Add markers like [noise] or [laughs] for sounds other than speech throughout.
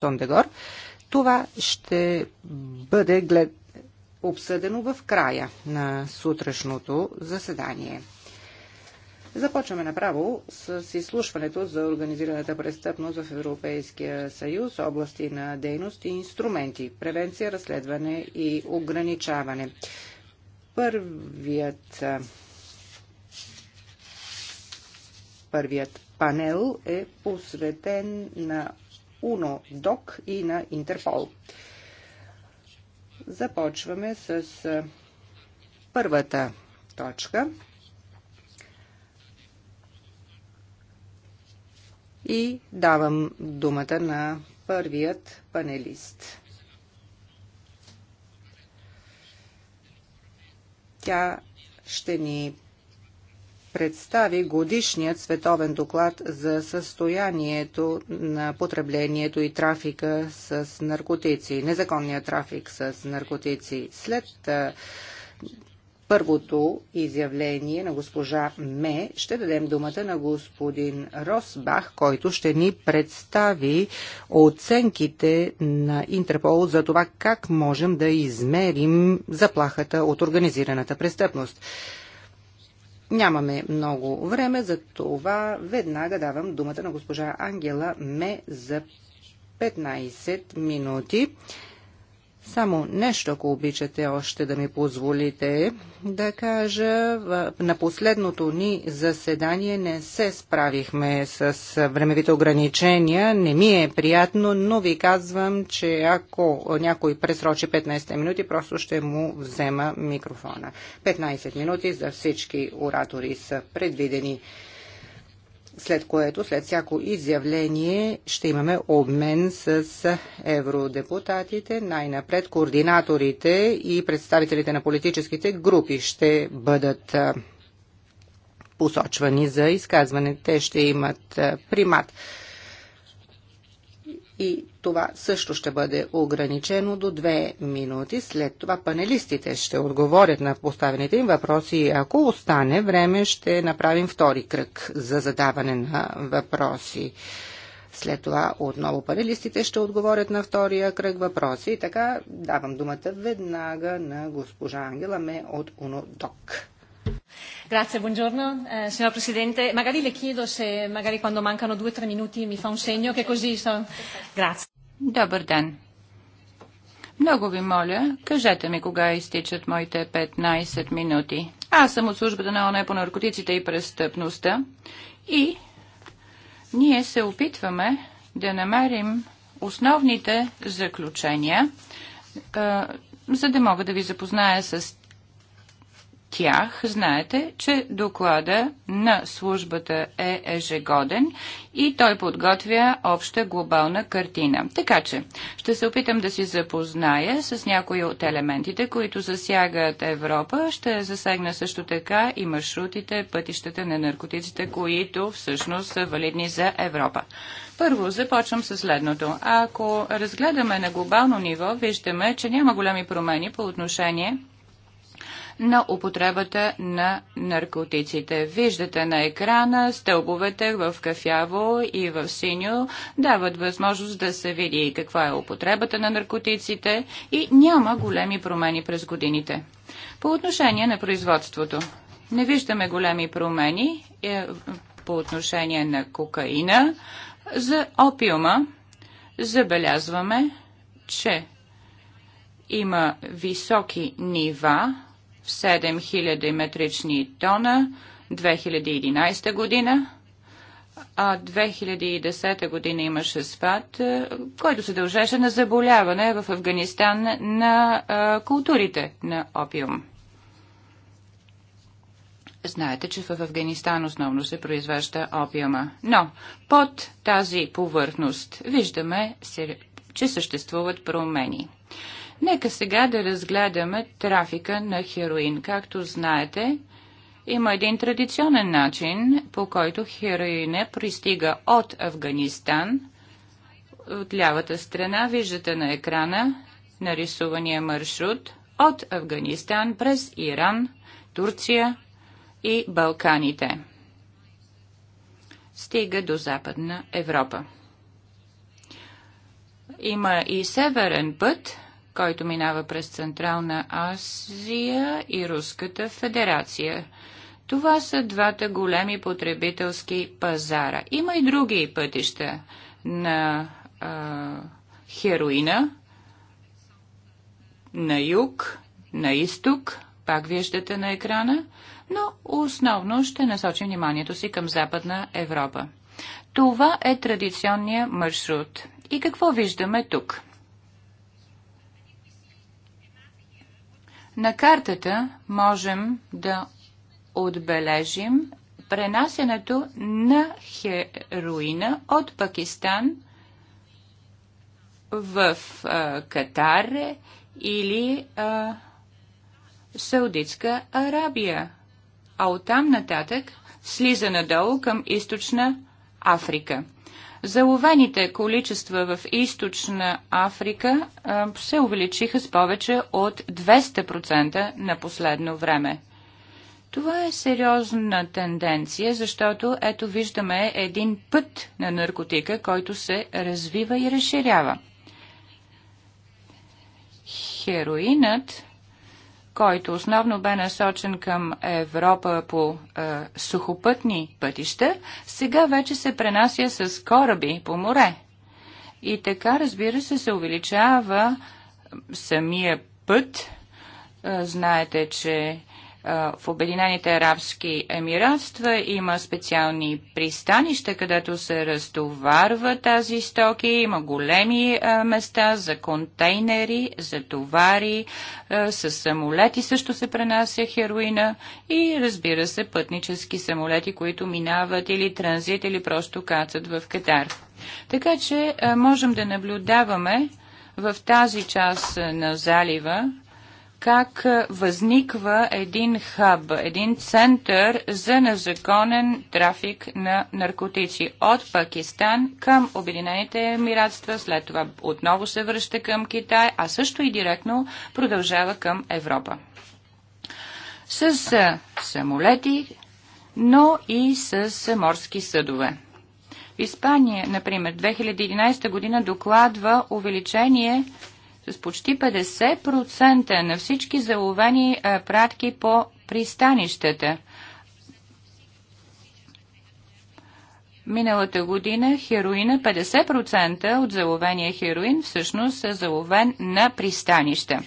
Тондегор. Това ще бъде глед... обсъдено в края на сутрешното заседание. Започваме направо с изслушването за организираната престъпност в Европейския съюз, области на дейност и инструменти, превенция, разследване и ограничаване. Първият, първият панел е посветен на Doc и на Интерпол. Започваме с първата точка. И давам думата на първият панелист. Тя ще ни представи годишният световен доклад за състоянието на потреблението и трафика с наркотици, незаконния трафик с наркотици. След първото изявление на госпожа Ме, ще дадем думата на господин Росбах, който ще ни представи оценките на Интерпол за това как можем да измерим заплахата от организираната престъпност. Нямаме много време, за това веднага давам думата на госпожа Ангела Ме за 15 минути. Само нещо, ако обичате още да ми позволите, да кажа, на последното ни заседание не се справихме с времевите ограничения. Не ми е приятно, но ви казвам, че ако някой пресрочи 15 минути, просто ще му взема микрофона. 15 минути за всички оратори са предвидени след което, след всяко изявление, ще имаме обмен с евродепутатите, най-напред координаторите и представителите на политическите групи ще бъдат посочвани за изказване. Те ще имат примат и това също ще бъде ограничено до две минути. След това панелистите ще отговорят на поставените им въпроси. Ако остане време, ще направим втори кръг за задаване на въпроси. След това отново панелистите ще отговорят на втория кръг въпроси. И така давам думата веднага на госпожа Ангела Ме от УНОДОК. Grazie, buongiorno. Eh, signora Presidente, magari le chiedo se magari quando mancano due o tre minuti mi fa un segno che così so... Grazie. Добър ден. Много ви моля, кажете ми кога изтичат моите 15 минути. Аз съм от службата на ОНЕ по наркотиците и престъпността и ние се опитваме да намерим основните заключения, е, за да мога да ви запозная с тях, знаете, че доклада на службата е ежегоден и той подготвя обща глобална картина. Така че ще се опитам да си запозная с някои от елементите, които засягат Европа. Ще засегна също така и маршрутите, пътищата на наркотиците, които всъщност са валидни за Европа. Първо, започвам с следното. Ако разгледаме на глобално ниво, виждаме, че няма големи промени по отношение на употребата на наркотиците. Виждате на екрана стълбовете в кафяво и в синьо дават възможност да се види каква е употребата на наркотиците и няма големи промени през годините. По отношение на производството. Не виждаме големи промени е, по отношение на кокаина. За опиума забелязваме, че има високи нива 7000 метрични тона 2011 година, а 2010 година имаше спад, е, който се дължеше на заболяване в Афганистан на е, културите на опиум. Знаете, че в Афганистан основно се произвежда опиума. Но под тази повърхност виждаме, че съществуват промени. Нека сега да разгледаме трафика на хероин. Както знаете, има един традиционен начин, по който хероина пристига от Афганистан. От лявата страна виждате на екрана нарисувания маршрут от Афганистан през Иран, Турция и Балканите. Стига до Западна Европа. Има и северен път, който минава през Централна Азия и Руската федерация. Това са двата големи потребителски пазара. Има и други пътища на а, хероина, на юг, на изток, пак виждате на екрана, но основно ще насочим вниманието си към Западна Европа. Това е традиционният маршрут. И какво виждаме тук? На картата можем да отбележим пренасенето на хероина от Пакистан в а, Катар или а, Саудитска Арабия, а оттам нататък слиза надолу към източна Африка. Заловените количества в източна Африка се увеличиха с повече от 200% на последно време. Това е сериозна тенденция, защото ето виждаме един път на наркотика, който се развива и разширява. Хероинът който основно бе насочен към Европа по е, сухопътни пътища, сега вече се пренася с кораби по море. И така, разбира се, се увеличава е, самия път. Е, знаете, че в Обединените арабски емиратства има специални пристанища, където се разтоварва тази стоки. Има големи места за контейнери, за товари, с самолети също се пренася хероина и разбира се пътнически самолети, които минават или транзит, или просто кацат в Катар. Така че можем да наблюдаваме в тази част на залива как възниква един хаб, един център за незаконен трафик на наркотици от Пакистан към Обединените емиратства, след това отново се връща към Китай, а също и директно продължава към Европа. С самолети, но и с морски съдове. Испания, например, 2011 година докладва увеличение с почти 50% на всички заловени е, пратки по пристанищата. Миналата година хероина, 50% от заловения хероин всъщност е заловен на пристанища.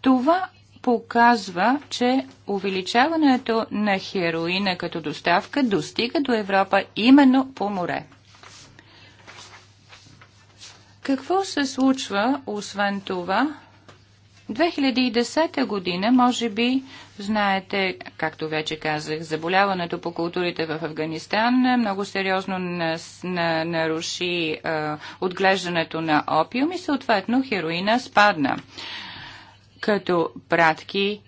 Това показва, че увеличаването на хероина като доставка достига до Европа именно по море. Какво се случва, освен това? 2010 година, може би, знаете, както вече казах, заболяването по културите в Афганистан много сериозно наруши е, отглеждането на опиум и съответно хероина спадна като пратки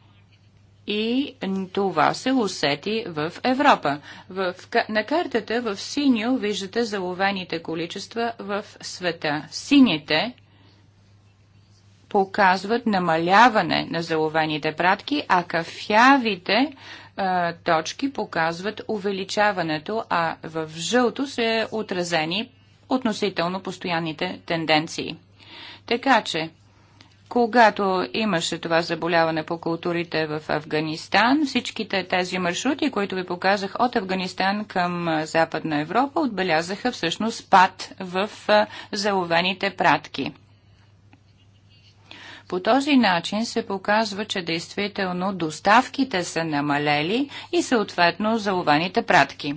и това се усети в Европа. В, на картата в синьо виждате заловените количества в света. Сините показват намаляване на заловените пратки, а кафявите а, точки показват увеличаването, а в жълто се отразени относително постоянните тенденции. Така че когато имаше това заболяване по културите в Афганистан, всичките тези маршрути, които ви показах от Афганистан към Западна Европа, отбелязаха всъщност спад в заловените пратки. По този начин се показва, че действително доставките са намалели и съответно заловените пратки.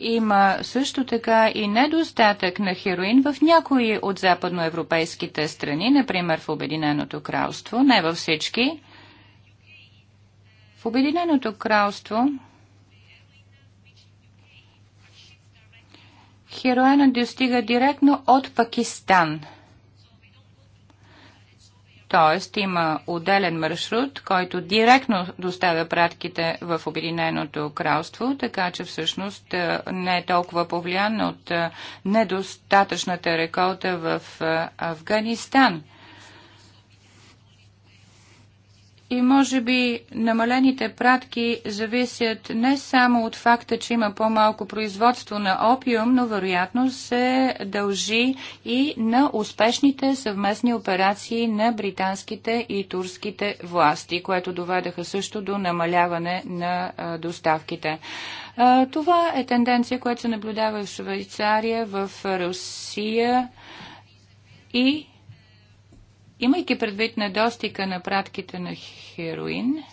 Има също така и недостатък на хероин в някои от западноевропейските страни, например в Обединеното кралство, не във всички. В Обединеното кралство хероина достига директно от Пакистан – Тоест има отделен маршрут, който директно доставя пратките в Обединеното кралство, така че всъщност е, не е толкова повлиян от е, недостатъчната реколта в е, Афганистан – И може би намалените пратки зависят не само от факта, че има по-малко производство на опиум, но вероятно се дължи и на успешните съвместни операции на британските и турските власти, което доведаха също до намаляване на доставките. Това е тенденция, която се наблюдава в Швейцария, в Русия и Имайки предвид недостига на пратките на хероин,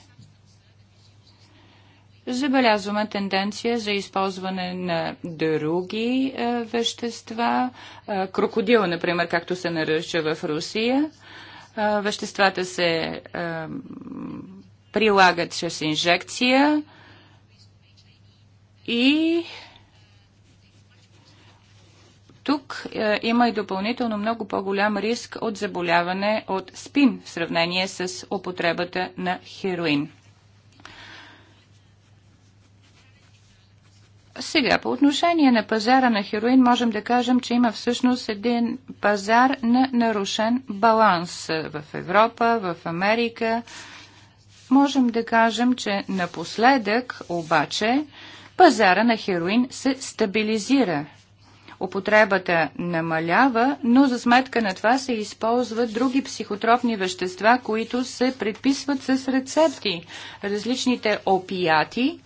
забелязваме тенденция за използване на други е, вещества. Е, крокодил, например, както се нарича в Русия. Е, веществата се е, прилагат чрез инжекция и тук е, има и допълнително много по-голям риск от заболяване от спин в сравнение с употребата на хероин. Сега, по отношение на пазара на хероин, можем да кажем, че има всъщност един пазар на нарушен баланс в Европа, в Америка. Можем да кажем, че напоследък обаче пазара на хероин се стабилизира употребата намалява, но за сметка на това се използват други психотропни вещества, които се предписват с рецепти. Различните опияти,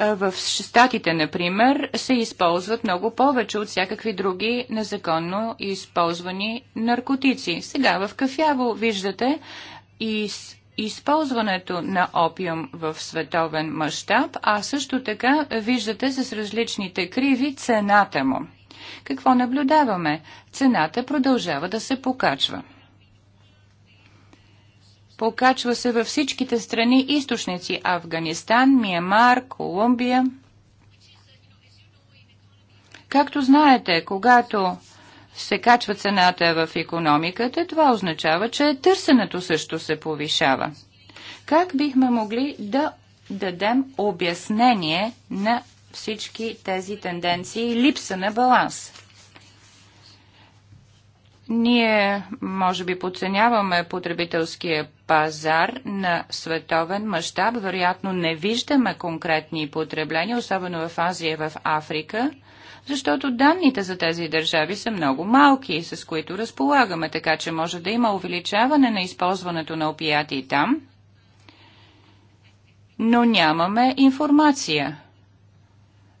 в щатите, например, се използват много повече от всякакви други незаконно използвани наркотици. Сега в кафяво виждате и използването на опиум в световен мащаб, а също така виждате с различните криви цената му. Какво наблюдаваме? Цената продължава да се покачва. Покачва се във всичките страни източници Афганистан, Миямар, Колумбия. Както знаете, когато се качва цената в економиката, това означава, че търсенето също се повишава. Как бихме могли да дадем обяснение на всички тези тенденции и липса на баланс? Ние, може би, подценяваме потребителския пазар на световен мащаб. Вероятно не виждаме конкретни потребления, особено в Азия и в Африка – защото данните за тези държави са много малки, с които разполагаме, така че може да има увеличаване на използването на опияти там, но нямаме информация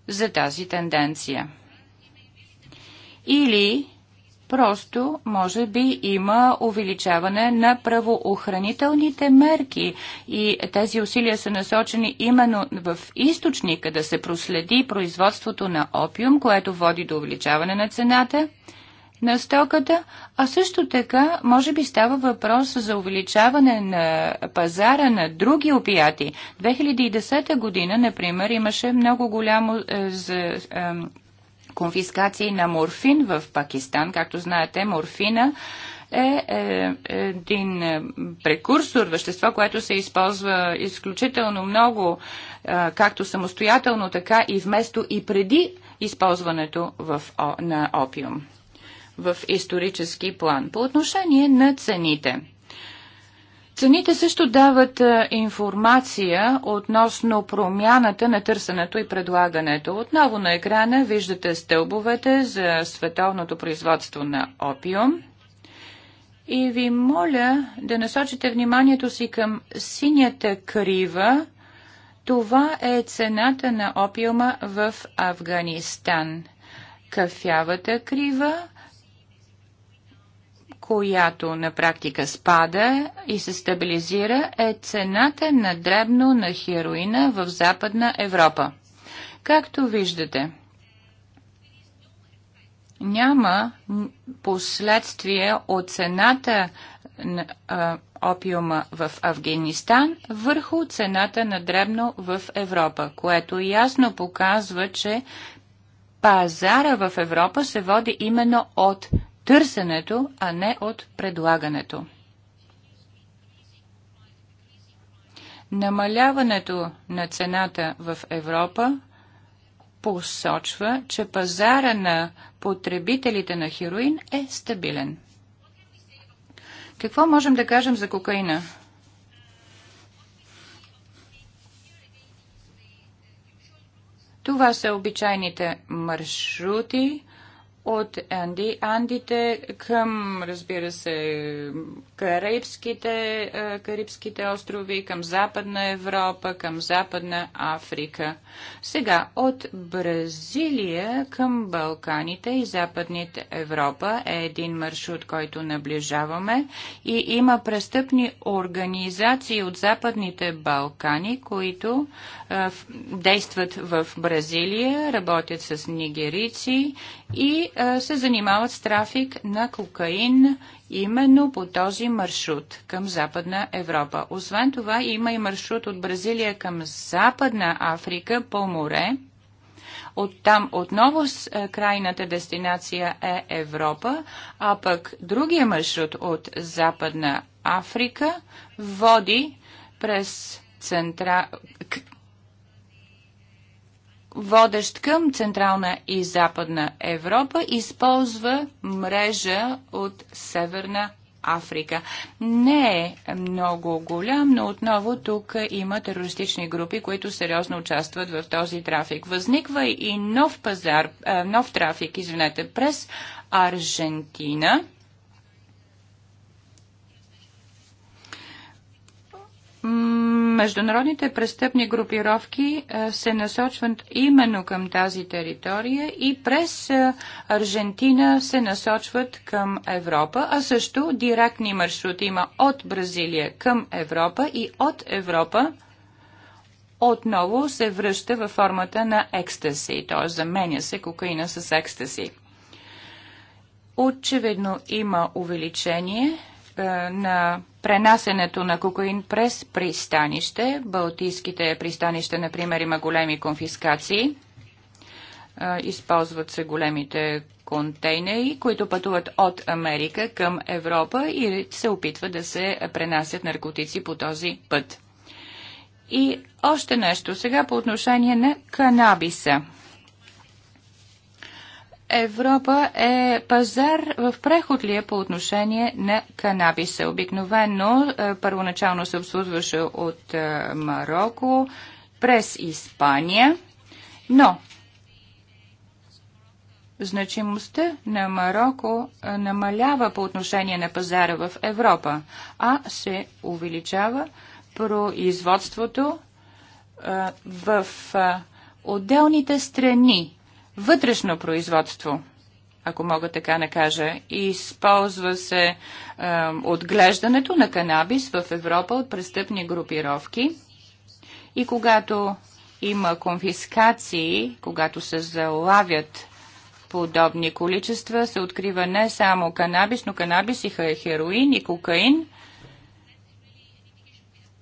за тази тенденция. Или Просто, може би, има увеличаване на правоохранителните мерки и тези усилия са насочени именно в източника да се проследи производството на опиум, което води до увеличаване на цената на стоката, а също така, може би става въпрос за увеличаване на пазара на други опияти. 2010 година, например, имаше много голямо е, за, е, конфискации на морфин в Пакистан. Както знаете, морфина е, е един е, прекурсор, вещество, което се използва изключително много, е, както самостоятелно, така и вместо и преди използването в, на опиум в исторически план. По отношение на цените – Цените също дават информация относно промяната на търсенето и предлагането. Отново на екрана виждате стълбовете за световното производство на опиум. И ви моля да насочите вниманието си към синята крива. Това е цената на опиума в Афганистан. Кафявата крива която на практика спада и се стабилизира, е цената на дребно на хероина в Западна Европа. Както виждате, няма последствия от цената на а, опиума в Афганистан върху цената на дребно в Европа, което ясно показва, че пазара в Европа се води именно от търсенето, а не от предлагането. Намаляването на цената в Европа посочва, че пазара на потребителите на хероин е стабилен. Какво можем да кажем за кокаина? Това са обичайните маршрути, от Анди, Андите към, разбира се, Карибските, е, Карибските острови, към Западна Европа, към Западна Африка. Сега от Бразилия към Балканите и Западните Европа е един маршрут, който наближаваме и има престъпни организации от Западните Балкани, които действат в Бразилия, работят с нигерици и се занимават с трафик на кокаин именно по този маршрут към Западна Европа. Освен това има и маршрут от Бразилия към Западна Африка по море. от там отново с крайната дестинация е Европа, а пък другия маршрут от Западна Африка води през центра водещ към Централна и Западна Европа, използва мрежа от Северна Африка. Не е много голям, но отново тук има терористични групи, които сериозно участват в този трафик. Възниква и нов пазар, нов трафик, извинете, през Аржентина международните престъпни групировки е, се насочват именно към тази територия и през е, Аржентина се насочват към Европа, а също директни маршрути има от Бразилия към Европа и от Европа отново се връща във формата на екстаси, т.е. заменя се кокаина с екстаси. Очевидно има увеличение е, на пренасенето на кокаин през пристанище. Балтийските пристанища, например, има големи конфискации. Използват се големите контейнери, които пътуват от Америка към Европа и се опитват да се пренасят наркотици по този път. И още нещо сега по отношение на канабиса. Европа е пазар в преход ли е по отношение на канабиса? Обикновено е, първоначално се обслужваше от е, Марокко през Испания, но значимостта на Марокко е, намалява по отношение на пазара в Европа, а се увеличава производството в отделните страни вътрешно производство, ако мога така да кажа. Използва се е, отглеждането на канабис в Европа от престъпни групировки. И когато има конфискации, когато се залавят подобни количества, се открива не само канабис, но канабис и хероин и кокаин,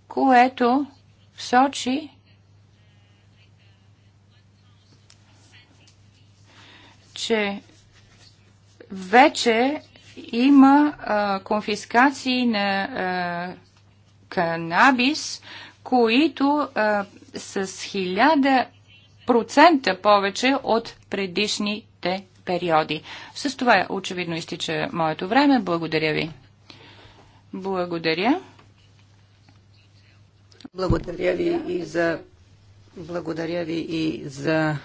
което сочи, че вече има а, конфискации на а, канабис, които а, с 1000% повече от предишните периоди. С това очевидно изтича моето време. Благодаря ви. Благодаря. Благодаря ви и за благодаря ви и за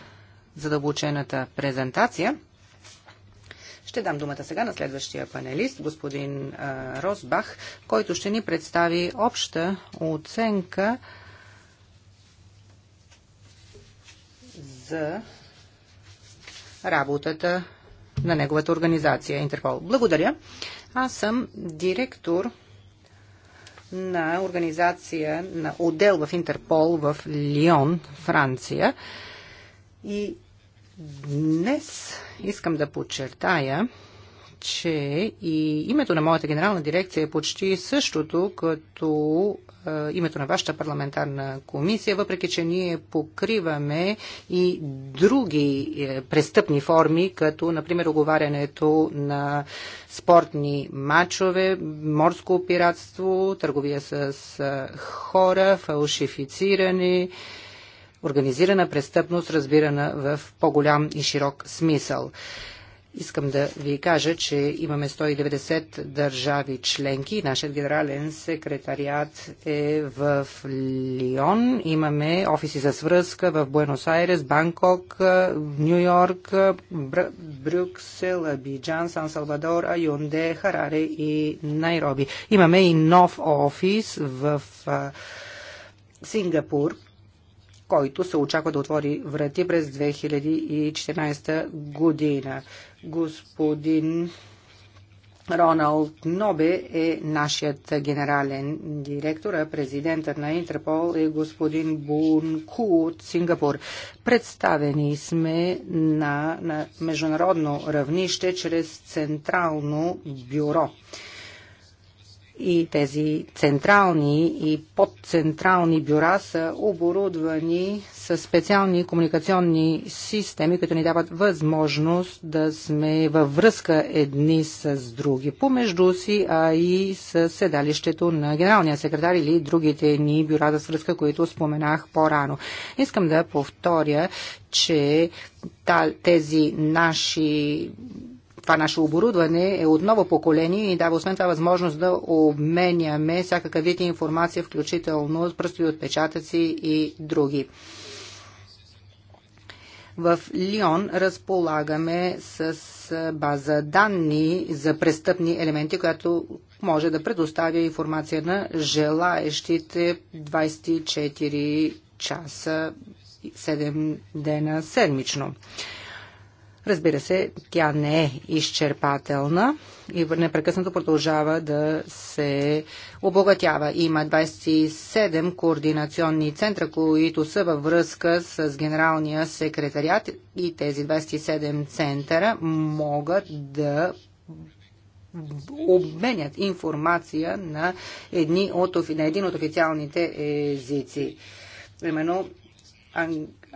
задълбочената презентация. Ще дам думата сега на следващия панелист, господин Росбах, който ще ни представи обща оценка за работата на неговата организация Интерпол. Благодаря. Аз съм директор на организация на отдел в Интерпол в Лион, Франция. И Днес искам да подчертая, че и името на моята генерална дирекция е почти същото като е, името на вашата парламентарна комисия, въпреки че ние покриваме и други е, престъпни форми, като например оговарянето на спортни мачове, морско пиратство, търговия с е, хора, фалшифициране организирана престъпност, разбирана в по-голям и широк смисъл. Искам да ви кажа, че имаме 190 държави членки. Нашият генерален секретариат е в Лион. Имаме офиси за свръзка в Буенос Айрес, Банкок, Нью Йорк, Бр- Брюксел, Абиджан, Сан Салвадор, Айонде, Хараре и Найроби. Имаме и нов офис в Сингапур който се очаква да отвори врати през 2014 година. Господин Роналд Нобе е нашият генерален директор, а президентът на Интерпол е господин Бун Ку от Сингапур. Представени сме на, на международно равнище чрез Централно бюро и тези централни и подцентрални бюра са оборудвани с специални комуникационни системи, които ни дават възможност да сме във връзка едни с други, помежду си, а и с седалището на генералния секретар или другите ни бюра за свръзка, които споменах по-рано. Искам да повторя, че тези наши това наше оборудване е от ново поколение и дава освен това възможност да обменяме всякакъв вид информация, включително пръстови отпечатъци и други. В Лион разполагаме с база данни за престъпни елементи, която може да предоставя информация на желаещите 24 часа 7 дена седмично. Разбира се, тя не е изчерпателна и непрекъснато продължава да се обогатява. Има 27 координационни центра, които са във връзка с Генералния секретариат и тези 27 центъра могат да обменят информация на, едни от, на един от официалните езици. Именно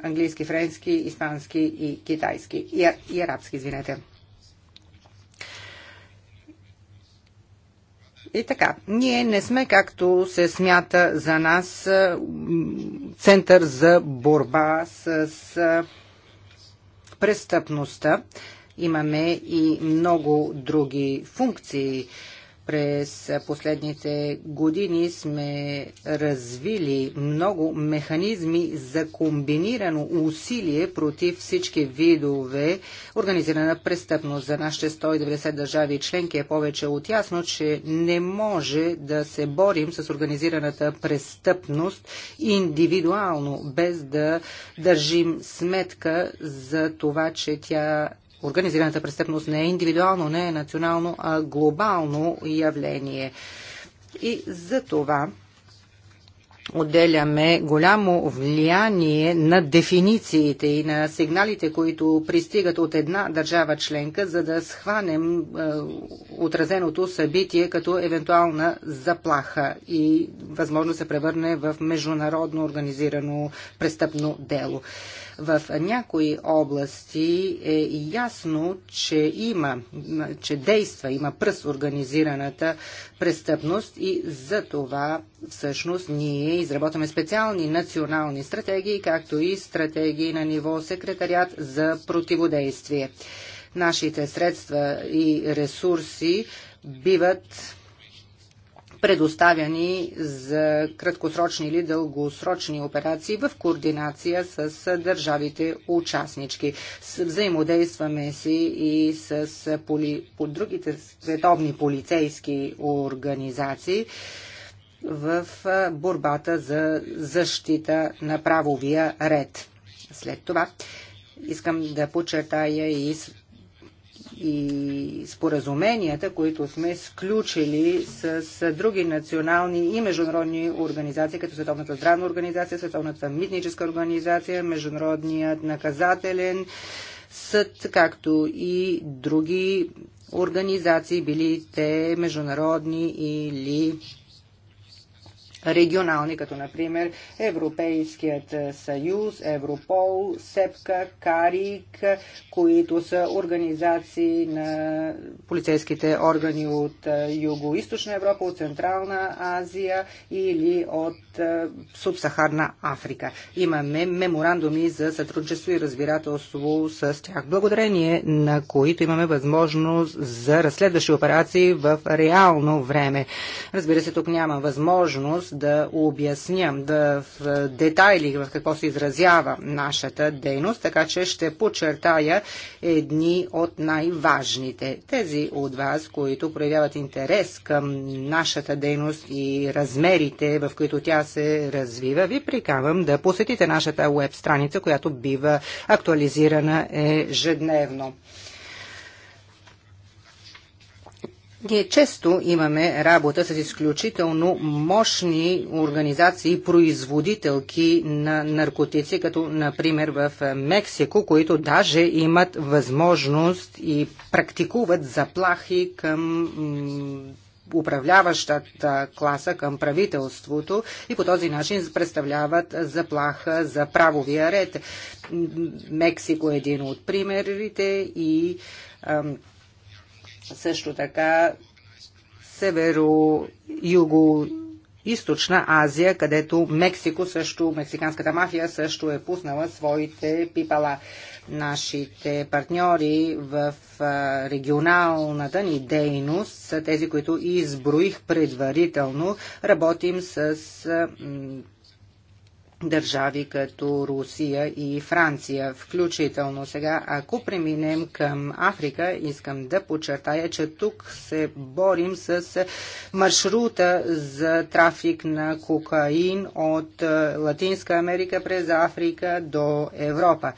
английски, френски, испански и китайски. И, и арабски, извинете. И така, ние не сме, както се смята за нас, център за борба с престъпността. Имаме и много други функции през последните години сме развили много механизми за комбинирано усилие против всички видове организирана престъпност. За нашите 190 държави членки е повече от ясно, че не може да се борим с организираната престъпност индивидуално, без да държим сметка за това, че тя организираната престъпност не е индивидуално, не е национално, а глобално явление. И за това отделяме голямо влияние на дефинициите и на сигналите, които пристигат от една държава членка, за да схванем е, отразеното събитие като евентуална заплаха и възможно се превърне в международно организирано престъпно дело. В някои области е ясно, че има, че действа, има пръст организираната престъпност и за това всъщност ние ние изработваме специални национални стратегии, както и стратегии на ниво секретариат за противодействие. Нашите средства и ресурси биват предоставяни за краткосрочни или дългосрочни операции в координация с държавите участнички. Взаимодействаме си и с поли, другите световни полицейски организации в борбата за защита на правовия ред. След това искам да подчертая и, и споразуменията, които сме сключили с, с други национални и международни организации, като Световната здравна организация, Световната митническа организация, Международният наказателен съд, както и други организации, били те международни или регионални, като например Европейският е, съюз, Европол, СЕПКА, КАРИК, които са организации на полицейските органи от е, Юго-Источна Европа, от Централна Азия или от е, Субсахарна Африка. Имаме меморандуми за сътрудничество и разбирателство с тях, благодарение на които имаме възможност за разследващи операции в реално време. Разбира се, тук няма възможност възможност да обясня да в детайли в какво се изразява нашата дейност, така че ще подчертая едни от най-важните. Тези от вас, които проявяват интерес към нашата дейност и размерите, в които тя се развива, ви приканвам да посетите нашата веб страница, която бива актуализирана ежедневно. Ние често имаме работа с изключително мощни организации, производителки на наркотици, като например в е, Мексико, които даже имат възможност и практикуват заплахи към управляващата класа към правителството и по този начин представляват заплаха за правовия ред. Мексико е един от примерите и ам, също така северо-юго Източна Азия, където Мексико също, мексиканската мафия също е пуснала своите пипала. Нашите партньори в регионалната ни дейност са тези, които изброих предварително. Работим с държави като Русия и Франция, включително сега. Ако преминем към Африка, искам да подчертая, че тук се борим с маршрута за трафик на кокаин от е, Латинска Америка през Африка до Европа.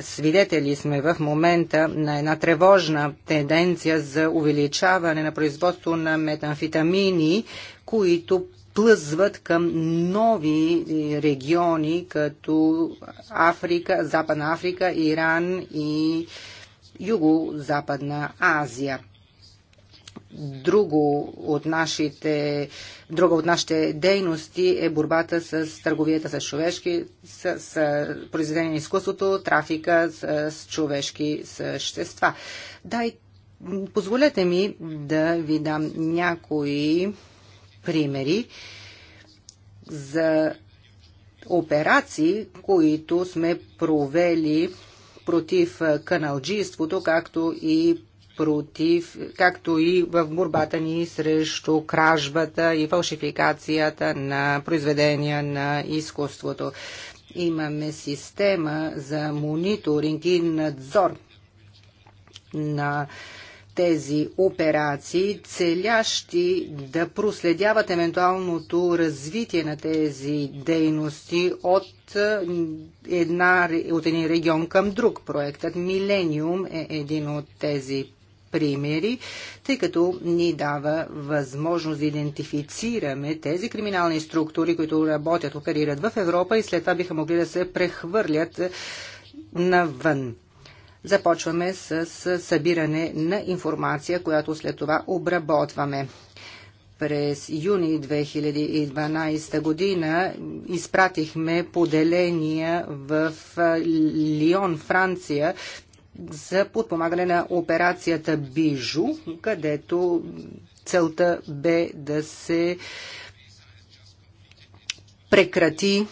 Свидетели сме в момента на една тревожна тенденция за увеличаване на производство на метамфетамини, които Плъзват към нови региони, като Африка, Западна Африка, Иран и Юго-Западна Азия. Друго от нашите, друга от нашите дейности е борбата с търговията с човешки, с, с произведение на изкуството, трафика с, с човешки същества. Дай, позволете ми да ви дам някои примери за операции, които сме провели против каналджийството, както и против, както и в борбата ни срещу кражбата и фалшификацията на произведения на изкуството. Имаме система за мониторинг и надзор на тези операции, целящи да проследяват евентуалното развитие на тези дейности от, е, една, от един регион към друг. Проектът Милениум е един от тези примери, тъй като ни дава възможност да идентифицираме тези криминални структури, които работят, оперират в Европа и след това биха могли да се прехвърлят навън започваме с събиране на информация, която след това обработваме през юни 2012 година изпратихме поделения в Лион, Франция, за подпомагане на операцията Бижу, където целта бе да се прекрати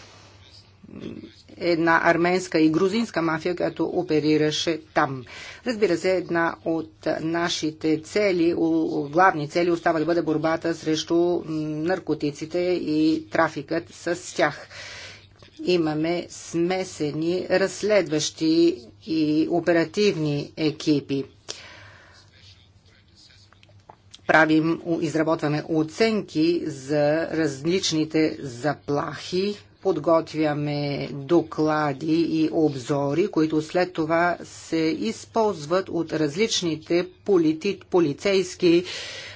една арменска и грузинска мафия, която оперираше там. Разбира се, една от нашите цели, главни цели остава да бъде борбата срещу наркотиците и трафикът с тях. Имаме смесени разследващи и оперативни екипи правим, изработваме оценки за различните заплахи подготвяме доклади и обзори, които след това се използват от различните полити, полицейски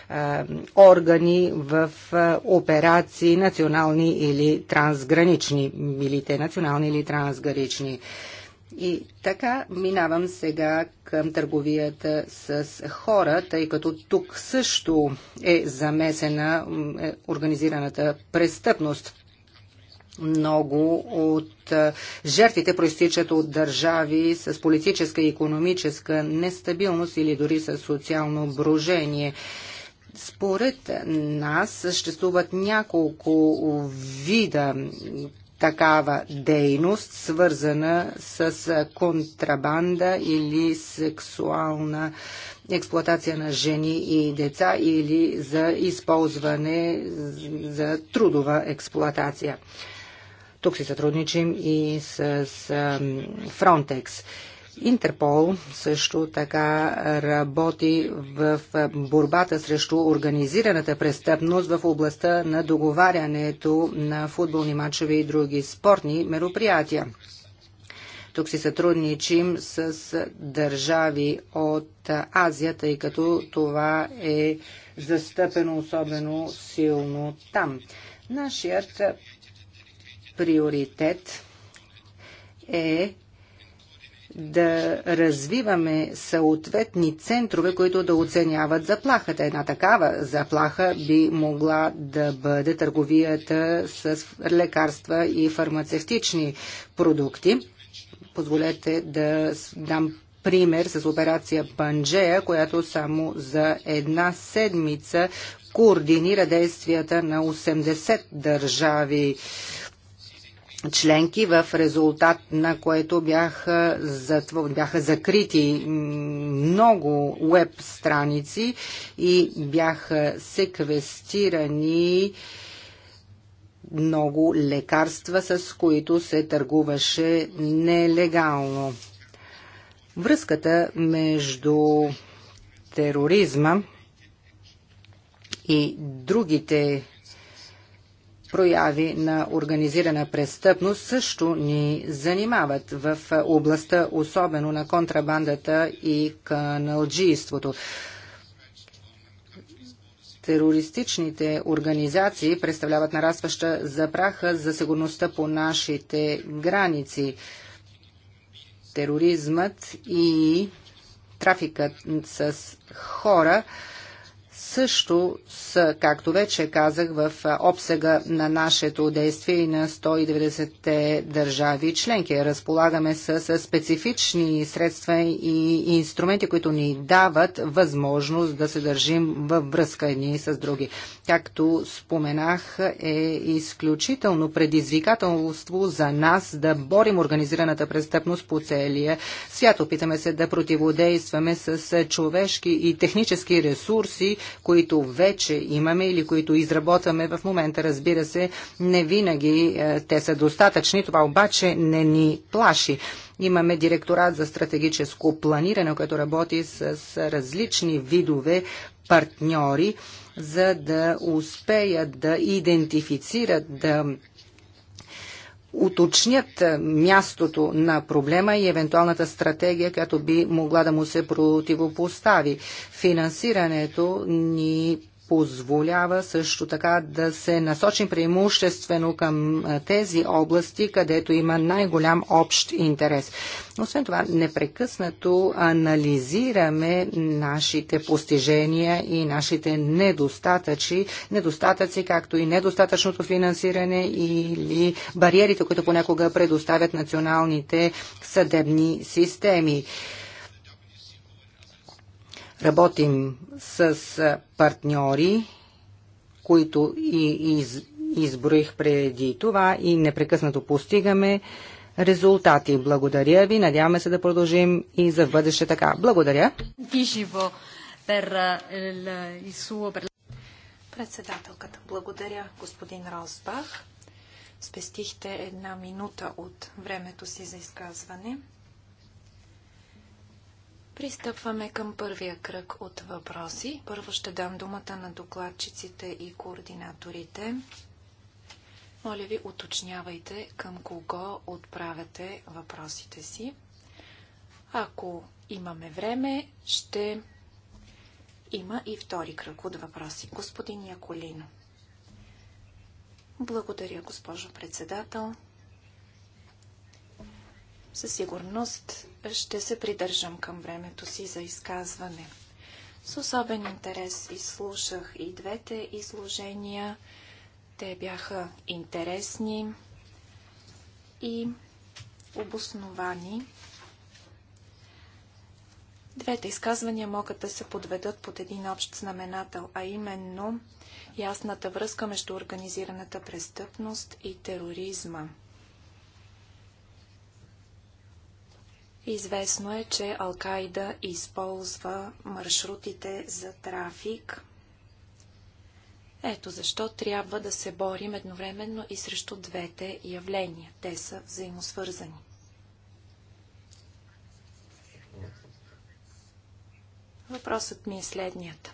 а, е, органи в а, е, операции национални или трансгранични, милите национални или трансгранични. И така минавам сега към търговията с хора, тъй като тук също е замесена е, организираната престъпност. Много от е, жертвите проистичат от държави с политическа и економическа нестабилност или дори с социално брожение. Според нас съществуват няколко вида такава дейност, свързана с контрабанда или сексуална експлоатация на жени и деца или за използване за трудова експлоатация. Тук си сътрудничим и с, с Фронтекс. Интерпол също така работи в борбата срещу организираната престъпност в областта на договарянето на футболни матчове и други спортни мероприятия. Тук си сътрудничим с държави от Азия, тъй като това е застъпено особено силно там. Нашият приоритет е да развиваме съответни центрове, които да оценяват заплахата. Една такава заплаха би могла да бъде търговията с лекарства и фармацевтични продукти. Позволете да дам пример с операция Панджея, която само за една седмица координира действията на 80 държави членки, в резултат на което бяха, затвор, бяха закрити много веб страници и бяха секвестирани много лекарства, с които се търгуваше нелегално. Връзката между тероризма и другите прояви на организирана престъпност също ни занимават в областта, особено на контрабандата и каналджийството терористичните организации представляват нарастваща запраха за сигурността по нашите граници. Тероризмът и трафикът с хора също са, както вече казах, в обсега на нашето действие и на 190-те държави членки. Разполагаме с специфични средства и инструменти, които ни дават възможност да се държим във връзка едни с други. Както споменах, е изключително предизвикателство за нас да борим организираната престъпност по целия свят. Опитаме се да противодействаме с човешки и технически ресурси, които вече имаме или които изработваме в момента. Разбира се, не винаги е, те са достатъчни, това обаче не ни плаши. Имаме директорат за стратегическо планиране, което работи с различни видове партньори, за да успеят да идентифицират, да уточнят е, мястото на проблема и евентуалната стратегия, която би могла да му се противопостави. Финансирането ни позволява също така да се насочим преимуществено към тези области, където има най-голям общ интерес. Освен това, непрекъснато анализираме нашите постижения и нашите недостатъци, недостатъци както и недостатъчното финансиране или бариерите, които понякога предоставят националните съдебни системи. Работим с партньори, които и из, изброих преди това и непрекъснато постигаме резултати. Благодаря ви. Надяваме се да продължим и за бъдеще така. Благодаря. Председателката, благодаря господин Росбах. Спестихте една минута от времето си за изказване. Пристъпваме към първия кръг от въпроси. Първо ще дам думата на докладчиците и координаторите. Моля ви, уточнявайте към кого отправяте въпросите си. Ако имаме време, ще има и втори кръг от въпроси. Господин Яколино. Благодаря, госпожо председател. Със сигурност ще се придържам към времето си за изказване. С особен интерес изслушах и двете изложения. Те бяха интересни и обосновани. Двете изказвания могат да се подведат под един общ знаменател, а именно ясната връзка между организираната престъпност и тероризма. Известно е, че Алкайда използва маршрутите за трафик. Ето защо трябва да се борим едновременно и срещу двете явления. Те са взаимосвързани. Въпросът ми е следният.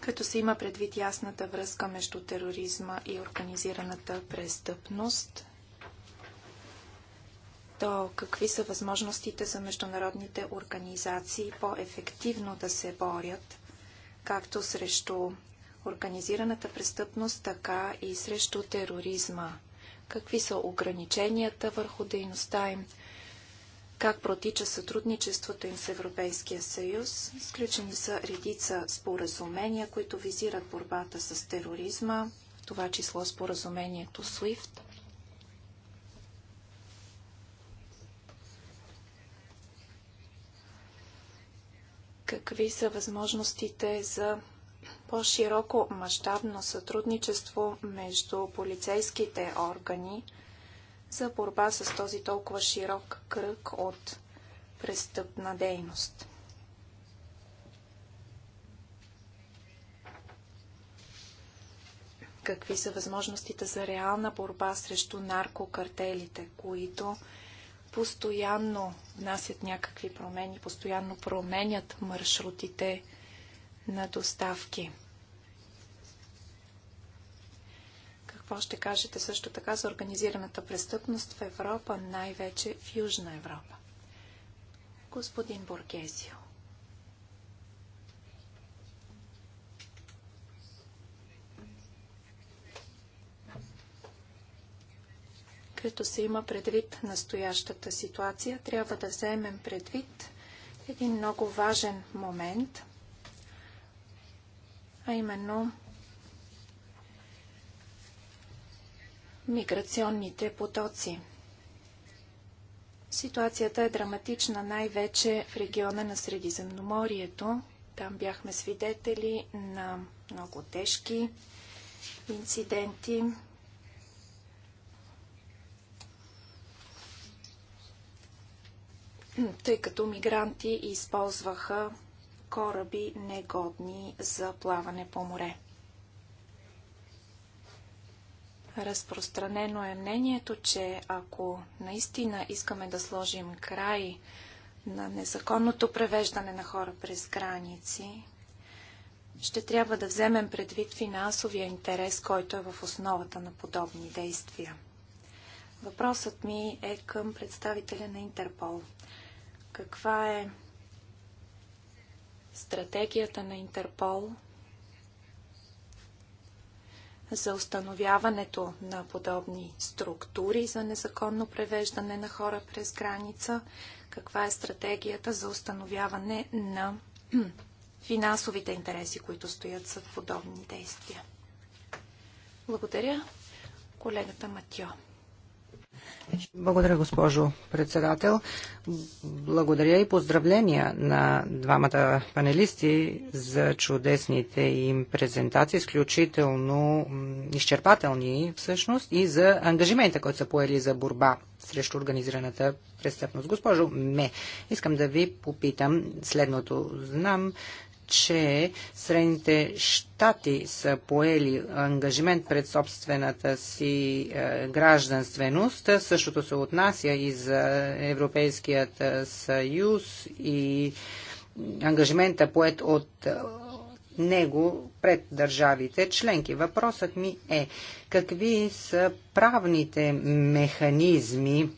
Като се има предвид ясната връзка между тероризма и организираната престъпност, то какви са възможностите за международните организации по-ефективно да се борят както срещу организираната престъпност, така и срещу тероризма? Какви са ограниченията върху дейността им? Как протича сътрудничеството им с Европейския съюз? Сключени са редица споразумения, които визират борбата с тероризма, в това число споразумението SWIFT – какви са възможностите за по-широко мащабно сътрудничество между полицейските органи за борба с този толкова широк кръг от престъпна дейност. Какви са възможностите за реална борба срещу наркокартелите, които постоянно внасят някакви промени, постоянно променят маршрутите на доставки. Какво ще кажете също така за организираната престъпност в Европа, най-вече в Южна Европа? Господин Бургезио. като се има предвид настоящата ситуация, трябва да вземем предвид един много важен момент, а именно миграционните потоци. Ситуацията е драматична най-вече в региона на Средиземноморието. Там бяхме свидетели на много тежки инциденти, тъй като мигранти използваха кораби негодни за плаване по море. Разпространено е мнението, че ако наистина искаме да сложим край на незаконното превеждане на хора през граници, ще трябва да вземем предвид финансовия интерес, който е в основата на подобни действия. Въпросът ми е към представителя на Интерпол. Каква е стратегията на Интерпол за установяването на подобни структури за незаконно превеждане на хора през граница? Каква е стратегията за установяване на [clears throat] финансовите интереси, които стоят за подобни действия? Благодаря, колегата Матьо. Благодаря, госпожо председател. Благодаря и поздравления на двамата панелисти за чудесните им презентации, изключително изчерпателни всъщност и за ангажимента, който са поели за борба срещу организираната престъпност. Госпожо Ме, искам да ви попитам следното. Знам, че Средните щати са поели ангажимент пред собствената си е, гражданственост. Същото се отнася и за Европейският е, съюз и ангажимента поет от е, него пред държавите членки. Въпросът ми е какви са правните механизми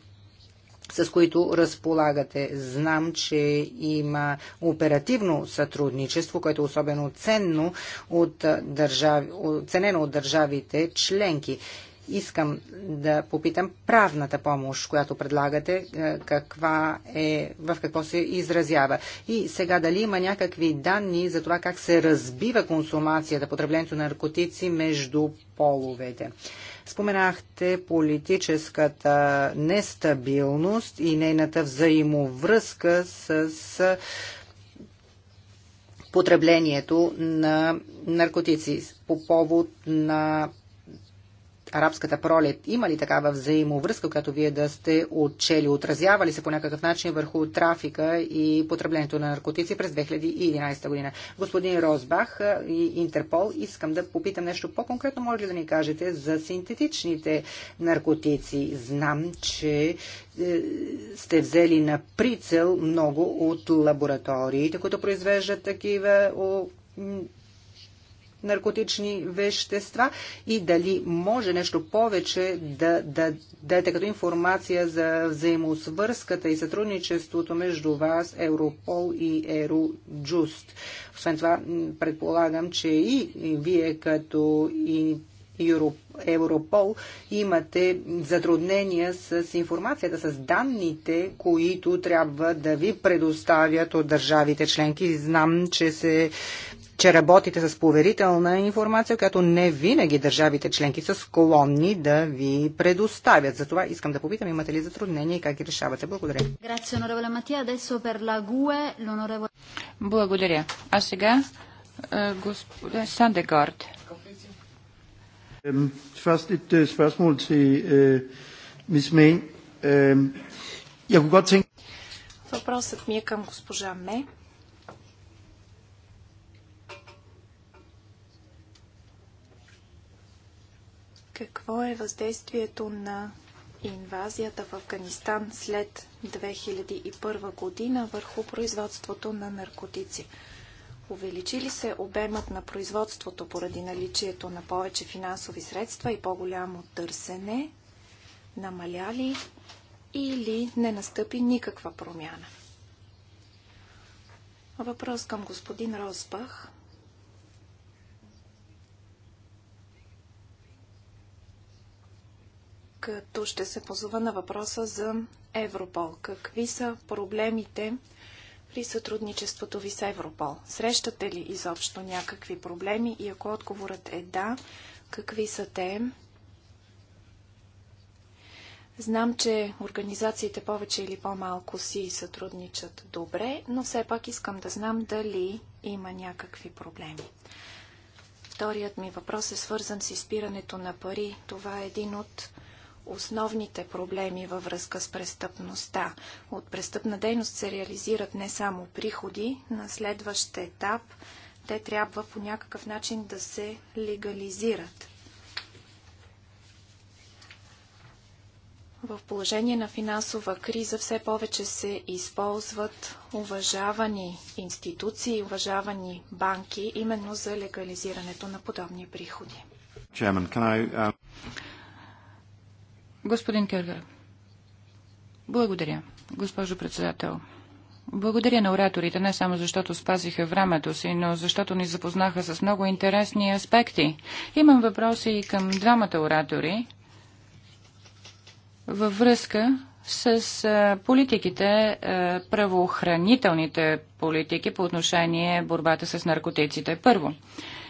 с които разполагате. Знам, че има оперативно сътрудничество, което е особено ценно от държави, ценено от държавите членки. Искам да попитам правната помощ, която предлагате, каква е, в какво се изразява. И сега дали има някакви данни за това как се разбива консумацията, потреблението на наркотици между половете. Споменахте политическата нестабилност и нейната взаимовръзка с потреблението на наркотици по повод на арабската пролет. Има ли такава взаимовръзка, която вие да сте отчели? Отразява ли се по някакъв начин върху трафика и потреблението на наркотици през 2011 година? Господин Розбах и Интерпол, искам да попитам нещо по-конкретно. Може ли да ни кажете за синтетичните наркотици? Знам, че е, сте взели на прицел много от лабораториите, които произвеждат такива наркотични вещества и дали може нещо повече да, да дадете като информация за взаимосвързката и сътрудничеството между вас, Европол и Ероджуст. Освен това, предполагам, че и вие като и Европол имате затруднения с информацията, с данните, които трябва да ви предоставят от държавите членки. Знам, че се че работите с поверителна информация, която не винаги държавите членки са склонни да ви предоставят. Затова искам да попитам, имате ли затруднения и как ги решавате. Благодаря. Благодаря. А сега е, господин Сандегард. Først et øh, spørgsmål til Мис øh, jeg kunne godt tænke... Въпросът ми е към госпожа Ме. Какво е въздействието на инвазията в Афганистан след 2001 година върху производството на наркотици? Увеличи ли се обемът на производството поради наличието на повече финансови средства и по-голямо търсене? Намаля ли или не настъпи никаква промяна? Въпрос към господин Розбах. Като ще се позова на въпроса за Европол. Какви са проблемите, при сътрудничеството ви с Европол? Срещате ли изобщо някакви проблеми и ако отговорът е да, какви са те? Знам, че организациите повече или по-малко си сътрудничат добре, но все пак искам да знам дали има някакви проблеми. Вторият ми въпрос е свързан с изпирането на пари. Това е един от основните проблеми във връзка с престъпността. От престъпна дейност се реализират не само приходи, на следващ етап те трябва по някакъв начин да се легализират. В положение на финансова криза все повече се използват уважавани институции, уважавани банки, именно за легализирането на подобни приходи. Uh, Господин Кергър. Благодаря, госпожо председател. Благодаря на ораторите, не само защото спазиха времето си, но защото ни запознаха с много интересни аспекти. Имам въпроси и към двамата оратори във връзка с политиките, правоохранителните политики по отношение борбата с наркотиците. Първо,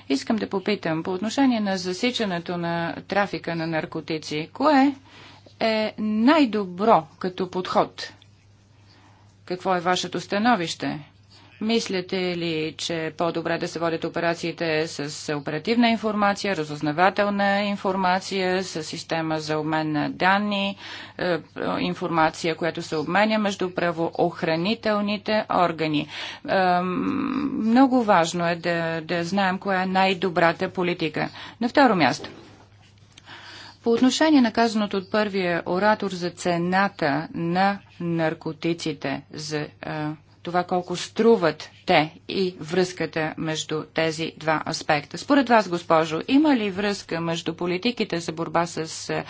искам да попитам по отношение на засичането на трафика на наркотици, кое е е най-добро като подход? Какво е вашето становище? Мислите ли, че е по-добре да се водят операциите с оперативна информация, разузнавателна информация, с система за обмен на данни, е, информация, която се обменя между правоохранителните органи? Много важно е да, да знаем коя е най-добрата политика. На второ място – по отношение на казаното от първия оратор за цената на наркотиците, за а, това колко струват те и връзката между тези два аспекта. Според вас, госпожо, има ли връзка между политиките за борба с е,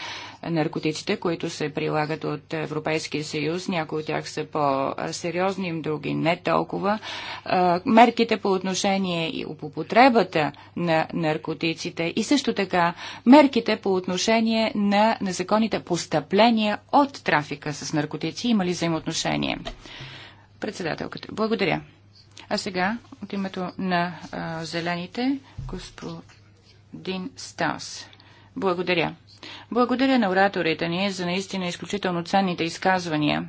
наркотиците, които се прилагат от Европейския съюз, някои от тях са по-сериозни, други не толкова, е, мерките по отношение и употребата на наркотиците и също така мерките по отношение на незаконните постъпления от трафика с наркотици, има ли взаимоотношение? Председателката. Благодаря. А сега от името на а, зелените господин Стас. Благодаря. Благодаря на ораторите ни за наистина изключително ценните изказвания.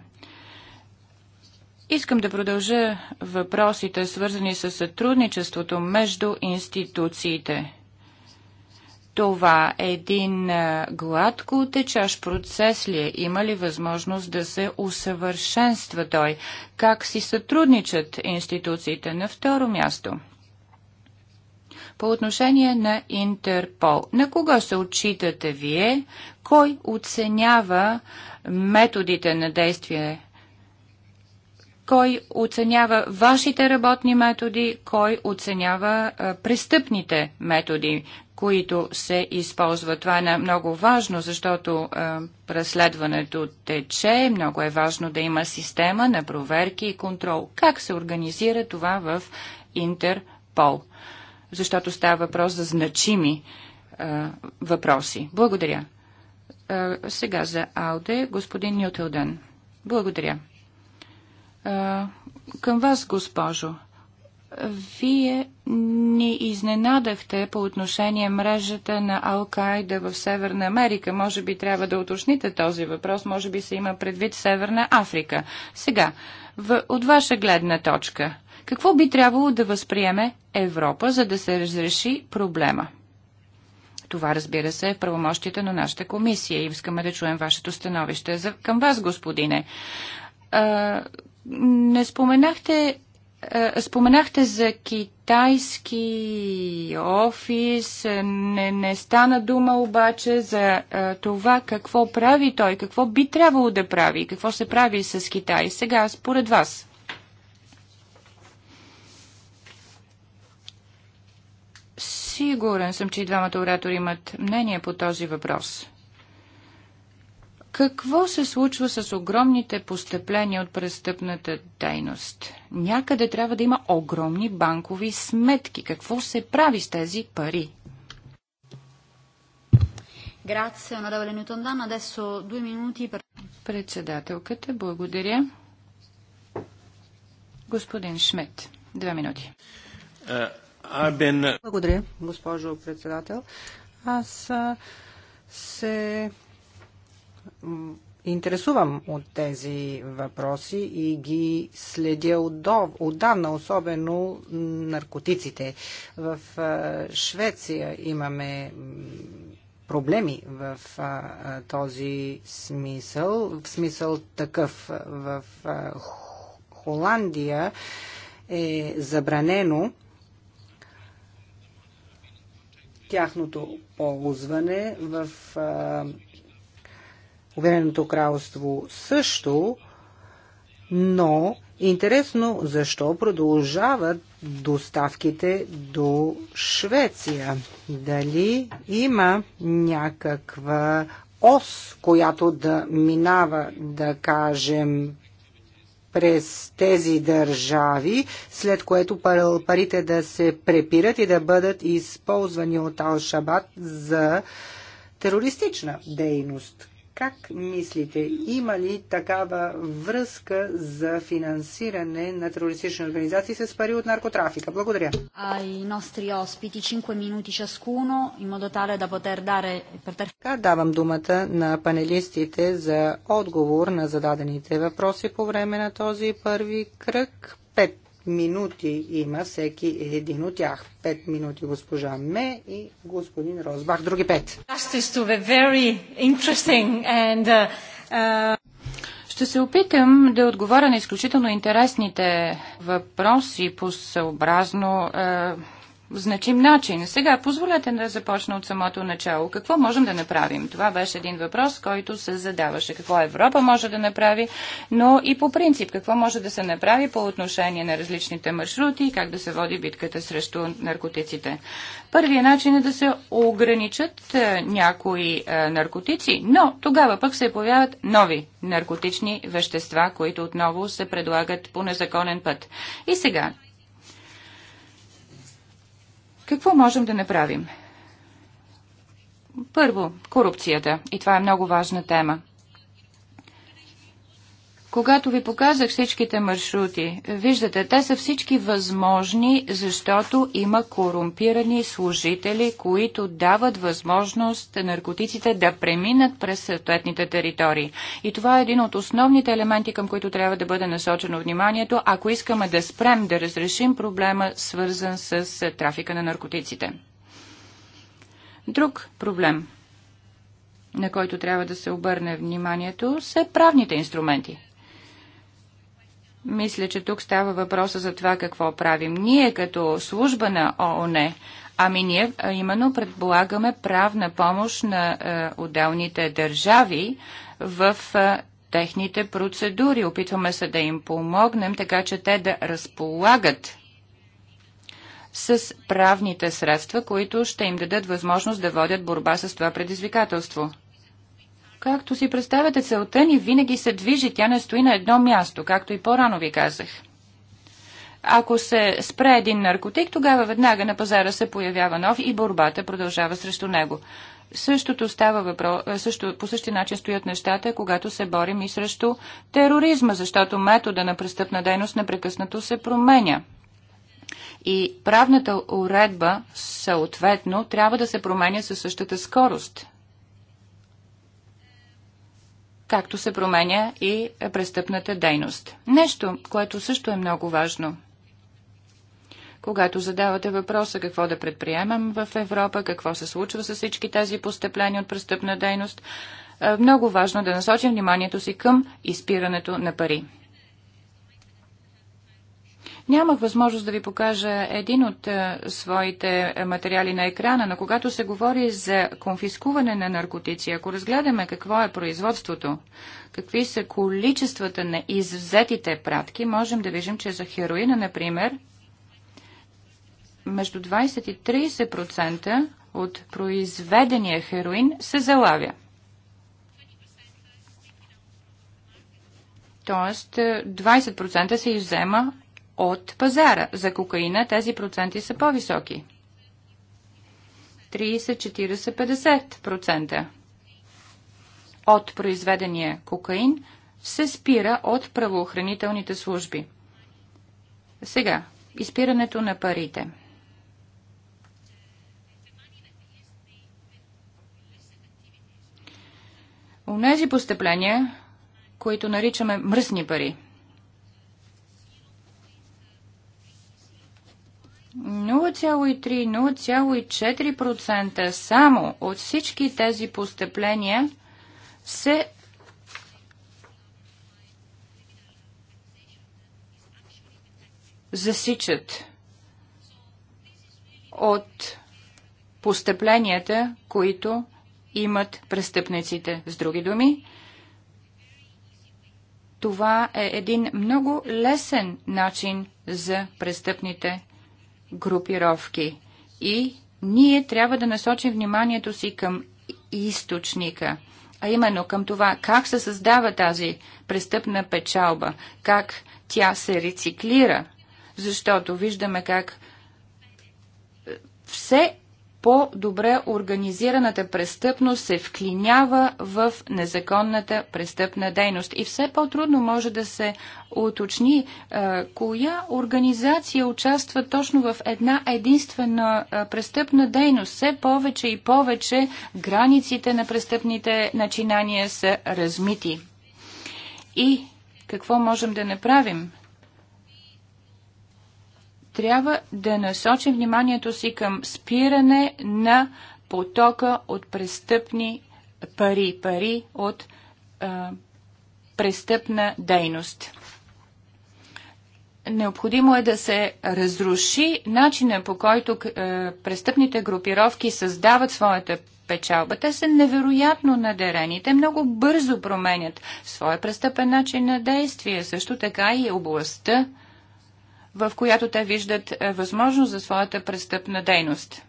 Искам да продължа въпросите, свързани с сътрудничеството между институциите. Това е един гладко течаш процес ли е? Има ли възможност да се усъвършенства той? Как си сътрудничат институциите? На второ място. По отношение на Интерпол, на кого се отчитате вие? Кой оценява методите на действие кой оценява вашите работни методи, кой оценява престъпните методи, които се използват. Това е много важно, защото преследването тече, много е важно да има система на проверки и контрол. Как се организира това в Интерпол? Защото става въпрос за значими въпроси. Благодаря. сега за Ауде, господин Нютелден. Благодаря към вас, госпожо. Вие ни изненадахте по отношение мрежата на ал каида в Северна Америка. Може би трябва да уточните този въпрос. Може би се има предвид Северна Африка. Сега, в, от ваша гледна точка, какво би трябвало да възприеме Европа, за да се разреши проблема? Това, разбира се, е в правомощите на нашата комисия. Искаме да чуем вашето становище. За, към вас, господине не споменахте е, Споменахте за китайски офис, не, не стана дума обаче за е, това какво прави той, какво би трябвало да прави, какво се прави с Китай сега според вас. Сигурен съм, че и двамата оратори имат мнение по този въпрос. Какво се случва с огромните постъпления от престъпната дейност? Някъде трябва да има огромни банкови сметки. Какво се прави с тези пари? Председателката, благодаря. Господин Шмет, две минути. Е, е, благодаря, госпожо председател. Аз се интересувам от тези въпроси и ги следя отдавна, особено наркотиците. В Швеция имаме проблеми в този смисъл, в смисъл такъв в Холандия е забранено тяхното ползване в Обединеното кралство също, но интересно защо продължават доставките до Швеция. Дали има някаква ос, която да минава, да кажем, през тези държави, след което парите да се препират и да бъдат използвани от Ал-Шабат за терористична дейност. Как мислите, има ли такава връзка за финансиране на терористични организации с пари от наркотрафика? Благодаря. Ай ностри оспити 5 минути ciascuno, in modo tale da poter dare... Така давам думата на панелистите за отговор на зададените въпроси по време на този първи кръг минути има всеки един от тях. Пет минути госпожа Ме и господин Розбах, други пет. Uh, uh, Ще се опитам да отговоря на изключително интересните въпроси по съобразно е, значим начин. Сега позволете да започна от самото начало. Какво можем да направим? Това беше един въпрос, който се задаваше. Какво Европа може да направи, но и по принцип какво може да се направи по отношение на различните маршрути и как да се води битката срещу наркотиците. Първият начин е да се ограничат е, някои е, наркотици, но тогава пък се появяват нови наркотични вещества, които отново се предлагат по незаконен път. И сега, какво можем да направим? Първо, корупцията. И това е много важна тема. Когато ви показах всичките маршрути, виждате, те са всички възможни, защото има корумпирани служители, които дават възможност наркотиците да преминат през съответните територии. И това е един от основните елементи, към които трябва да бъде насочено вниманието, ако искаме да спрем да разрешим проблема, свързан с трафика на наркотиците. Друг проблем на който трябва да се обърне вниманието, са правните инструменти. Мисля, че тук става въпроса за това какво правим ние като служба на ООН. Ами ние именно предполагаме правна помощ на е, отделните държави в е, техните процедури. Опитваме се да им помогнем, така че те да разполагат с правните средства, които ще им дадат възможност да водят борба с това предизвикателство. Както си представяте, целта ни винаги се движи, тя не стои на едно място, както и по-рано ви казах. Ако се спре един наркотик, тогава веднага на пазара се появява нов и борбата продължава срещу него. Същото става въпрос, е, също, по същия начин стоят нещата, когато се борим и срещу тероризма, защото метода на престъпна дейност непрекъснато се променя. И правната уредба, съответно, трябва да се променя със същата скорост както се променя и престъпната дейност. Нещо, което също е много важно. Когато задавате въпроса какво да предприемам в Европа, какво се случва с всички тези постъпления от престъпна дейност, е, много важно да насочим вниманието си към изпирането на пари. Нямах възможност да ви покажа един от е, своите е, материали на екрана, но когато се говори за конфискуване на наркотици, ако разгледаме какво е производството, какви са количествата на иззетите пратки, можем да виждам, че за хероина, например, между 20 и 30% от произведения хероин се залавя. Тоест 20% е, се иззема от пазара. За кокаина тези проценти са по-високи. 30-40-50% от произведения кокаин се спира от правоохранителните служби. Сега, изпирането на парите. Унези постъпления, които наричаме мръсни пари – 0,3-0,4% само от всички тези постъпления се засичат от постъпленията, които имат престъпниците. С други думи, това е един много лесен начин за престъпните групировки. И ние трябва да насочим вниманието си към източника, а именно към това как се създава тази престъпна печалба, как тя се рециклира, защото виждаме как е, все по-добре организираната престъпност се вклинява в незаконната престъпна дейност. И все по-трудно може да се уточни е, коя организация участва точно в една единствена е, престъпна дейност. Все повече и повече границите на престъпните начинания са размити. И какво можем да направим? трябва да насочим вниманието си към спиране на потока от престъпни пари, пари от а, престъпна дейност. Необходимо е да се разруши начина по който а, е, престъпните групировки създават своята печалба. Те са невероятно надерени. Те много бързо променят своя престъпен начин на действие, също така и областта в която те виждат е, възможност за своята престъпна дейност.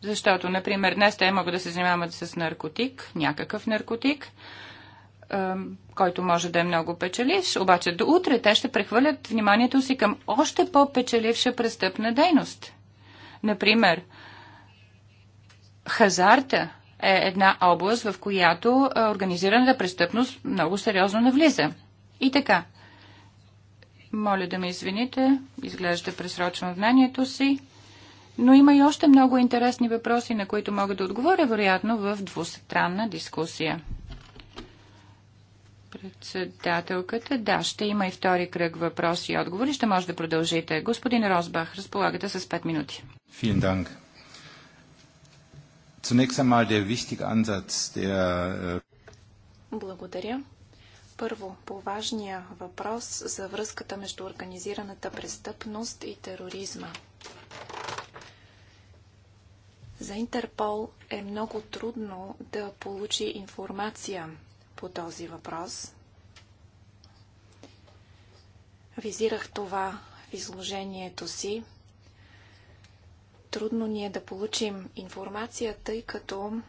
Защото, например, днес те могат да се занимават с наркотик, някакъв наркотик, който може да е много печеливш, обаче до утре те ще прехвърлят вниманието си към още по-печеливша престъпна дейност. Например, хазарта е една област, в която е, организираната престъпност много сериозно навлиза. И така, моля да ме извините, изглежда пресрочвам знанието си, но има и още много интересни въпроси, на които мога да отговоря, вероятно, в двустранна дискусия. Председателката, да, ще има и втори кръг въпроси и отговори. Ще може да продължите. Господин Росбах, разполагате с 5 минути. Zunächst einmal der wichtige Ansatz der... Äh, Благодаря. Първо, по важния въпрос за връзката между организираната престъпност и тероризма. За Интерпол е много трудно да получи информация по този въпрос. Визирах това в изложението си. Трудно ни е да получим информация, тъй като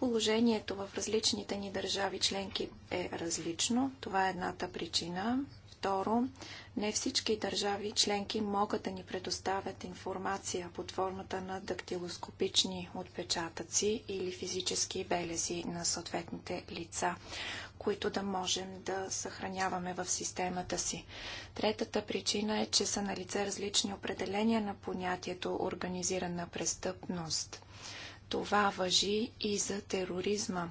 Положението в различните ни държави членки е различно. Това е едната причина. Второ, не всички държави членки могат да ни предоставят информация под формата на дактилоскопични отпечатъци или физически белези на съответните лица, които да можем да съхраняваме в системата си. Третата причина е, че са на лице различни определения на понятието организирана престъпност – това въжи и за тероризма.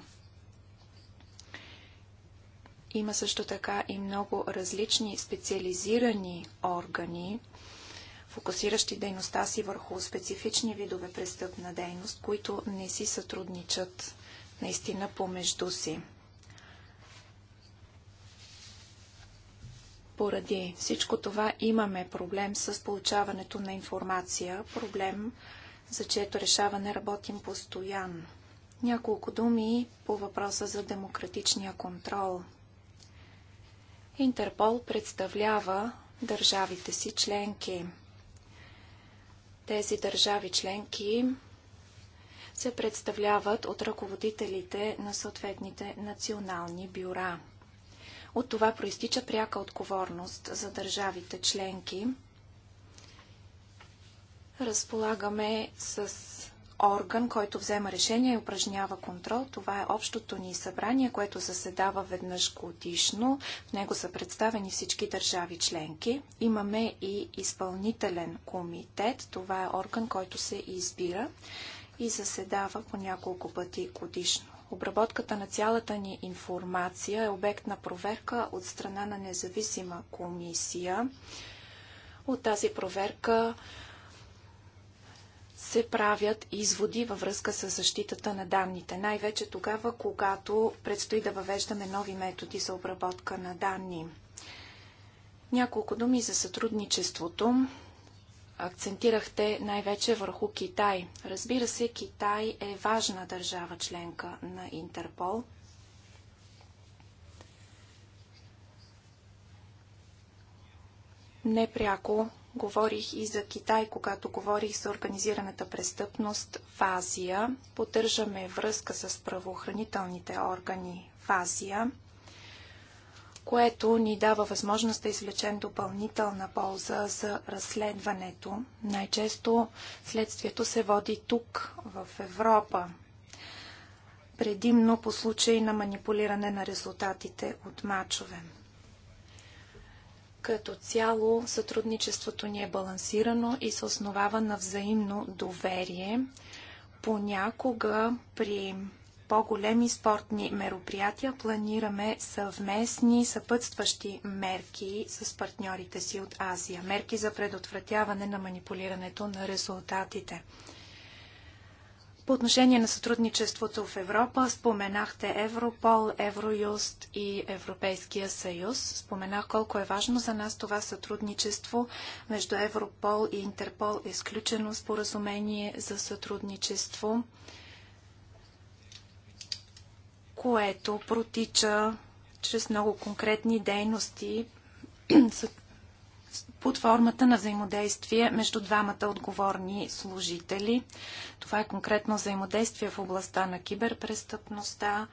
Има също така и много различни специализирани органи, фокусиращи дейността си върху специфични видове престъпна дейност, които не си сътрудничат наистина помежду си. Поради всичко това имаме проблем с получаването на информация, проблем, за чието решаване работим постоянно. Няколко думи по въпроса за демократичния контрол. Интерпол представлява държавите си членки. Тези държави членки се представляват от ръководителите на съответните национални бюра. От това проистича пряка отговорност за държавите членки – разполагаме с орган, който взема решение и упражнява контрол. Това е общото ни събрание, което заседава веднъж годишно. В него са представени всички държави членки. Имаме и изпълнителен комитет. Това е орган, който се избира и заседава по няколко пъти годишно. Обработката на цялата ни информация е обект на проверка от страна на независима комисия. От тази проверка се правят изводи във връзка с защитата на данните. Най-вече тогава, когато предстои да въвеждаме нови методи за обработка на данни. Няколко думи за сътрудничеството. Акцентирахте най-вече върху Китай. Разбира се, Китай е важна държава членка на Интерпол. Непряко Говорих и за Китай, когато говорих за организираната престъпност в Азия. Поддържаме връзка с правоохранителните органи в Азия, което ни дава възможност да извлечем допълнителна полза за разследването. Най-често следствието се води тук, в Европа, предимно по случай на манипулиране на резултатите от мачове. Като цяло сътрудничеството ни е балансирано и се основава на взаимно доверие. Понякога при по-големи спортни мероприятия планираме съвместни съпътстващи мерки с партньорите си от Азия. Мерки за предотвратяване на манипулирането на резултатите. По отношение на сътрудничеството в Европа, споменахте Европол, Евроюст и Европейския съюз. Споменах колко е важно за нас това сътрудничество между Европол и Интерпол, е изключено споразумение за сътрудничество, което протича чрез много конкретни дейности, [clears throat] под формата на взаимодействие между двамата отговорни служители. Това е конкретно взаимодействие в областта на киберпрестъпността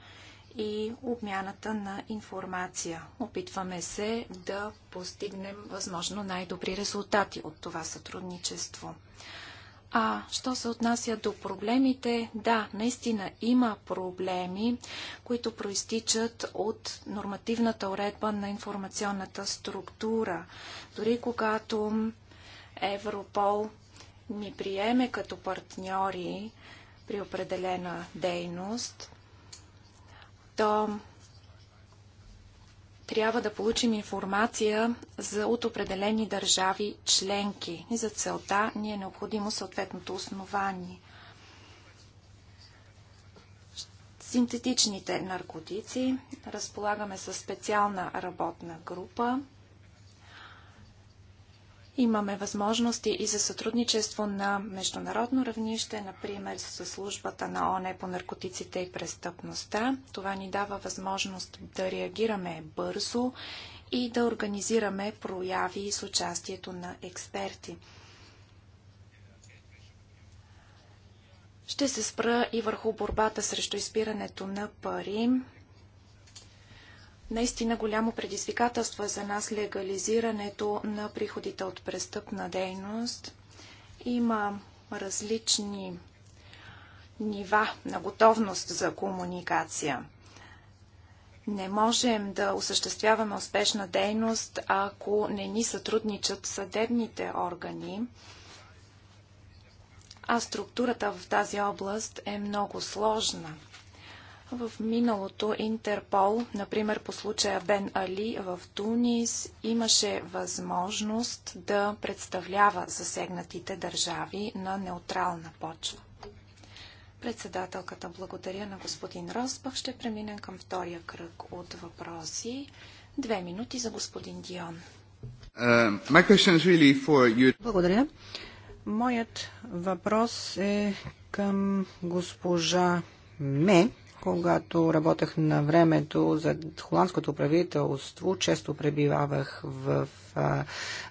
и обмяната на информация. Опитваме се да постигнем възможно най-добри резултати от това сътрудничество. А що се отнася до проблемите, да, наистина има проблеми, които проистичат от нормативната уредба на информационната структура. Дори когато Европол ни приеме като партньори при определена дейност, то трябва да получим информация за, от определени държави членки. И за целта ни е необходимо съответното основание. Синтетичните наркотици. Разполагаме със специална работна група. Имаме възможности и за сътрудничество на международно равнище, например с службата на ОНЕ по наркотиците и престъпността. Това ни дава възможност да реагираме бързо и да организираме прояви с участието на експерти. Ще се спра и върху борбата срещу изпирането на пари. Наистина голямо предизвикателство е за нас легализирането на приходите от престъпна дейност. Има различни нива на готовност за комуникация. Не можем да осъществяваме успешна дейност, ако не ни сътрудничат съдебните органи, а структурата в тази област е много сложна – в миналото Интерпол, например по случая Бен Али в Тунис, имаше възможност да представлява засегнатите държави на неутрална почва. Председателката благодаря на господин Роспах. Ще преминем към втория кръг от въпроси. Две минути за господин Дион. Uh, благодаря. Моят въпрос е към госпожа Ме когато работех на времето за холандското правителство, често пребивавах в а,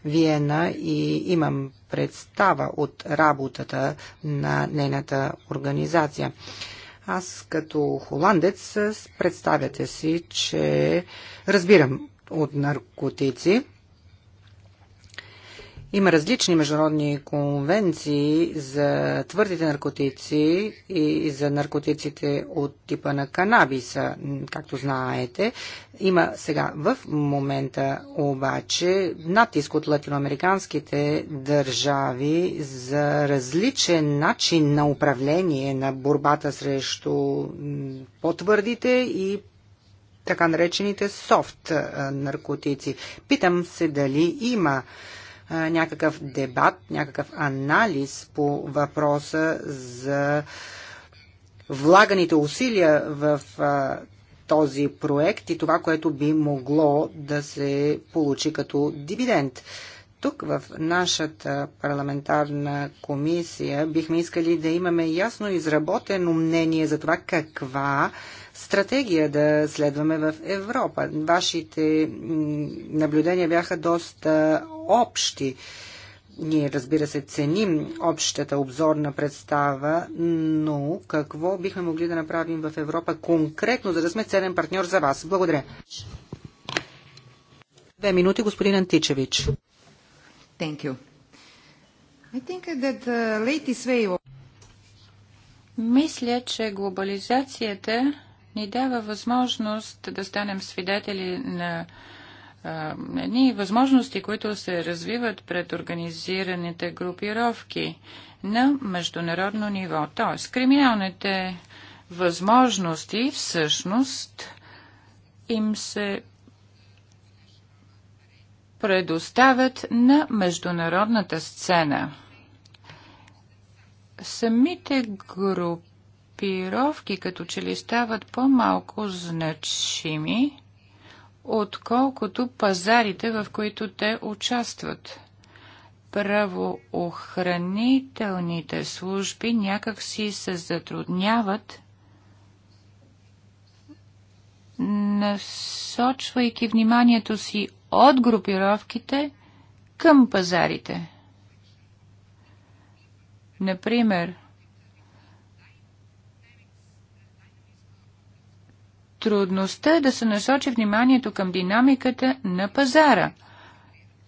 Виена и имам представа от работата на нейната организация. Аз като холандец представяте си, че разбирам от наркотици, има различни международни конвенции за твърдите наркотици и за наркотиците от типа на канабиса, както знаете. Има сега в момента обаче натиск от латиноамериканските държави за различен начин на управление на борбата срещу потвърдите и така наречените софт наркотици. Питам се дали има някакъв дебат, някакъв анализ по въпроса за влаганите усилия в този проект и това, което би могло да се получи като дивиденд. Тук в нашата парламентарна комисия бихме искали да имаме ясно изработено мнение за това каква стратегия да следваме в Европа. Вашите наблюдения бяха доста общи. Ние, разбира се, ценим общата обзорна представа, но какво бихме могли да направим в Европа конкретно, за да сме ценен партньор за вас? Благодаря. Две минути, господин Античевич. Thank you. I think that the uh, latest Мисля, че глобализацията ни дава възможност да станем свидетели на едни възможности, които се развиват пред организираните групировки на международно ниво. Т.е. криминалните възможности всъщност им се предоставят на международната сцена. Самите групи групировки като че ли стават по-малко значими, отколкото пазарите, в които те участват. Правоохранителните служби някак си се затрудняват, насочвайки вниманието си от групировките към пазарите. Например, трудността е да се насочи вниманието към динамиката на пазара.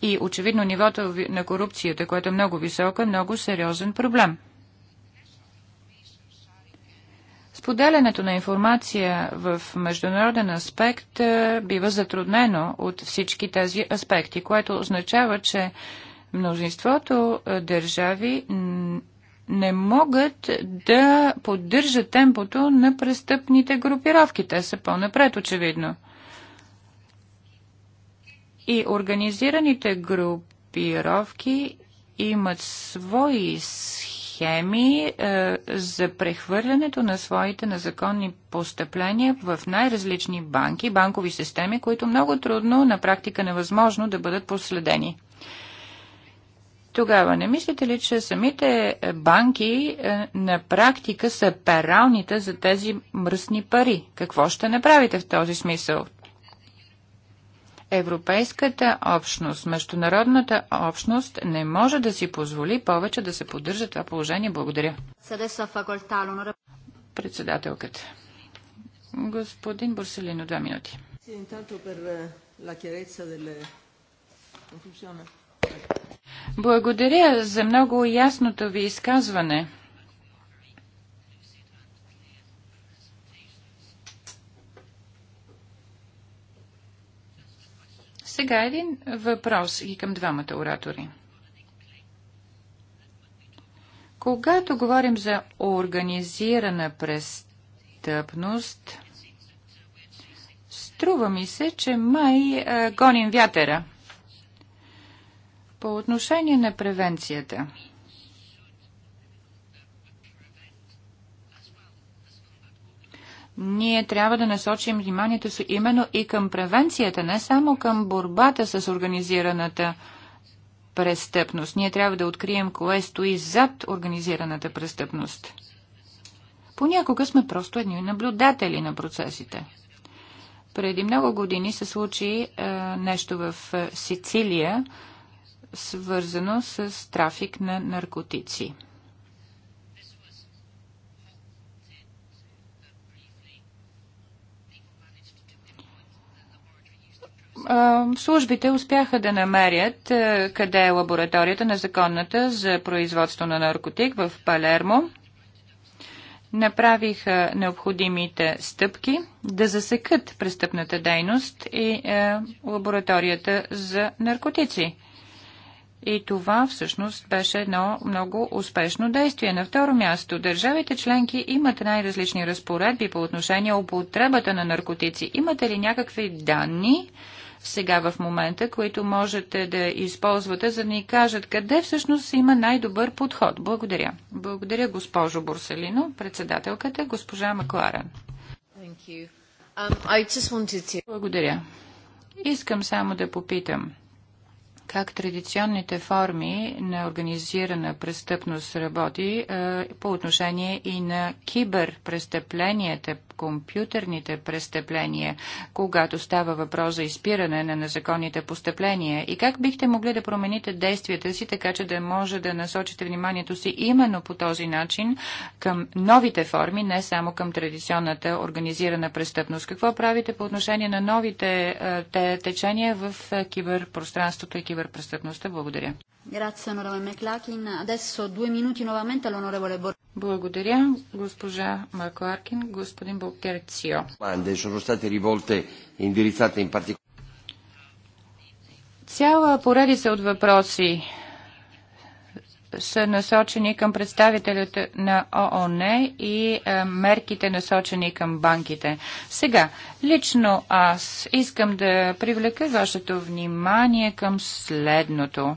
И очевидно нивото на корупцията, което е много високо, е много сериозен проблем. Споделянето на информация в международен аспект е, бива затруднено от всички тези аспекти, което означава, че мнозинството е, държави не могат да поддържат темпото на престъпните групировки. Те са по-напред, очевидно. И организираните групировки имат свои схеми е, за прехвърлянето на своите незаконни постъпления в най-различни банки, банкови системи, които много трудно, на практика невъзможно да бъдат последени. Тогава не мислите ли, че самите е, банки е, на практика са пералните за тези мръсни пари? Какво ще направите в този смисъл? Европейската общност, международната общност не може да си позволи повече да се поддържа това положение. Благодаря. Председателката. Господин Борселино, два минути. Благодаря за много ясното ви изказване. Сега един въпрос и към двамата оратори. Когато говорим за организирана престъпност, струва ми се, че май а, гоним вятъра. По отношение на превенцията. ние трябва да насочим вниманието си именно и към превенцията, не само към борбата с организираната престъпност. Ние трябва да открием кое стои зад организираната престъпност. Понякога сме просто едни наблюдатели на процесите. Преди много години се случи е, нещо в е, Сицилия, свързано с трафик на наркотици. службите успяха да намерят къде е лабораторията на законната за производство на наркотик в Палермо. Направиха необходимите стъпки да засекат престъпната дейност и е, лабораторията за наркотици. И това всъщност беше едно много успешно действие. На второ място, държавите членки имат най-различни разпоредби по отношение употребата на наркотици. Имате ли някакви данни сега в момента, които можете да използвате, за да ни кажат къде всъщност има най-добър подход? Благодаря. Благодаря, госпожо Борселино, председателката, госпожа Макларен. Um, Благодаря. Искам само да попитам – как традиционните форми на организирана престъпност работи по отношение и на киберпрестъпленията, компютърните престъпления, когато става въпрос за изпиране на незаконните постъпления? И как бихте могли да промените действията си, така че да може да насочите вниманието си именно по този начин към новите форми, не само към традиционната организирана престъпност? Какво правите по отношение на новите те, течения в киберпространството и киберпрестъпността? Благодаря. Благодаря, госпожа Макларкин. Господин Боктерцио. E Цяла поредица от въпроси са насочени към представителите на ООН и е, мерките насочени към банките. Сега, лично аз искам да привлека вашето внимание към следното.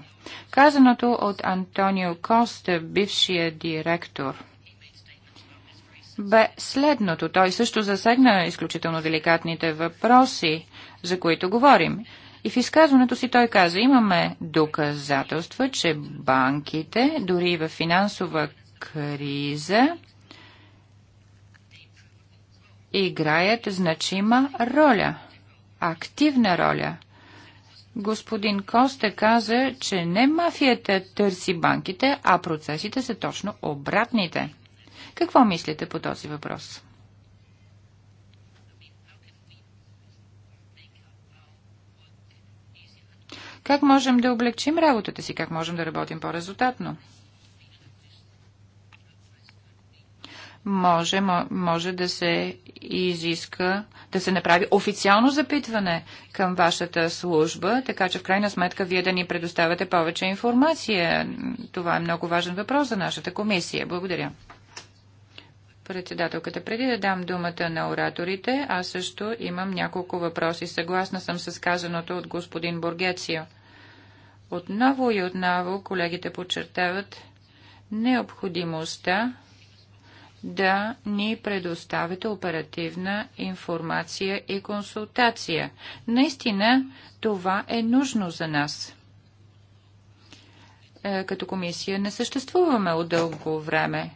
Казаното от Антонио Коста, бившия директор, бе следното. Той също засегна изключително деликатните въпроси, за които говорим. И в изказването си той каза, имаме доказателства, че банките, дори в финансова криза, играят значима роля, активна роля – Господин Косте каза, че не мафията търси банките, а процесите са точно обратните. Какво мислите по този въпрос? Как можем да облегчим работата си? Как можем да работим по-резултатно? може, може да се изиска, да се направи официално запитване към вашата служба, така че в крайна сметка вие да ни предоставяте повече информация. Това е много важен въпрос за нашата комисия. Благодаря. Председателката, преди да дам думата на ораторите, аз също имам няколко въпроси. Съгласна съм с казаното от господин Боргецио. Отново и отново колегите подчертават необходимостта да ни предоставите оперативна информация и консултация. Наистина, това е нужно за нас. Е, като комисия не съществуваме от дълго време.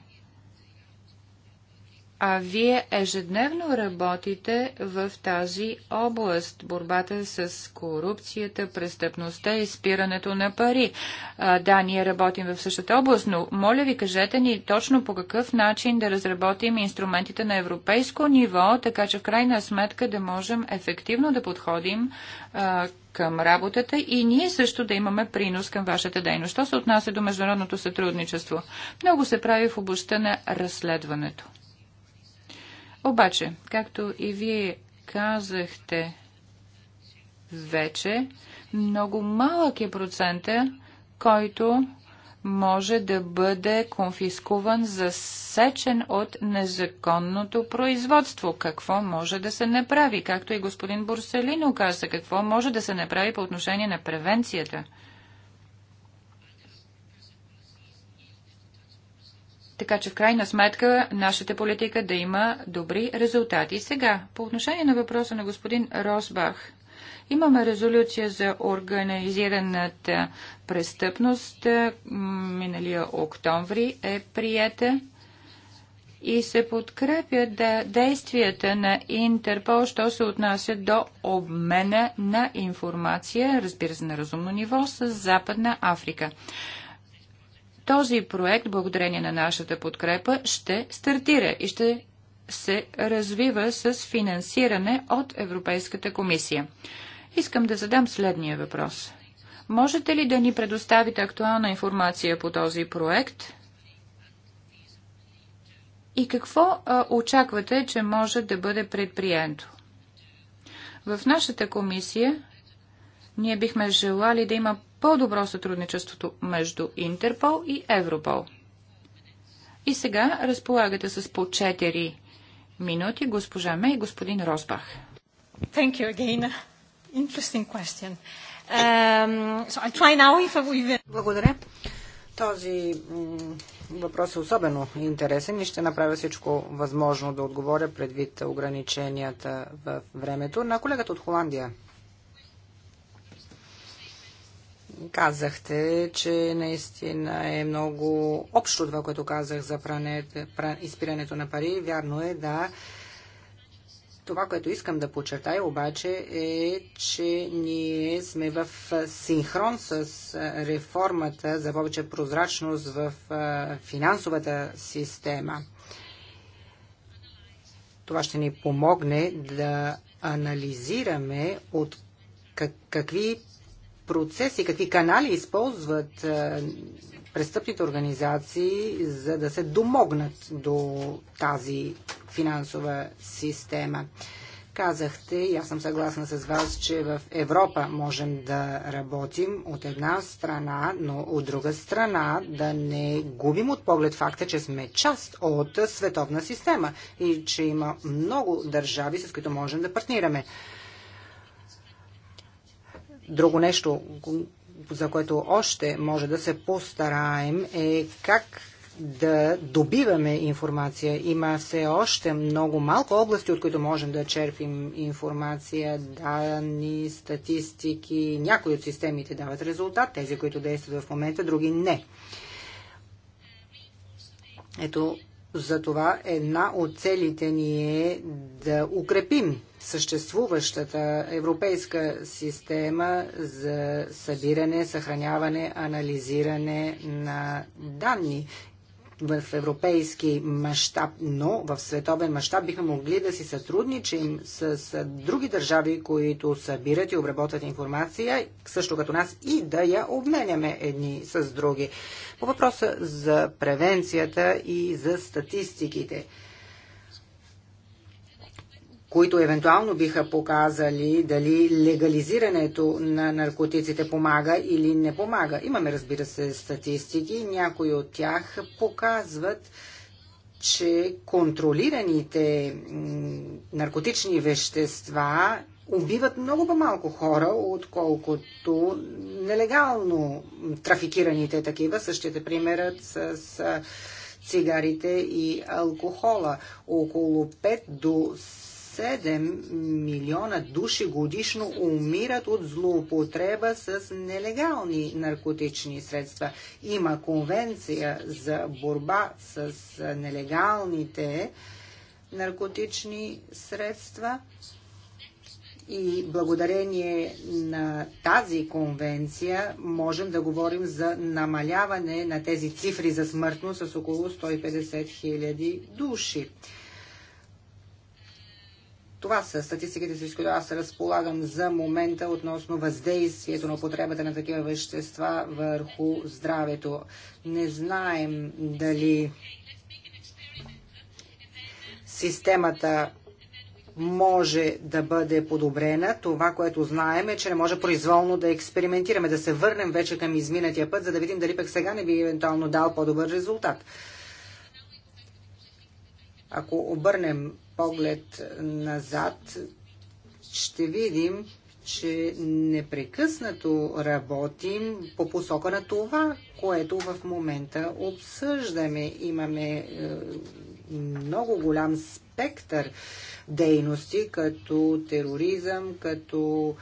А вие ежедневно работите в тази област. Борбата с корупцията, престъпността и спирането на пари. А, да, ние работим в същата област, но моля ви кажете ни точно по какъв начин да разработим инструментите на европейско ниво, така че в крайна сметка да можем ефективно да подходим а, към работата и ние също да имаме принос към вашата дейност. Що се отнася до международното сътрудничество? Много се прави в областта на разследването. Обаче, както и вие казахте вече, много малък е процента, който може да бъде конфискуван, засечен от незаконното производство. Какво може да се направи? Както и господин Борселино каза, какво може да се направи по отношение на превенцията – Така че в крайна сметка нашата политика да има добри резултати. Сега, по отношение на въпроса на господин Росбах, имаме резолюция за организираната престъпност. Миналия октомври е приета и се подкрепят да действията на Интерпол, що се отнася до обмена на информация, разбира се, на разумно ниво с Западна Африка. Този проект, благодарение на нашата подкрепа, ще стартира и ще се развива с финансиране от Европейската комисия. Искам да задам следния въпрос. Можете ли да ни предоставите актуална информация по този проект? И какво а, очаквате, че може да бъде предприето? В нашата комисия ние бихме желали да има по-добро сътрудничеството между Интерпол и Европол. И сега разполагате с по 4 минути госпожа Мей и господин Росбах. Thank you again. Interesting question. Um, so I try now if we... Благодаря. Този въпрос е особено интересен и ще направя всичко възможно да отговоря предвид ограниченията в времето на колегата от Холандия. казахте, че наистина е много общо това, което казах за пран, изпирането на пари. Вярно е, да. Това, което искам да подчертая обаче е, че ние сме в синхрон с реформата за повече прозрачност в финансовата система. Това ще ни помогне да анализираме от какви процеси, какви канали използват е, престъпните организации, за да се домогнат до тази финансова система. Казахте, и аз съм съгласна с вас, че в Европа можем да работим от една страна, но от друга страна да не губим от поглед факта, че сме част от световна система и че има много държави, с които можем да партнираме. Друго нещо, за което още може да се постараем е как да добиваме информация. Има все още много малко области, от които можем да черпим информация, данни, статистики. Някои от системите дават резултат, тези, които действат в момента, други не. Ето, за това една от целите ни е да укрепим съществуващата европейска система за събиране, съхраняване, анализиране на данни в европейски мащаб, но в световен мащаб бихме могли да си сътрудничим с, други държави, които събират и обработват информация, също като нас, и да я обменяме едни с други. По въпроса за превенцията и за статистиките които евентуално биха показали дали легализирането на наркотиците помага или не помага. Имаме, разбира се, статистики. Някои от тях показват, че контролираните наркотични вещества убиват много по-малко хора, отколкото нелегално трафикираните такива. Същите примерът с, с цигарите и алкохола. Около 5 до 7 милиона души годишно умират от злоупотреба с нелегални наркотични средства. Има конвенция за борба с нелегалните наркотични средства и благодарение на тази конвенция можем да говорим за намаляване на тези цифри за смъртност с около 150 хиляди души. Това са статистиките, с които аз разполагам за момента относно въздействието на употребата на такива вещества върху здравето. Не знаем дали системата може да бъде подобрена. Това, което знаем е, че не може произволно да експериментираме, да се върнем вече към изминатия път, за да видим дали пък сега не би евентуално дал по-добър резултат. Ако обърнем поглед назад, ще видим, че непрекъснато работим по посока на това, което в момента обсъждаме. Имаме е, много голям спектър дейности, като тероризъм, като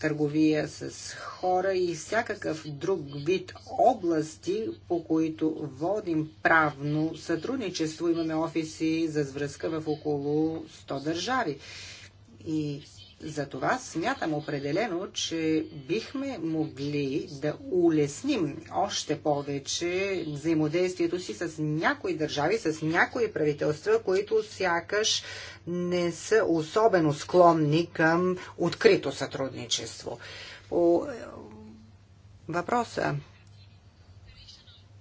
търговия с хора и всякакъв друг вид области, по които водим правно сътрудничество. Имаме офиси за връзка в около 100 държави. И затова смятам определено, че бихме могли да улесним още повече взаимодействието си с някои държави, с някои правителства, които сякаш не са особено склонни към открито сътрудничество. По е, въпроса,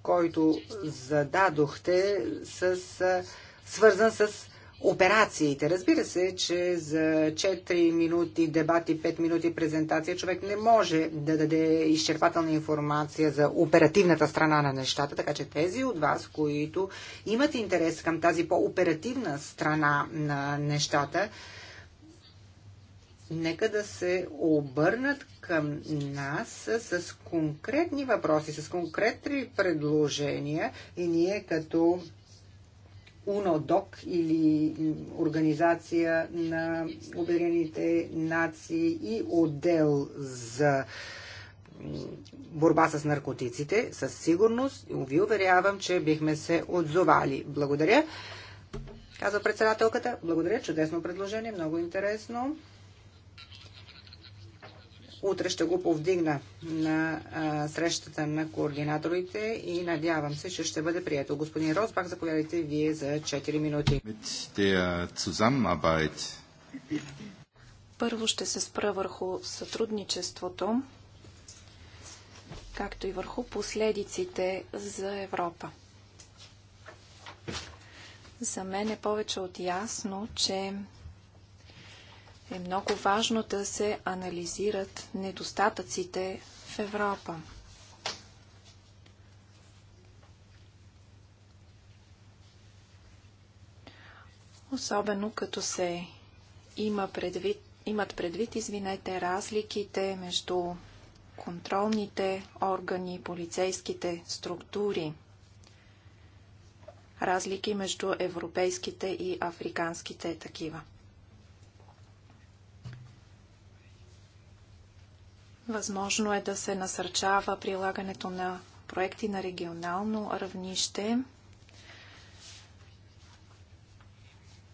който зададохте, с, е, свързан с операциите. Разбира се, че за 4 минути дебати, 5 минути презентация човек не може да даде изчерпателна информация за оперативната страна на нещата, така че тези от вас, които имат интерес към тази по-оперативна страна на нещата, нека да се обърнат към нас с конкретни въпроси, с конкретни предложения и ние като УНОДОК или Организация на Обединените нации и отдел за борба с наркотиците, със сигурност ви уверявам, че бихме се отзовали. Благодаря. Казва председателката. Благодаря. Чудесно предложение. Много интересно. Утре ще го повдигна на а, срещата на координаторите и надявам се, че ще бъде прието. Господин Росбах, заповядайте вие за 4 минути. Първо ще се спра върху сътрудничеството, както и върху последиците за Европа. За мен е повече от ясно, че е много важно да се анализират недостатъците в Европа. Особено като се има предвид, имат предвид, извинете, разликите между контролните органи и полицейските структури. Разлики между европейските и африканските такива. Възможно е да се насърчава прилагането на проекти на регионално равнище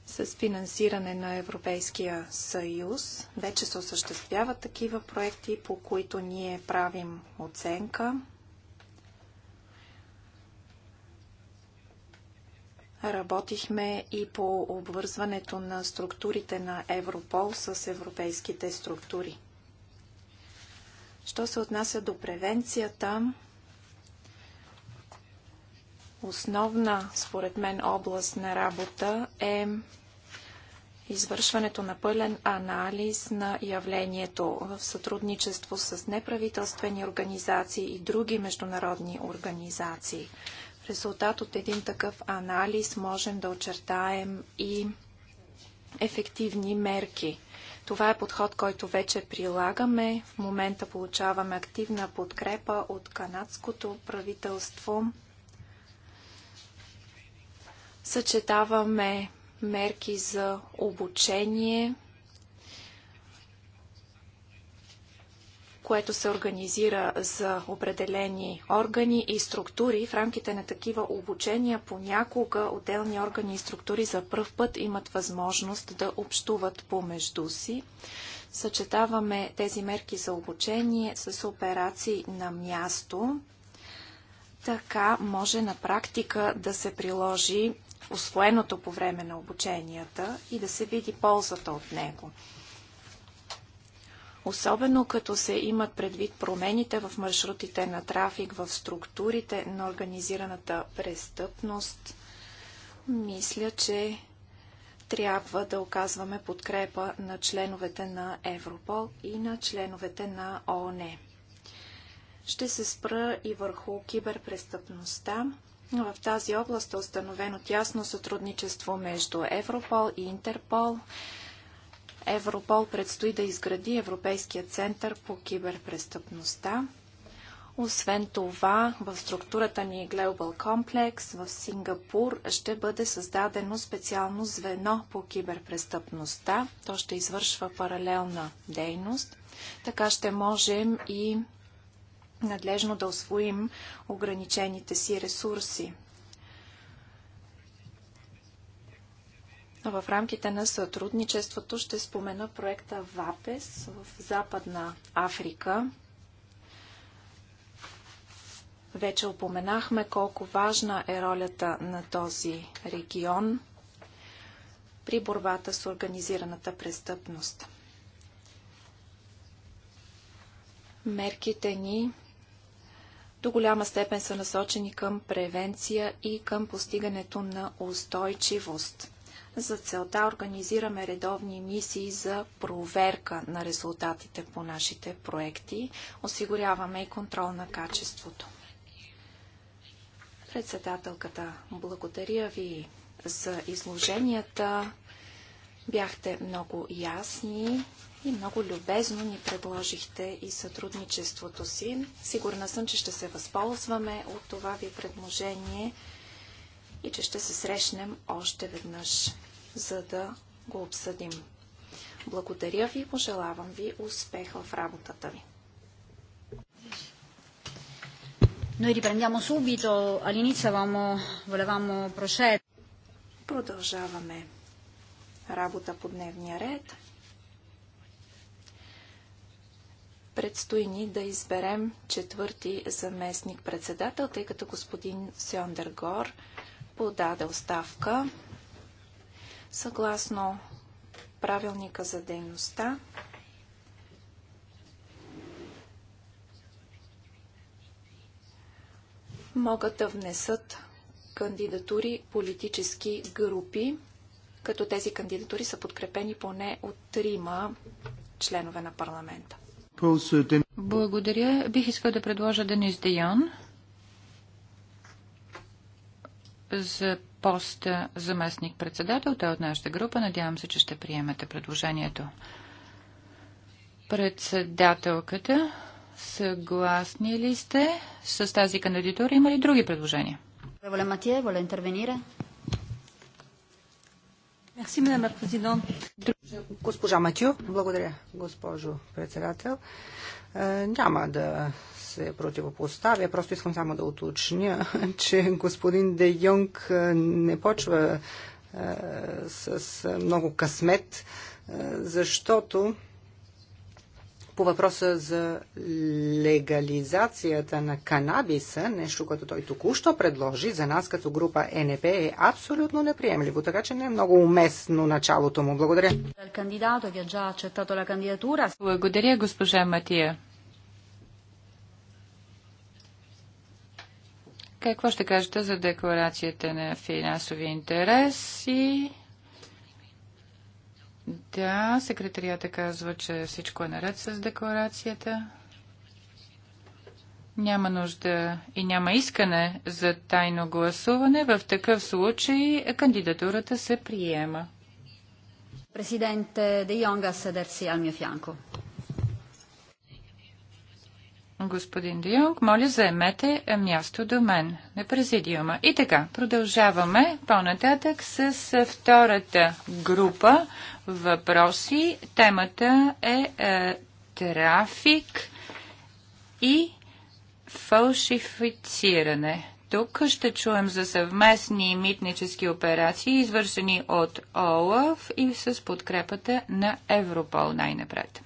с финансиране на Европейския съюз. Вече се осъществяват такива проекти, по които ние правим оценка. Работихме и по обвързването на структурите на Европол с европейските структури. Що се отнася до превенцията, основна, според мен, област на работа е извършването на пълен анализ на явлението в сътрудничество с неправителствени организации и други международни организации. В резултат от един такъв анализ можем да очертаем и ефективни мерки – това е подход, който вече прилагаме. В момента получаваме активна подкрепа от канадското правителство. Съчетаваме мерки за обучение което се организира за определени органи и структури. В рамките на такива обучения понякога отделни органи и структури за пръв път имат възможност да общуват помежду си. Съчетаваме тези мерки за обучение с операции на място. Така може на практика да се приложи освоеното по време на обученията и да се види ползата от него особено като се имат предвид промените в маршрутите на трафик, в структурите на организираната престъпност, мисля, че трябва да оказваме подкрепа на членовете на Европол и на членовете на ООН. Ще се спра и върху киберпрестъпността. В тази област е установено тясно сътрудничество между Европол и Интерпол. Европол предстои да изгради Европейския център по киберпрестъпността. Освен това, в структурата ни Global Complex в Сингапур ще бъде създадено специално звено по киберпрестъпността. То ще извършва паралелна дейност. Така ще можем и надлежно да освоим ограничените си ресурси. Но в рамките на сътрудничеството ще спомена проекта ВАПЕС в Западна Африка. Вече опоменахме колко важна е ролята на този регион при борбата с организираната престъпност. Мерките ни до голяма степен са насочени към превенция и към постигането на устойчивост. За целта организираме редовни мисии за проверка на резултатите по нашите проекти. Осигуряваме и контрол на качеството. Председателката, благодаря ви за изложенията. Бяхте много ясни и много любезно ни предложихте и сътрудничеството си. Сигурна съм, че ще се възползваме от това ви предложение и че ще се срещнем още веднъж, за да го обсъдим. Благодаря ви и пожелавам ви успех в работата ви. Noi riprendiamo subito, all'inizio avevamo, volevamo procedere. Продължаваме работа по дневния ред. Предстои ни да изберем четвърти заместник председател, тъй като господин Сьондер Гор подаде оставка съгласно правилника за дейността. Могат да внесат кандидатури политически групи, като тези кандидатури са подкрепени поне от трима членове на парламента. Благодаря. Бих искал да предложа Денис Дейон. за поста заместник-председател. Той е от нашата група. Надявам се, че ще приемете предложението. Председателката, съгласни ли сте с тази кандидатура? Има ли други предложения? Воля Матия, воля интервенира. Мерси, мадам президент. Госпожа Матю, благодаря, госпожо председател. Е, няма да се противопоставя. Просто искам само да уточня, [laughs] че господин Де Йонг не почва а, с много късмет, а, защото по въпроса за легализацията на канабиса, нещо, което той току-що предложи, за нас като група НП е абсолютно неприемливо, така че не е много уместно началото му. Благодаря. Е Благодаря, госпожа Матия. Какво ще кажете за декларацията на финансови интерес и да, секретарията казва, че всичко е наред с декларацията. Няма нужда и няма искане за тайно гласуване. В такъв случай кандидатурата се приема. Президент Де Йонга седерси ал мио фянко господин Дионг, моля заемете е, място до мен на президиума. И така, продължаваме по-нататък с е, втората група въпроси. Темата е, е трафик и фалшифициране. Тук ще чуем за съвместни митнически операции, извършени от ОЛАФ и с подкрепата на Европол най-напред.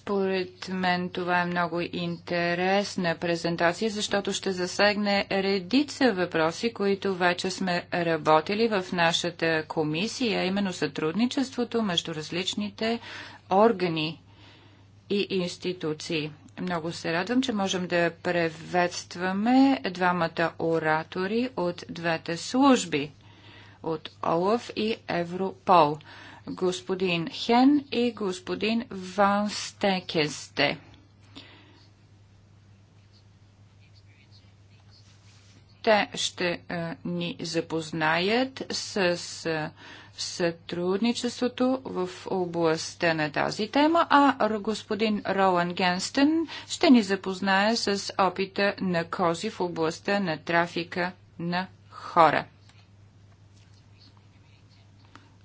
Според мен това е много интересна презентация, защото ще засегне редица въпроси, които вече сме работили в нашата комисия, именно сътрудничеството между различните органи и институции. Много се радвам, че можем да приветстваме двамата оратори от двете служби от ОЛАФ и Европол господин Хен и господин Ван Стекесте. Те ще а, е, ни запознаят с а, е, сътрудничеството в областта на тази тема, а господин Ролан Генстън ще ни запознае с опита на Кози в областта на трафика на хора.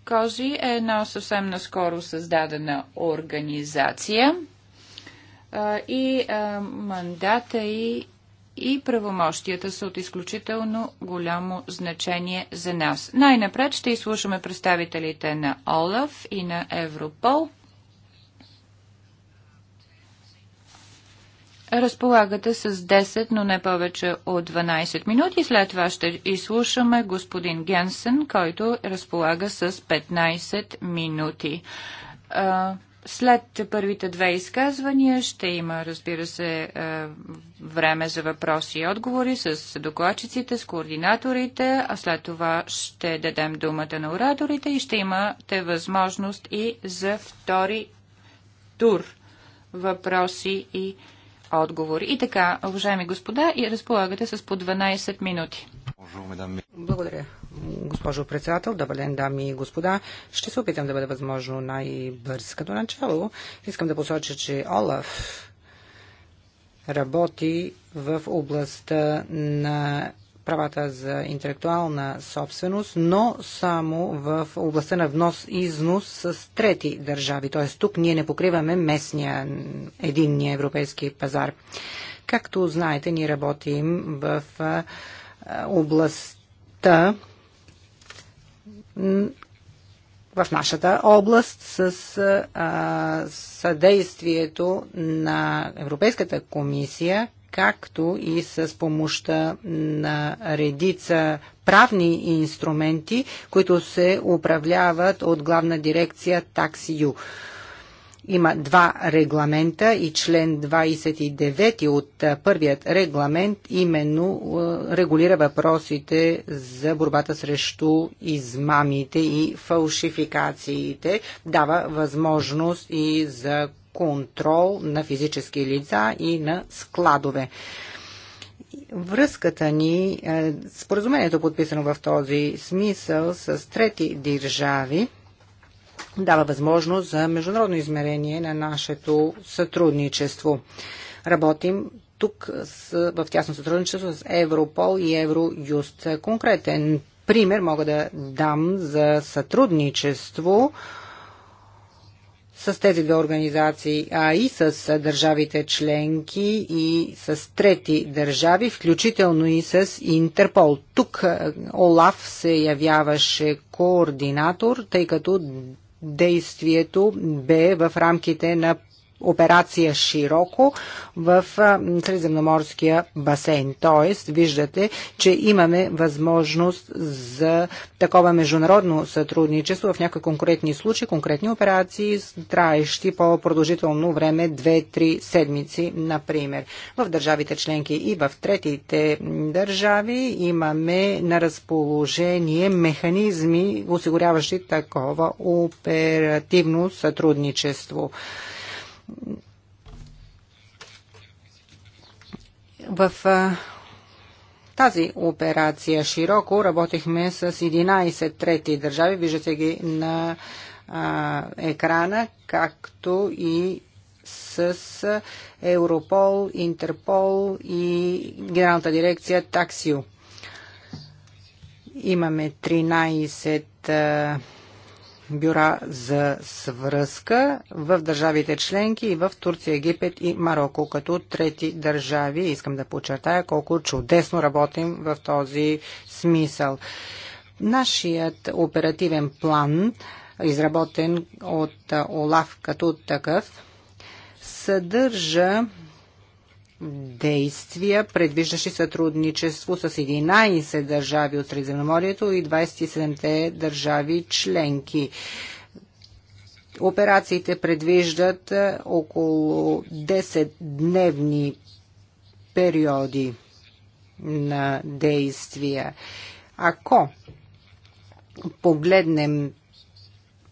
Кози е една съвсем наскоро създадена организация и мандата и, и правомощията са от изключително голямо значение за нас. Най-напред ще изслушаме представителите на ОЛАФ и на Европол – разполагате с 10, но не повече от 12 минути. След това ще изслушаме господин Генсен, който разполага с 15 минути. След първите две изказвания ще има, разбира се, време за въпроси и отговори с докладчиците, с координаторите, а след това ще дадем думата на ораторите и ще имате възможност и за втори тур въпроси и отговор. И така, уважаеми господа, и разполагате с по 12 минути. Благодаря, госпожо председател. Добър ден, дами и господа. Ще се опитам да бъда възможно най-бърз. Като начало искам да посоча, че Олаф работи в областта на правата за интелектуална собственост, но само в областта на внос-износ с трети държави. Т.е. тук ние не покриваме местния единния европейски пазар. Както знаете, ние работим в областта в нашата област с а, съдействието на Европейската комисия, както и с помощта на редица правни инструменти, които се управляват от главна дирекция TaxiU. Има два регламента и член 29 от първият регламент именно регулира въпросите за борбата срещу измамите и фалшификациите. Дава възможност и за контрол на физически лица и на складове. Връзката ни, е, споразумението подписано в този смисъл с трети държави, дава възможност за международно измерение на нашето сътрудничество. Работим тук с, в тясно сътрудничество с Европол и Евроюст. Конкретен пример мога да дам за сътрудничество с тези две организации, а и с държавите членки и с трети държави, включително и с Интерпол. Тук Олаф се явяваше координатор, тъй като действието бе в рамките на операция широко в Средиземноморския басейн. Тоест, виждате, че имаме възможност за такова международно сътрудничество в някои конкретни случаи, конкретни операции, траещи по-продължително време 2-3 седмици, например. В държавите членки и в третите държави имаме на разположение механизми, осигуряващи такова оперативно сътрудничество. В тази операция широко работихме с 11 трети държави, виждате ги на а, екрана, както и с Европол, Интерпол и Генералната дирекция Таксио. Имаме 13 а, бюра за свръзка в държавите членки и в Турция, Египет и Марокко като трети държави. Искам да подчертая колко чудесно работим в този смисъл. Нашият оперативен план, изработен от Олаф като такъв, съдържа действия, предвиждащи сътрудничество с 11 държави от Средиземноморието и 27-те държави членки. Операциите предвиждат е, около 10-дневни периоди на действия. Ако погледнем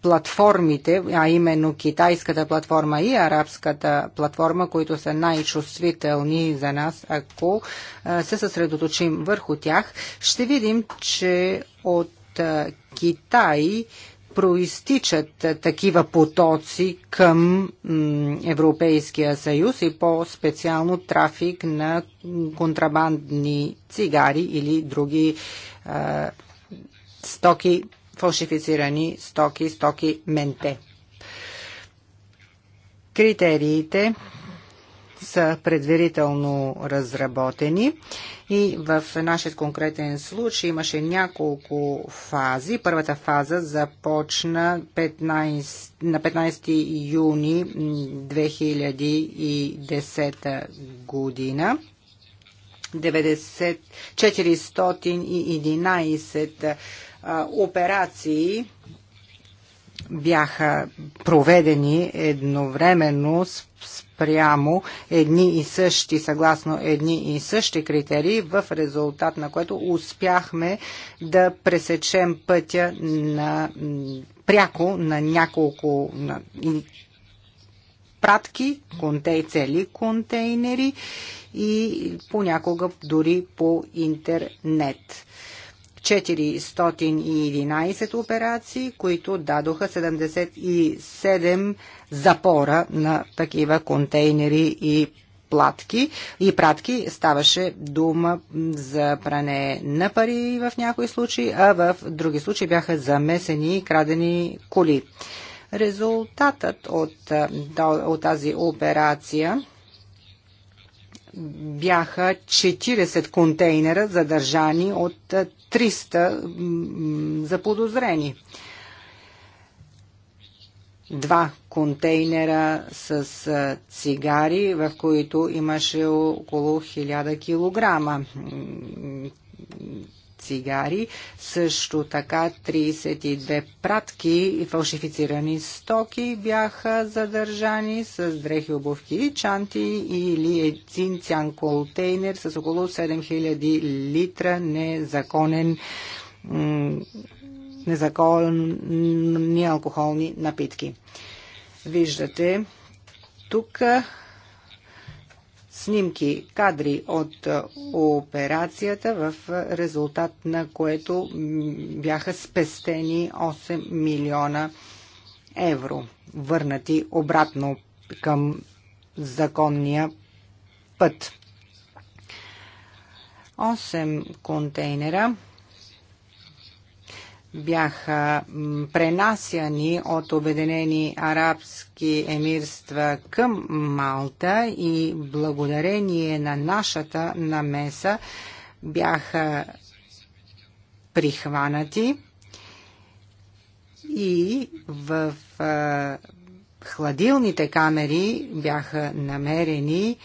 платформите, а именно китайската платформа и арабската платформа, които са най-чувствителни за нас, ако се съсредоточим върху тях, ще видим, че от Китай проистичат такива потоци към Европейския съюз и по-специално трафик на контрабандни цигари или други стоки фалшифицирани стоки, стоки менте. Критериите са предварително разработени и в нашия конкретен случай имаше няколко фази. Първата фаза започна 15, на 15 юни 2010 година 90, 411 операции бяха проведени едновременно спрямо едни и същи, съгласно едни и същи критерии, в резултат на което успяхме да пресечем пътя на, пряко на няколко на, пратки, контей, цели контейнери и понякога дори по интернет. 411 операции, които дадоха 77 запора на такива контейнери и платки и пратки ставаше дума за пране на пари в някои случаи, а в други случаи бяха замесени и крадени коли. Резултатът от, от тази операция бяха 40 контейнера задържани от 300 е, заподозрени. Два контейнера с е, цигари, в които имаше около 1000 килограма цигари, също така 32 пратки и фалшифицирани стоки бяха задържани с дрехи, обувки чанти или един цян контейнер с около 7000 литра незаконен незаконни алкохолни напитки. Виждате тук снимки, кадри от операцията, в резултат на което бяха спестени 8 милиона евро, върнати обратно към законния път. 8 контейнера бяха пренасяни от Обединени арабски емирства към Малта и благодарение на нашата намеса бяха прихванати и в хладилните камери бяха намерени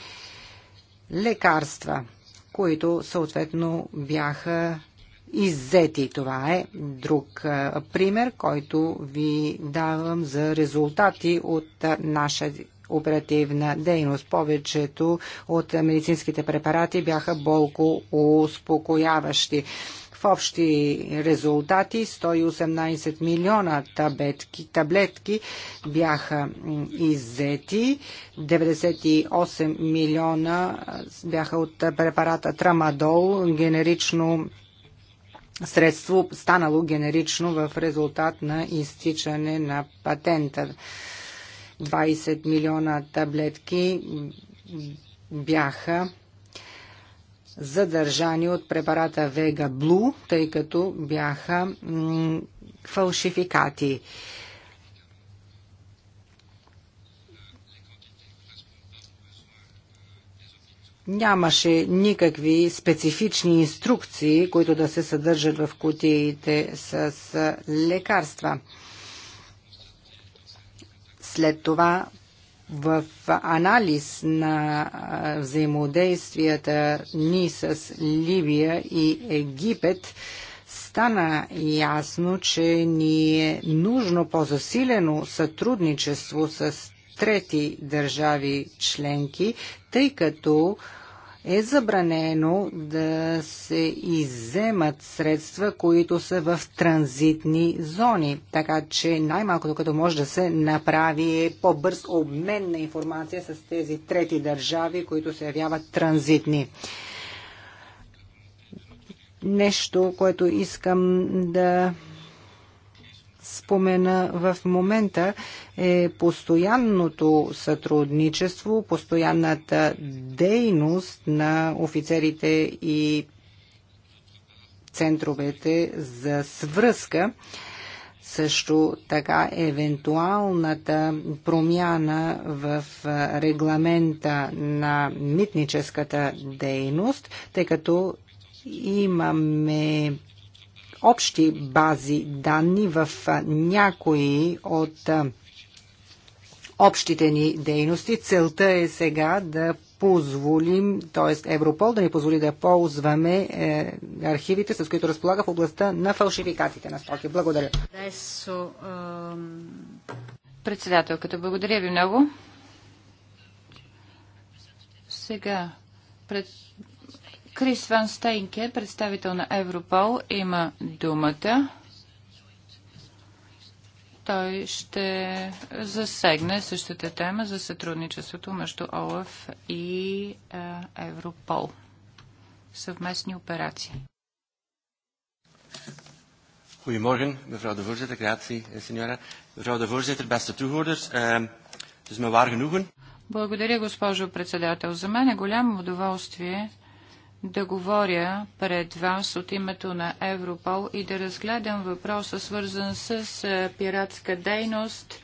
лекарства, които съответно бяха иззети. Това е друг пример, който ви давам за резултати от наша оперативна дейност. Повечето от медицинските препарати бяха болко успокояващи. В общи резултати 118 милиона таблетки, таблетки бяха иззети, 98 милиона бяха от препарата Трамадол, генерично средство, станало генерично в резултат на изтичане на патента. 20 милиона таблетки бяха задържани от препарата Vega Blue, тъй като бяха фалшификати. Нямаше никакви специфични инструкции, които да се съдържат в кутиите с лекарства. След това в анализ на взаимодействията ни с Ливия и Египет стана ясно, че ни е нужно по-засилено сътрудничество с трети държави членки, тъй като е забранено да се иземат средства, които са в транзитни зони. Така че най-малкото като може да се направи е по-бърз обмен на информация с тези трети държави, които се явяват транзитни. Нещо, което искам да спомена в момента е постоянното сътрудничество, постоянната дейност на офицерите и центровете за свръзка също така евентуалната промяна в регламента на митническата дейност, тъй като имаме общи бази данни в някои от общите ни дейности. Целта е сега да позволим, т.е. Европол да ни позволи да ползваме е, архивите, с които разполага в областта на фалшификатите на стоки. Благодаря. Председателката, благодаря ви много. Сега пред Крис Ван Стейнке, представител на Европол, има думата. Той ще засегне същата тема за сътрудничеството между ОЛАФ и е, Европол. Съвместни операции. Goedemorgen, mevrouw de voorzitter. Grazie, eh, signora. Mevrouw de voorzitter, beste toehoorders. Ehm, het is me waar genoegen. Благодаря, госпожо председател. За мен е голямо удоволствие да говоря пред вас от името на Европол и да разгледам въпроса, свързан с пиратска дейност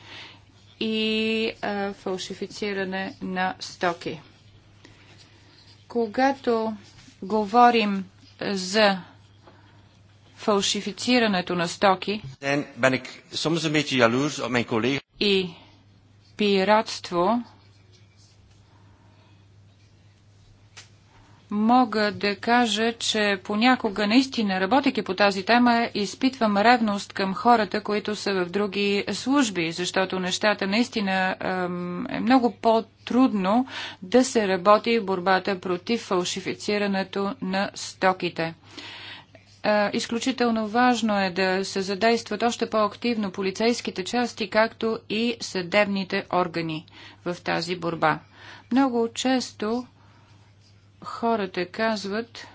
и фалшифициране на стоки. Когато говорим за фалшифицирането на стоки и пиратство, мога да кажа, че понякога наистина, работейки по тази тема, изпитвам ревност към хората, които са в други служби, защото нещата наистина е много по-трудно да се работи в борбата против фалшифицирането на стоките. Изключително важно е да се задействат още по-активно полицейските части, както и съдебните органи в тази борба. Много често хората казват,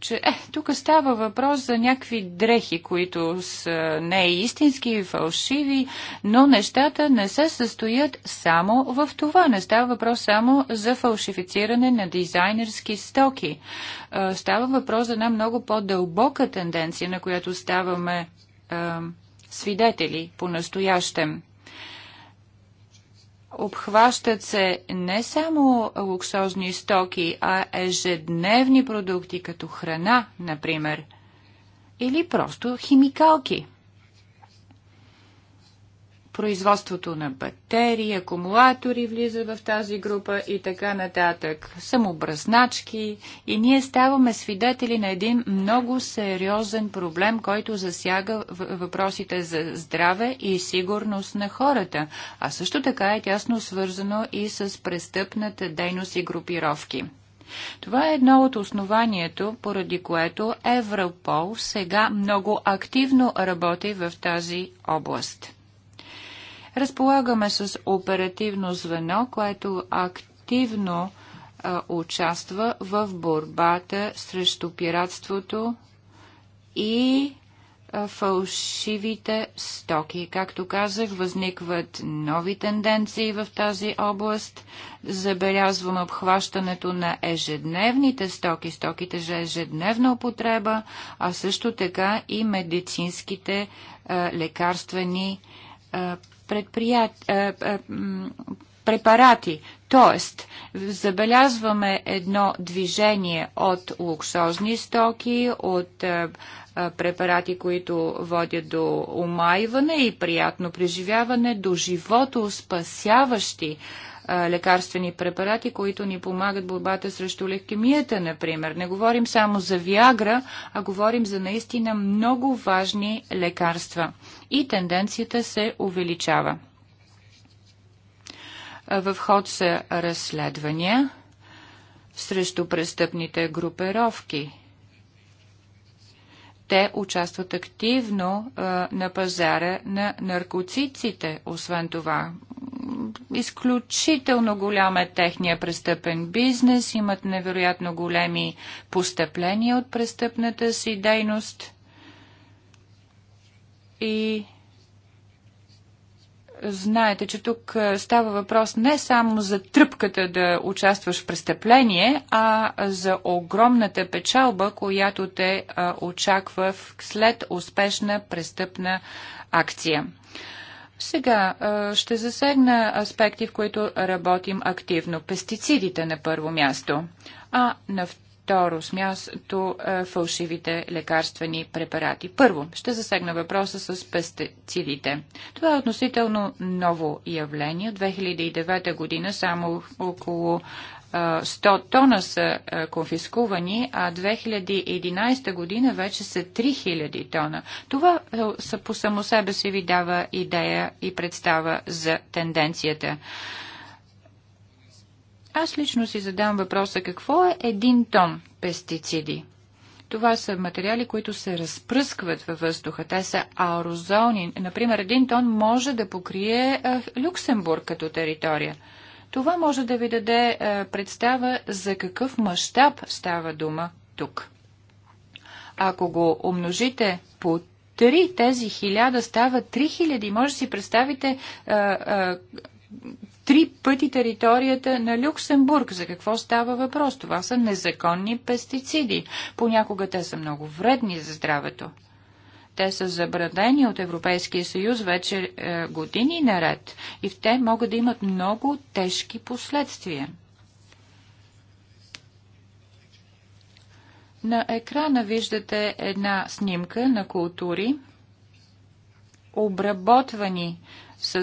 че е, тук става въпрос за някакви дрехи, които са не истински, фалшиви, но нещата не се състоят само в това. Не става въпрос само за фалшифициране на дизайнерски стоки. Е, става въпрос за една много по-дълбока тенденция, на която ставаме е, свидетели по-настоящем. Обхващат се не само луксозни стоки, а ежедневни продукти, като храна, например, или просто химикалки – производството на батерии, акумулатори влиза в тази група и така нататък, самобръзначки и ние ставаме свидетели на един много сериозен проблем, който засяга въпросите за здраве и сигурност на хората, а също така е тясно свързано и с престъпната дейност и групировки. Това е едно от основанието, поради което Европол сега много активно работи в тази област. Разполагаме с оперативно звено, което активно а, участва в борбата срещу пиратството и фалшивите стоки. Както казах, възникват нови тенденции в тази област. Забелязваме обхващането на ежедневните стоки, стоките за ежедневна употреба, а също така и медицинските а, лекарствени а, предприят... Е, е, препарати. Тоест, забелязваме едно движение от луксозни стоки, от е, препарати, които водят до омайване и приятно преживяване, до живото спасяващи а, лекарствени препарати, които ни помагат борбата срещу левкемията, например. Не говорим само за Виагра, а говорим за наистина много важни лекарства. И тенденцията се увеличава. В ход са разследвания срещу престъпните групировки. Те участват активно а, на пазара на наркотиците, освен това изключително голям е техния престъпен бизнес, имат невероятно големи постъпления от престъпната си дейност и знаете, че тук става въпрос не само за тръпката да участваш в престъпление, а за огромната печалба, която те очаква след успешна престъпна акция. Сега ще засегна аспекти, в които работим активно. Пестицидите на първо място, а на второ място фалшивите лекарствени препарати. Първо, ще засегна въпроса с пестицидите. Това е относително ново явление. 2009 година само около 100 тона са конфискувани, а 2011 година вече са 3000 тона. Това е, по само себе си ви дава идея и представа за тенденцията. Аз лично си задам въпроса какво е един тон пестициди. Това са материали, които се разпръскват във въздуха. Те са аурозони. Например, един тон може да покрие Люксембург като територия. Това може да ви даде е, представа за какъв мащаб става дума тук. Ако го умножите по 3, тези 1000 става 3000. Може да си представите е, е, три пъти територията на Люксембург. За какво става въпрос? Това са незаконни пестициди. Понякога те са много вредни за здравето. Те са забранени от Европейския съюз вече е, години наред и те могат да имат много тежки последствия. На екрана виждате една снимка на култури, обработвани с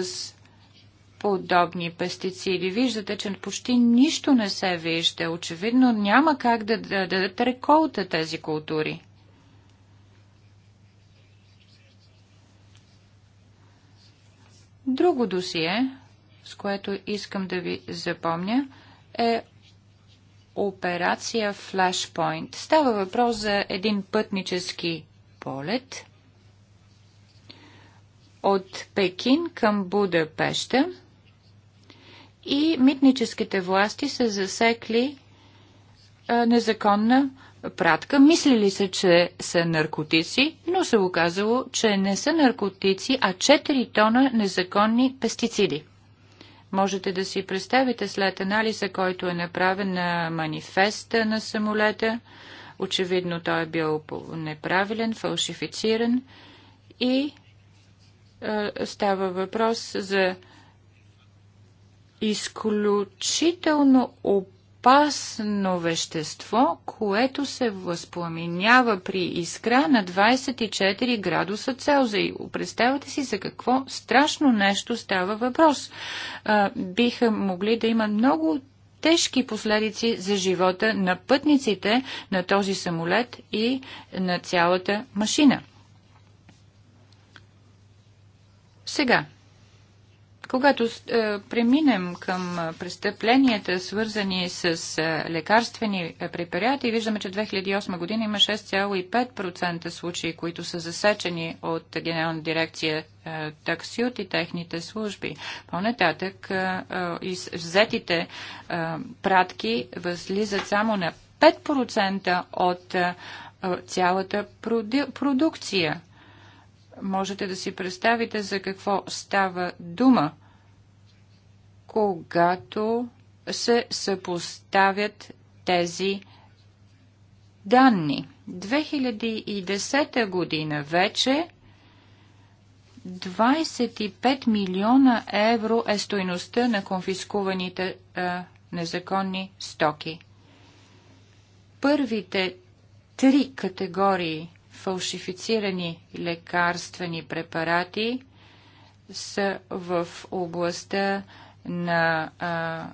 подобни пестициди. Виждате, че почти нищо не се вижда. Очевидно няма как да дадат реколта тези култури. Друго досие, с което искам да ви запомня, е операция Flashpoint. Става въпрос за един пътнически полет от Пекин към Будапеща и митническите власти са засекли незаконна пратка. Мислили са, че са наркотици, но се оказало, че не са наркотици, а 4 тона незаконни пестициди. Можете да си представите след анализа, който е направен на манифеста на самолета. Очевидно той е бил неправилен, фалшифициран и е, става въпрос за изключително опасност опасно вещество, което се възпламенява при искра на 24 градуса Целзий. Представете си за какво страшно нещо става въпрос. А, биха могли да има много тежки последици за живота на пътниците на този самолет и на цялата машина. Сега, когато е, преминем към престъпленията, свързани с е, лекарствени е, препарати, виждаме, че 2008 година има 6,5% случаи, които са засечени от Генерална дирекция е, таксиот и техните служби. По-нататък е, е, взетите пратки възлизат само на 5% от цялата продукция – можете да си представите за какво става дума, когато се съпоставят тези данни. 2010 година вече 25 милиона евро е стойността на конфискуваните е, незаконни стоки. Първите три категории фалшифицирани лекарствени препарати са в областта на а,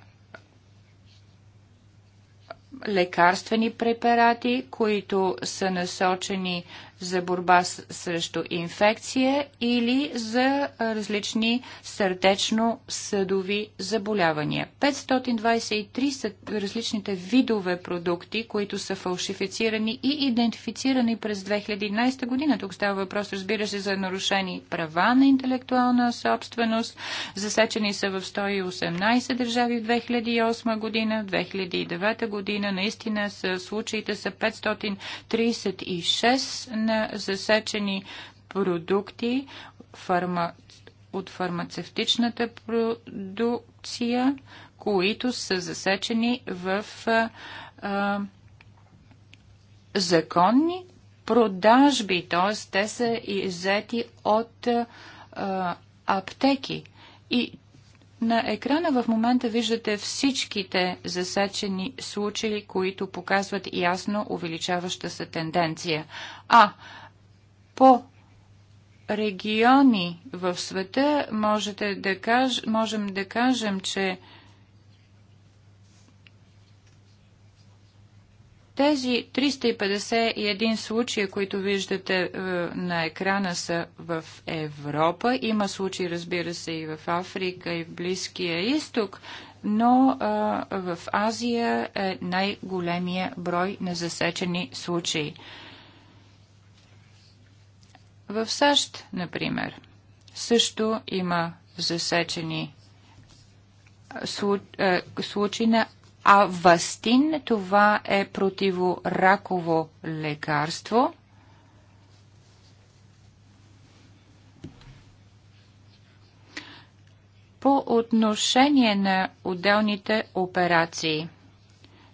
лекарствени препарати, които са насочени за борба срещу инфекция или за различни сърдечно-съдови заболявания. 523 са различните видове продукти, които са фалшифицирани и идентифицирани през 2011 година. Тук става въпрос, разбира се, за нарушени права на интелектуална собственост. Засечени са в 118 държави в 2008 година, в 2009 година. Наистина са, случаите са 536 на на засечени продукти фарма... от фармацевтичната продукция, които са засечени в а, а, законни продажби, т.е. те са иззети от а, аптеки. И на екрана в момента виждате всичките засечени случаи, които показват ясно увеличаваща се тенденция. А по региони в света можете да каж... можем да кажем, че Тези 351 случая, които виждате е, на екрана, са в Европа. Има случаи, разбира се, и в Африка, и в Близкия изток, но е, в Азия е най-големия брой на засечени случаи. В САЩ, например, също има засечени е, е, случаи на а Вастин, това е противораково лекарство. По отношение на отделните операции.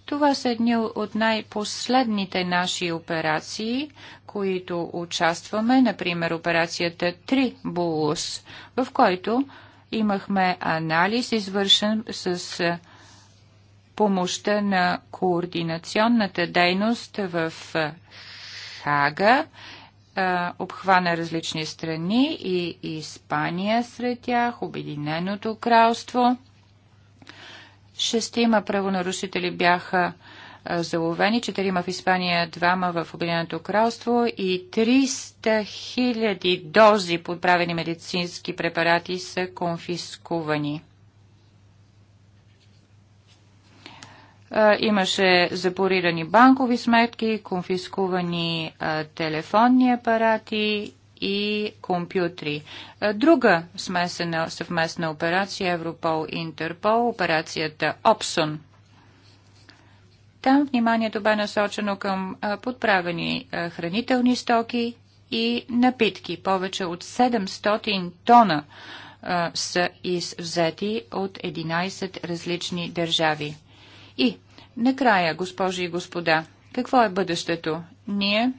Това са едни от най-последните наши операции, които участваме, например операцията 3 Булус, в който имахме анализ, извършен с помощта на координационната дейност в Хага обхвана различни страни и Испания сред тях, Обединеното кралство. Шестима правонарушители бяха заловени, четирима в Испания, двама в Обединеното кралство и 300 хиляди дози подправени медицински препарати са конфискувани. Е, имаше запорирани банкови сметки, конфискувани е, телефонни апарати и компютри. Е, друга смесена съвместна операция Европол и Интерпол, операцията Опсон. Там вниманието бе насочено към подправени хранителни стоки и напитки. Повече от 700 тона са иззети от 11 различни държави. И накрая, госпожи и господа, какво е бъдещето? Ние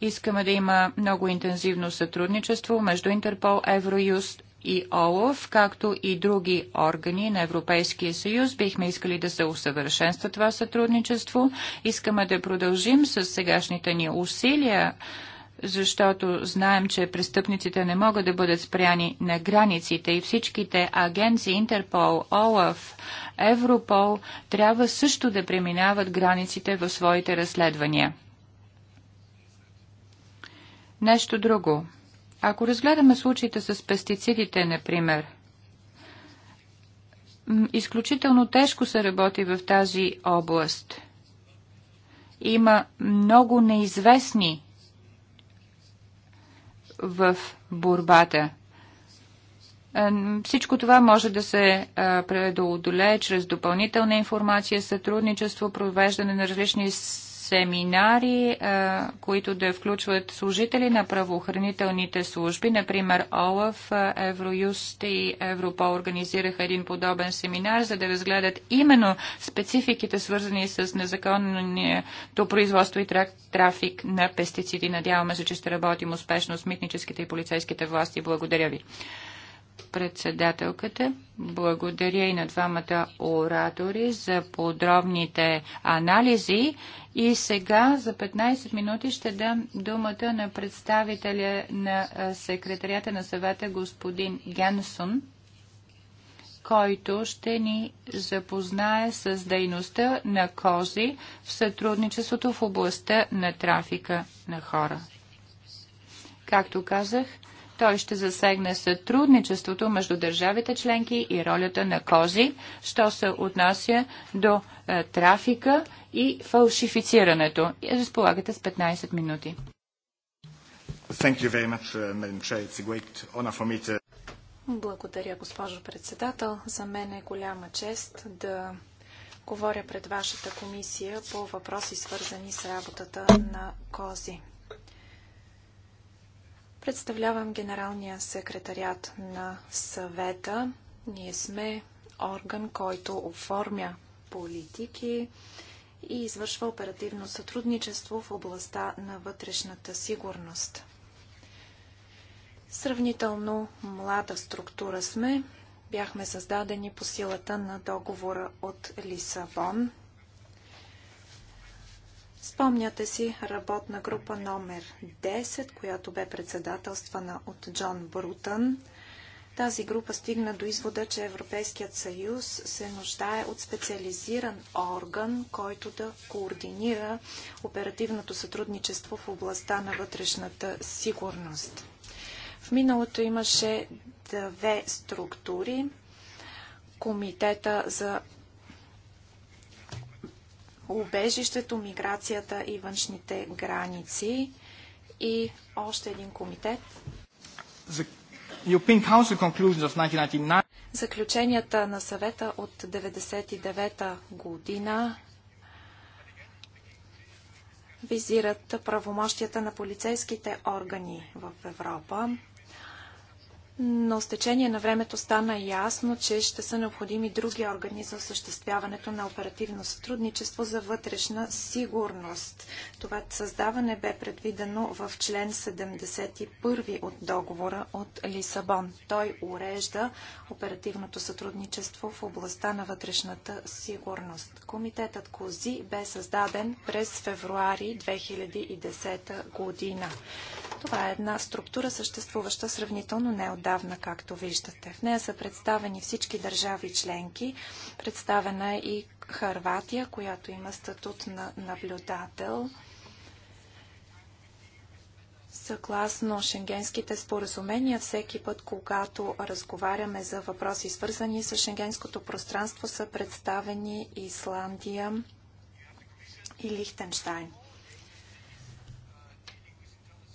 искаме да има много интензивно сътрудничество между Интерпол, Евроюст и ОЛОВ, както и други органи на Европейския съюз. Бихме искали да се усъвършенства това сътрудничество. Искаме да продължим с сегашните ни усилия защото знаем, че престъпниците не могат да бъдат спряни на границите и всичките агенции Интерпол, ОЛАФ, Европол трябва също да преминават границите в своите разследвания. Нещо друго. Ако разгледаме случаите с пестицидите, например, изключително тежко се работи в тази област. Има много неизвестни в борбата. Е, всичко това може да се е, преодолее чрез допълнителна информация, сътрудничество, провеждане на различни семинари, е, които да включват служители на правоохранителните служби. Например, ОЛАФ, е, Евроюст и Европол организираха един подобен семинар, за да разгледат именно спецификите, свързани с незаконното производство и трафик на пестициди. Надяваме се, че ще работим успешно с митническите и полицейските власти. Благодаря ви председателката. Благодаря и на двамата оратори за подробните анализи. И сега за 15 минути ще дам думата на представителя на секретарията на съвета господин Генсон, който ще ни запознае с дейността на КОЗИ в сътрудничеството в областта на трафика на хора. Както казах, той ще засегне сътрудничеството между държавите членки и ролята на кози, що се отнася до е, трафика и фалшифицирането. И разполагате с 15 минути. Благодаря, госпожо председател. За мен е голяма чест да говоря пред вашата комисия по въпроси, свързани с работата на КОЗИ. Представлявам генералния секретариат на съвета. Ние сме орган, който оформя политики и извършва оперативно сътрудничество в областта на вътрешната сигурност. Сравнително млада структура сме. Бяхме създадени по силата на договора от Лисабон Спомняте си работна група номер 10, която бе председателствана от Джон Брутън. Тази група стигна до извода, че Европейският съюз се нуждае от специализиран орган, който да координира оперативното сътрудничество в областта на вътрешната сигурност. В миналото имаше две структури. Комитета за убежището, миграцията и външните граници и още един комитет. Заключенията на съвета от 1999 година визират правомощията на полицейските органи в Европа но с течение на времето стана ясно, че ще са необходими други органи за осъществяването на оперативно сътрудничество за вътрешна сигурност. Това създаване бе предвидено в член 71 от договора от Лисабон. Той урежда оперативното сътрудничество в областта на вътрешната сигурност. Комитетът КОЗИ бе създаден през февруари 2010 година. Това е една структура, съществуваща сравнително неодавна, както виждате. В нея са представени всички държави членки. Представена е и Харватия, която има статут на наблюдател. Съгласно шенгенските споразумения, всеки път, когато разговаряме за въпроси, свързани с шенгенското пространство, са представени Исландия и Лихтенштайн.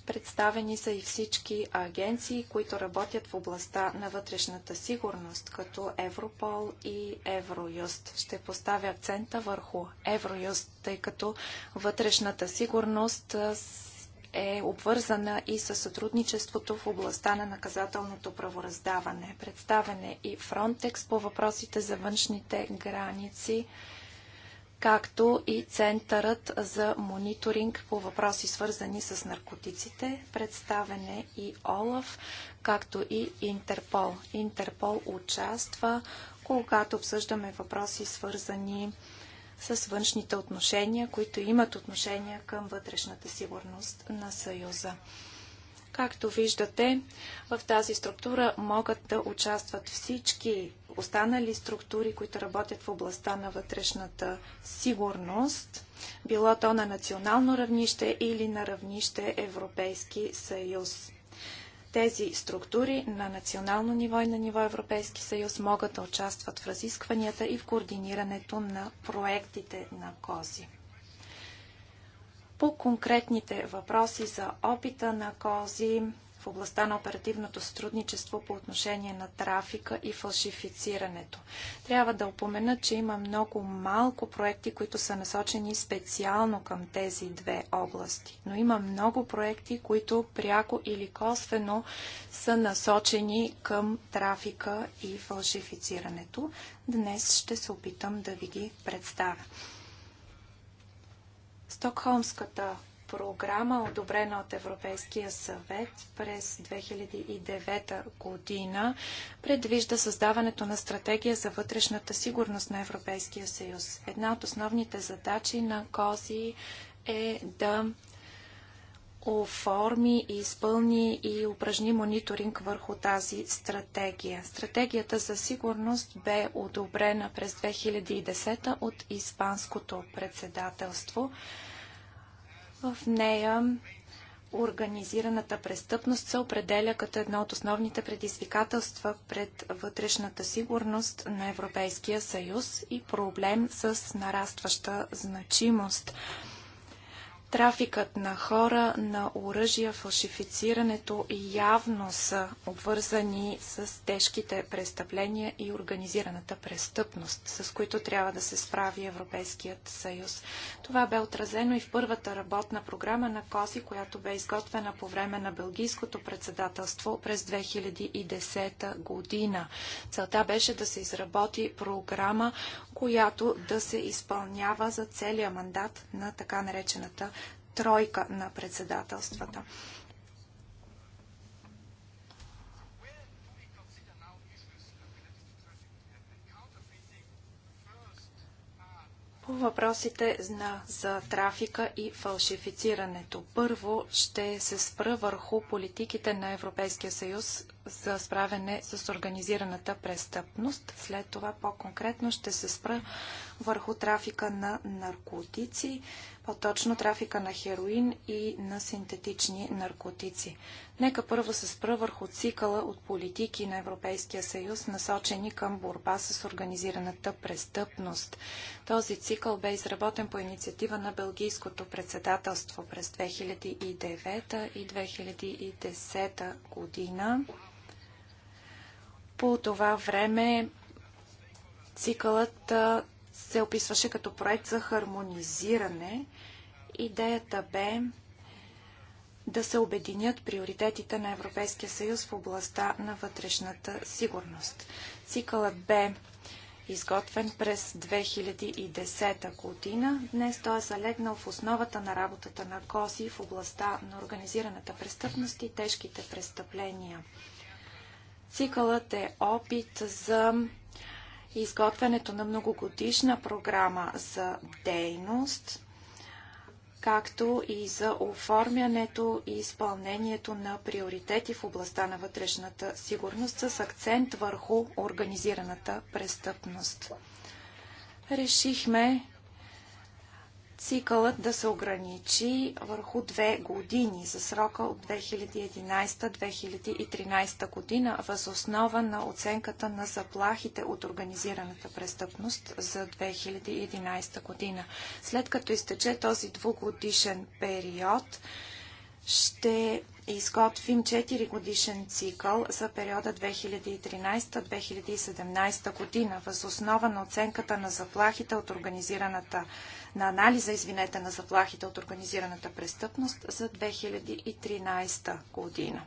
Представени са и всички агенции, които работят в областта на вътрешната сигурност, като Европол и Евроюст. Ще поставя акцента върху Евроюст, тъй като вътрешната сигурност е обвързана и със сътрудничеството в областта на наказателното правораздаване. Представен е и Фронтекс по въпросите за външните граници както и Центърът за мониторинг по въпроси свързани с наркотиците, представене и ОЛАФ, както и Интерпол. Интерпол участва, когато обсъждаме въпроси свързани с външните отношения, които имат отношение към вътрешната сигурност на Съюза. Както виждате, в тази структура могат да участват всички останали структури, които работят в областта на вътрешната сигурност, било то на национално равнище или на равнище Европейски съюз. Тези структури на национално ниво и на ниво Европейски съюз могат да участват в разискванията и в координирането на проектите на КОЗИ. По конкретните въпроси за опита на Кози в областта на оперативното сътрудничество по отношение на трафика и фалшифицирането. Трябва да опомена, че има много малко проекти, които са насочени специално към тези две области, но има много проекти, които пряко или косвено са насочени към трафика и фалшифицирането. Днес ще се опитам да ви ги представя. Стокхолмската програма, одобрена от Европейския съвет през 2009 година, предвижда създаването на стратегия за вътрешната сигурност на Европейския съюз. Една от основните задачи на КОЗИ е да оформи, изпълни и упражни мониторинг върху тази стратегия. Стратегията за сигурност бе одобрена през 2010 от Испанското председателство. В нея организираната престъпност се определя като едно от основните предизвикателства пред вътрешната сигурност на Европейския съюз и проблем с нарастваща значимост. Трафикът на хора, на оръжия, фалшифицирането явно са обвързани с тежките престъпления и организираната престъпност, с които трябва да се справи Европейският съюз. Това бе отразено и в първата работна програма на КОСИ, която бе изготвена по време на Белгийското председателство през 2010 година. Целта беше да се изработи програма, която да се изпълнява за целия мандат на така наречената тройка на председателствата. По въпросите на, за трафика и фалшифицирането. Първо ще се спра върху политиките на Европейския съюз за справяне с организираната престъпност. След това по-конкретно ще се спра върху трафика на наркотици, по-точно трафика на хероин и на синтетични наркотици. Нека първо се спра върху цикъла от политики на Европейския съюз, насочени към борба с организираната престъпност. Този цикъл бе изработен по инициатива на Белгийското председателство през 2009 и 2010 година. По това време цикълът се описваше като проект за хармонизиране. Идеята бе да се обединят приоритетите на Европейския съюз в областта на вътрешната сигурност. Цикълът бе изготвен през 2010 година. Днес той е залегнал в основата на работата на КОСИ в областта на организираната престъпност и тежките престъпления. Цикълът е опит за и изготвянето на многогодишна програма за дейност, както и за оформянето и изпълнението на приоритети в областта на вътрешната сигурност с акцент върху организираната престъпност. Решихме цикълът да се ограничи върху две години за срока от 2011-2013 година въз основа на оценката на заплахите от организираната престъпност за 2011 година. След като изтече този двугодишен период, ще изготвим 4 годишен цикъл за периода 2013-2017 година, възоснова на оценката на заплахите от организираната на анализа, извинете, на заплахите от организираната престъпност за 2013 година.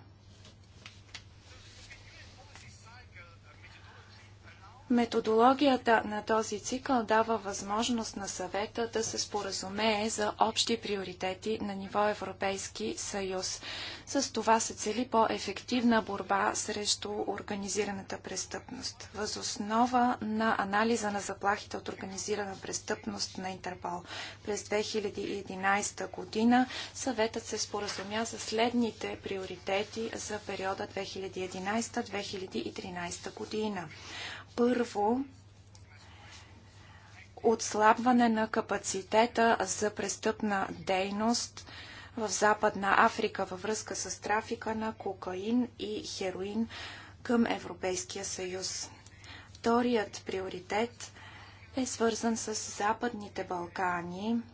Методологията на този цикъл дава възможност на съвета да се споразумее за общи приоритети на ниво Европейски съюз. С това се цели по-ефективна борба срещу организираната престъпност. Възоснова на анализа на заплахите от организирана престъпност на Интерпол през 2011 година съветът се споразумя за следните приоритети за периода 2011-2013 година. Първо, отслабване на капацитета за престъпна дейност в Западна Африка във връзка с трафика на кокаин и хероин към Европейския съюз. Вторият приоритет е свързан с Западните Балкани –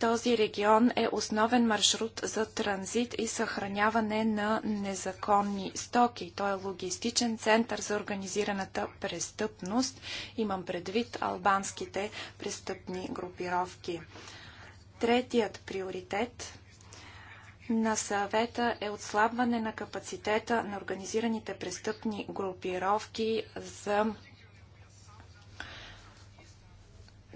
Този регион е основен маршрут за транзит и съхраняване на незаконни стоки. Той е логистичен център за организираната престъпност. Имам предвид албанските престъпни групировки. Третият приоритет на съвета е отслабване на капацитета на организираните престъпни групировки за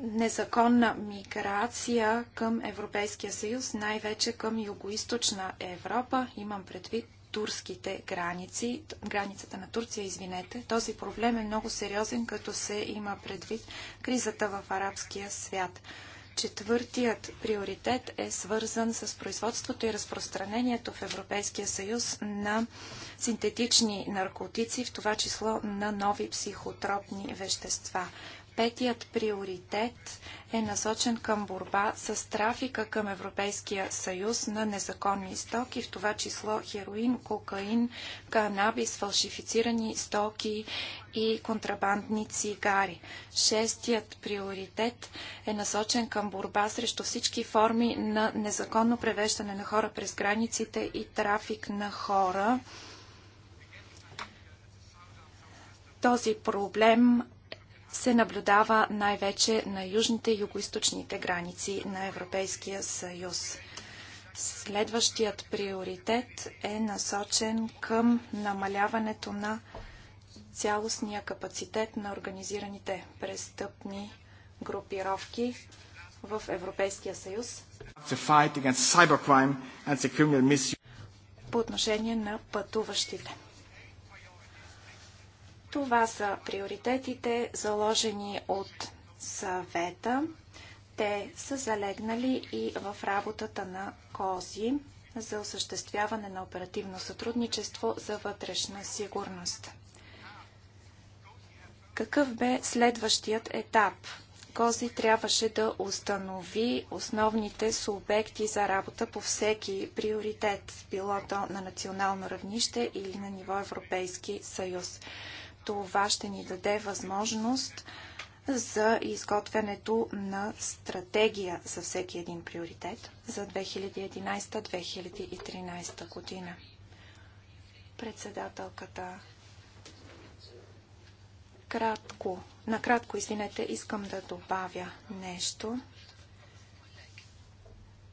незаконна миграция към Европейския съюз, най-вече към Юго-Источна Европа. Имам предвид турските граници, границата на Турция, извинете. Този проблем е много сериозен, като се има предвид кризата в арабския свят. Четвъртият приоритет е свързан с производството и разпространението в Европейския съюз на синтетични наркотици, в това число на нови психотропни вещества. Петият приоритет е насочен към борба с трафика към Европейския съюз на незаконни стоки, в това число хероин, кокаин, канабис, фалшифицирани стоки и контрабандни цигари. Шестият приоритет е насочен към борба срещу всички форми на незаконно превеждане на хора през границите и трафик на хора. Този проблем се наблюдава най-вече на южните и югоисточните граници на Европейския съюз. Следващият приоритет е насочен към намаляването на цялостния капацитет на организираните престъпни групировки в Европейския съюз по отношение на пътуващите. Това са приоритетите, заложени от съвета. Те са залегнали и в работата на КОЗИ за осъществяване на оперативно сътрудничество за вътрешна сигурност. Какъв бе следващият етап? Кози трябваше да установи основните субекти за работа по всеки приоритет, било то на национално равнище или на ниво Европейски съюз. Това ще ни даде възможност за изготвянето на стратегия за всеки един приоритет за 2011-2013 година. Председателката кратко, накратко, извинете, искам да добавя нещо.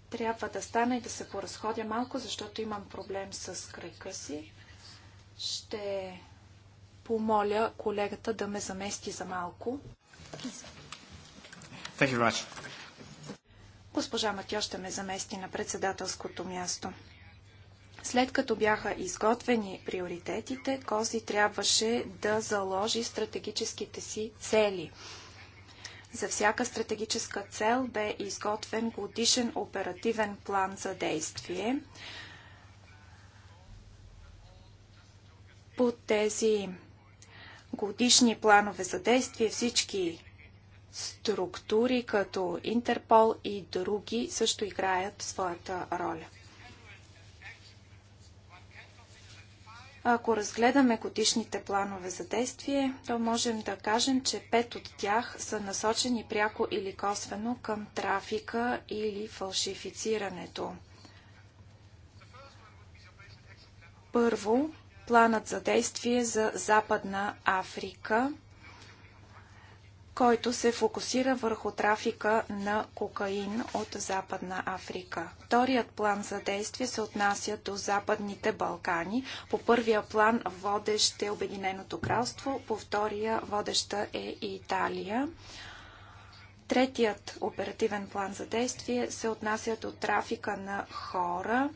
Трябва да стана и да се поразходя малко, защото имам проблем с кръка си. Ще помоля колегата да ме замести за малко. Thank you much. Госпожа Матьо ще ме замести на председателското място. След като бяха изготвени приоритетите, Кози трябваше да заложи стратегическите си цели. За всяка стратегическа цел бе изготвен годишен оперативен план за действие. По тези годишни планове за действие всички структури като Интерпол и други също играят своята роля. Ако разгледаме годишните планове за действие, то можем да кажем, че пет от тях са насочени пряко или косвено към трафика или фалшифицирането. Първо, планът за действие за Западна Африка, който се фокусира върху трафика на кокаин от Западна Африка. Вторият план за действие се отнася до Западните Балкани. По първия план водещ е Обединеното кралство, по втория водеща е Италия. Третият оперативен план за действие се отнася до трафика на хора,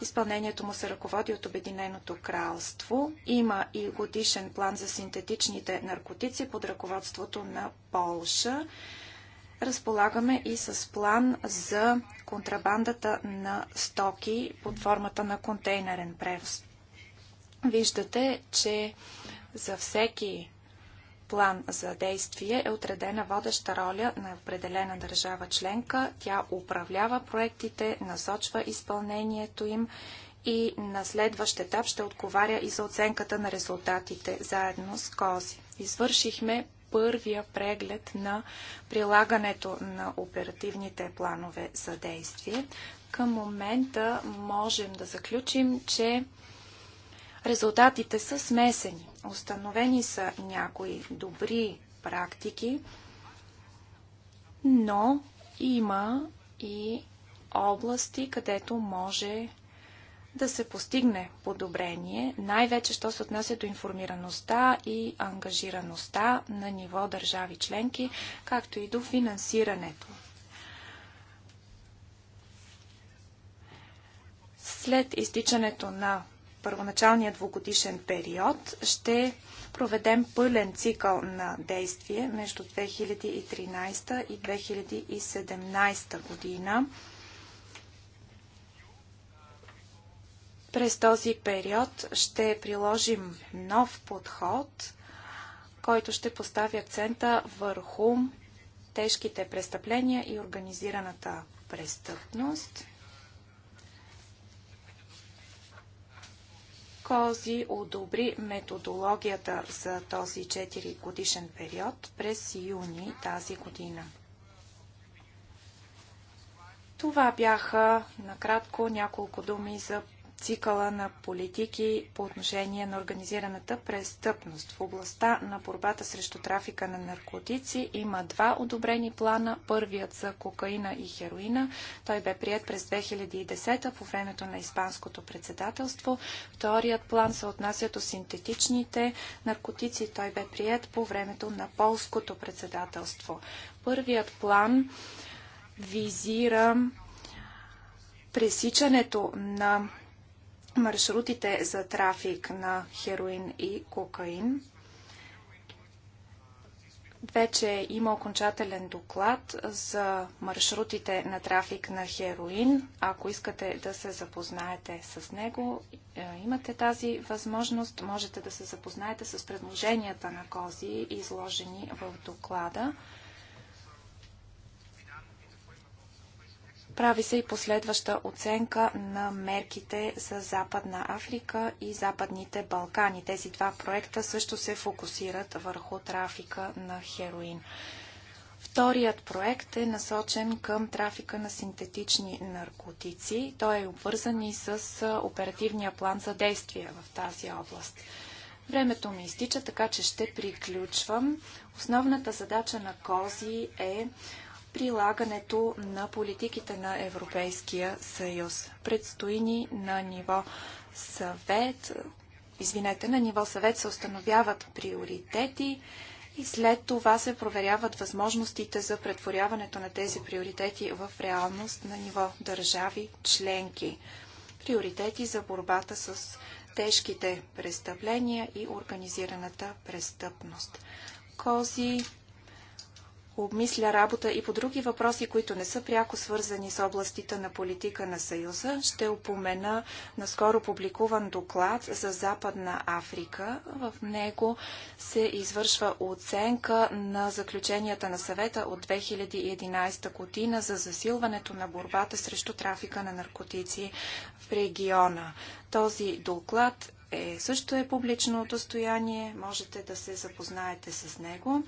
Изпълнението му се ръководи от Обединеното кралство. Има и годишен план за синтетичните наркотици под ръководството на Полша. Разполагаме и с план за контрабандата на стоки под формата на контейнерен превоз. Виждате, че за всеки план за действие е отредена водеща роля на определена държава членка. Тя управлява проектите, насочва изпълнението им и на следващ етап ще отговаря и за оценката на резултатите заедно с КОЗИ. Извършихме първия преглед на прилагането на оперативните планове за действие. Към момента можем да заключим, че резултатите са смесени. Установени са някои добри практики, но има и области, където може да се постигне подобрение, най-вече, що се отнася до информираността и ангажираността на ниво държави членки, както и до финансирането. След изтичането на първоначалния двугодишен период ще проведем пълен цикъл на действие между 2013 и 2017 година. През този период ще приложим нов подход, който ще постави акцента върху тежките престъпления и организираната престъпност – Кози одобри методологията за този 4 годишен период през юни тази година. Това бяха накратко няколко думи за цикъла на политики по отношение на организираната престъпност. В областта на борбата срещу трафика на наркотици има два одобрени плана. Първият за кокаина и хероина. Той бе прият през 2010 по времето на Испанското председателство. Вторият план се отнася до синтетичните наркотици. Той бе прият по времето на Полското председателство. Първият план визира пресичането на маршрутите за трафик на хероин и кокаин. Вече има окончателен доклад за маршрутите на трафик на хероин. Ако искате да се запознаете с него, е, имате тази възможност. Можете да се запознаете с предложенията на Кози, изложени в доклада. Прави се и последваща оценка на мерките за Западна Африка и Западните Балкани. Тези два проекта също се фокусират върху трафика на хероин. Вторият проект е насочен към трафика на синтетични наркотици. Той е обвързан и с оперативния план за действие в тази област. Времето ми изтича, така че ще приключвам. Основната задача на Кози е прилагането на политиките на Европейския съюз. Предстои ни на ниво съвет, извинете, на ниво съвет се установяват приоритети и след това се проверяват възможностите за претворяването на тези приоритети в реалност на ниво държави членки. Приоритети за борбата с тежките престъпления и организираната престъпност. Кози обмисля работа и по други въпроси, които не са пряко свързани с областите на политика на Съюза. Ще на наскоро публикуван доклад за Западна Африка. В него се извършва оценка на заключенията на съвета от 2011 година за засилването на борбата срещу трафика на наркотици в региона. Този доклад е, също е публично достояние, можете да се запознаете с него.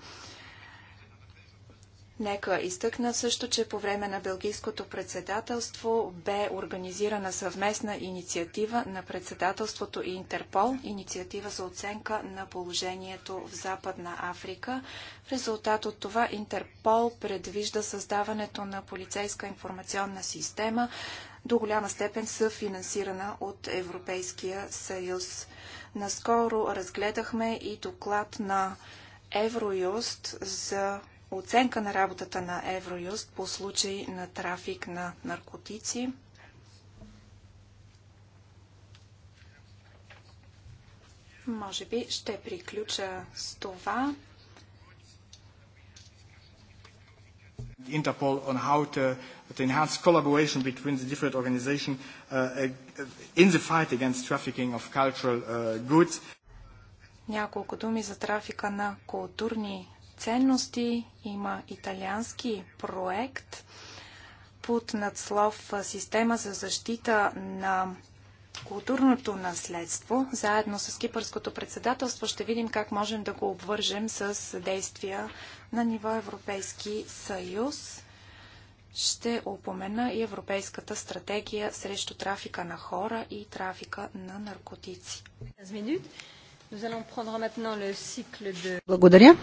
Нека изтъкна също, че по време на Белгийското председателство бе организирана съвместна инициатива на председателството и Интерпол, инициатива за оценка на положението в Западна Африка. В резултат от това Интерпол предвижда създаването на полицейска информационна система, до голяма степен съфинансирана от Европейския съюз. Наскоро разгледахме и доклад на Евроюст за оценка на работата на Евроюст по случай на трафик на наркотици. Може би ще приключа с това. Interpol on how to, to enhance collaboration between the different organizations uh, in the fight against trafficking of cultural uh, goods. Няколко думи за трафика на културни ценности. Има италиански проект под надслов Система за защита на културното наследство. Заедно с кипърското председателство ще видим как можем да го обвържем с действия на ниво Европейски съюз. Ще опомена и Европейската стратегия срещу трафика на хора и трафика на наркотици. Благодаря.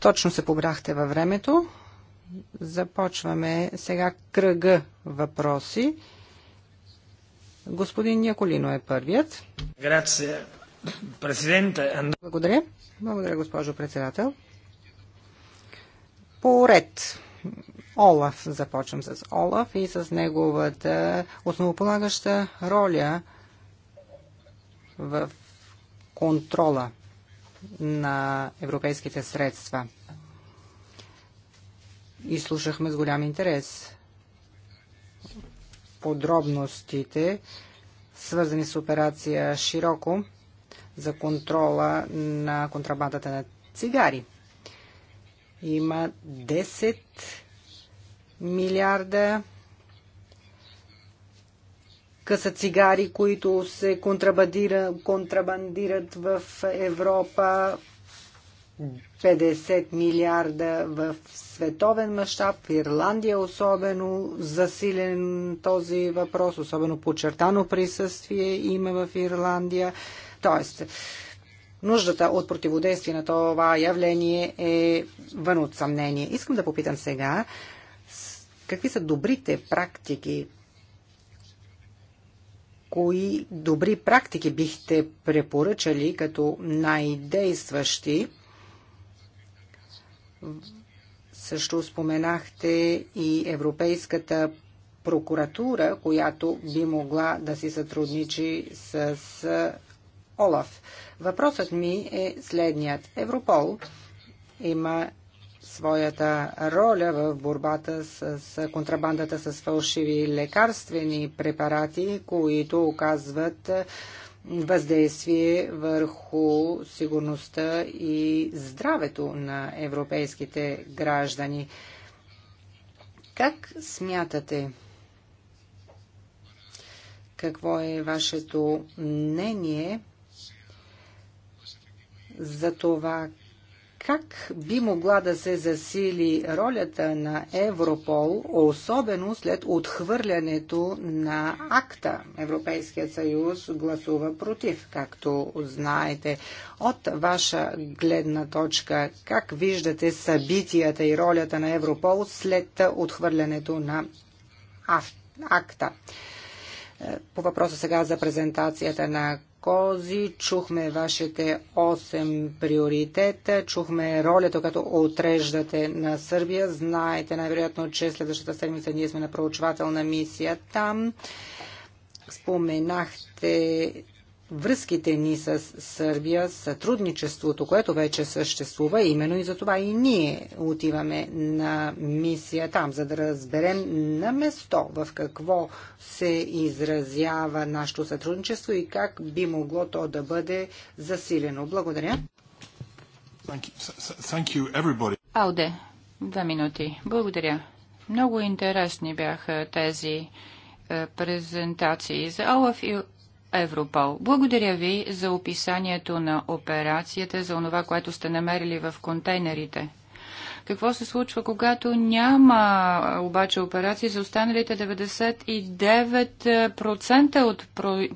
Точно се побрахте във времето. Започваме сега кръга въпроси. Господин Яколино е първият. Благодаря. Благодаря, госпожо председател. По ред. Олаф. Започвам с Олаф и с неговата основополагаща роля в контрола на европейските средства. И слушахме с голям интерес подробностите, свързани с операция Широко за контрола на контрабандата на цигари. Има 10 милиарда къса цигари, които се контрабандира, контрабандират в Европа. 50 милиарда в световен мащаб, в Ирландия особено засилен този въпрос, особено подчертано присъствие има в Ирландия. Тоест, нуждата от противодействие на това явление е вън от съмнение. Искам да попитам сега, какви са добрите практики кои добри практики бихте препоръчали като най-действащи? Също споменахте и Европейската прокуратура, която би могла да си сътрудничи с Олаф. Въпросът ми е следният. Европол има своята роля в борбата с, контрабандата с фалшиви лекарствени препарати, които оказват въздействие върху сигурността и здравето на европейските граждани. Как смятате? Какво е вашето мнение за това как би могла да се засили ролята на Европол, особено след отхвърлянето на акта. Европейският съюз гласува против, както знаете. От ваша гледна точка, как виждате събитията и ролята на Европол след отхвърлянето на акта? Е, по въпроса сега за презентацията на кози, чухме вашите 8 приоритета, чухме ролята, като отреждате на Сърбия. Знаете най-вероятно, че следващата седмица ние сме на проучвателна мисия там. Споменахте връзките ни с Сърбия, сътрудничеството, което вече съществува, именно и за това и ние отиваме на мисия там, за да разберем на место в какво се изразява нашето сътрудничество и как би могло то да бъде засилено. Благодаря. Алде, два минути. Благодаря. Много интересни бяха тези е, презентации за Олаф и Европол. Благодаря ви за описанието на операцията, за това, което сте намерили в контейнерите. Какво се случва, когато няма обаче операции за останалите 99% от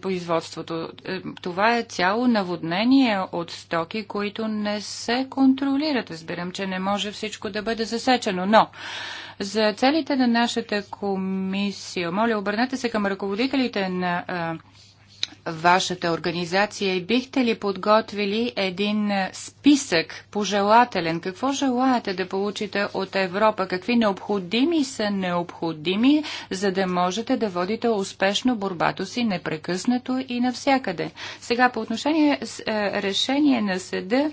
производството? Е, това е цяло наводнение от стоки, които не се контролират. Разбирам, че не може всичко да бъде засечено, но за целите на нашата комисия, моля, обърнете се към ръководителите на вашата организация и бихте ли подготвили един е, списък пожелателен? Какво желаете да получите от Европа? Какви необходими са необходими, за да можете да водите успешно борбато си непрекъснато и навсякъде? Сега по отношение с е, решение на съда,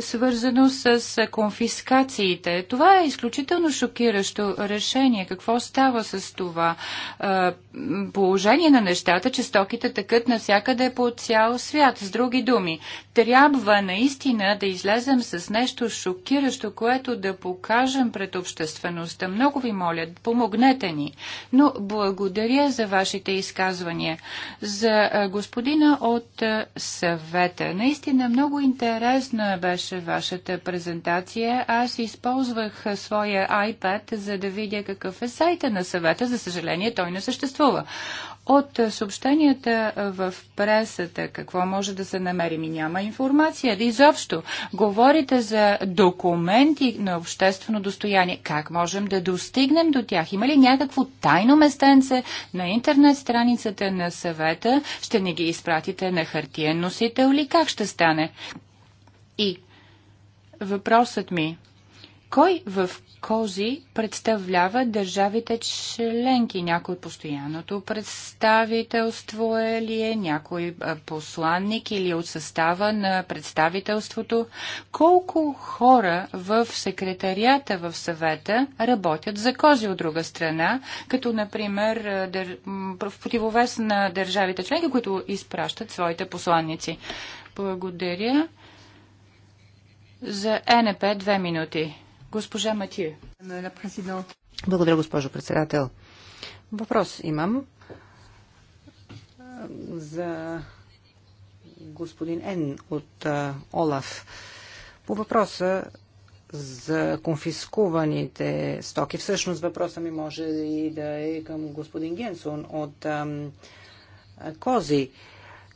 свързано с е, конфискациите. Това е изключително шокиращо решение. Какво става с това положение на нещата, че стоките така действат навсякъде по цял свят. С други думи, трябва наистина да излезем с нещо шокиращо, което да покажем пред обществеността. Много ви моля, помогнете ни. Но благодаря за вашите изказвания. За господина от съвета. Наистина много интересна беше вашата презентация. Аз използвах своя iPad, за да видя какъв е сайта на съвета. За съжаление, той не съществува. От съобщенията в пресата, какво може да се намери? Ми няма информация. Да Изобщо, говорите за документи на обществено достояние. Как можем да достигнем до тях? Има ли някакво тайно местенце на интернет страницата на съвета? Ще ни ги изпратите на хартиен носител ли? Как ще стане? И въпросът ми – кой в Кози представлява държавите членки? Някой постоянното представителство е ли е? Някой посланник или от състава на представителството? Колко хора в секретарията в съвета работят за Кози от друга страна? Като, например, дър... в противовес на държавите членки, които изпращат своите посланници. Благодаря. За НП две минути. Госпожа Матие. Благодаря, госпожо председател. Въпрос имам за господин Н от Олаф. По въпроса за конфискуваните стоки. Всъщност въпроса ми може и да е към господин Генсон от Кози.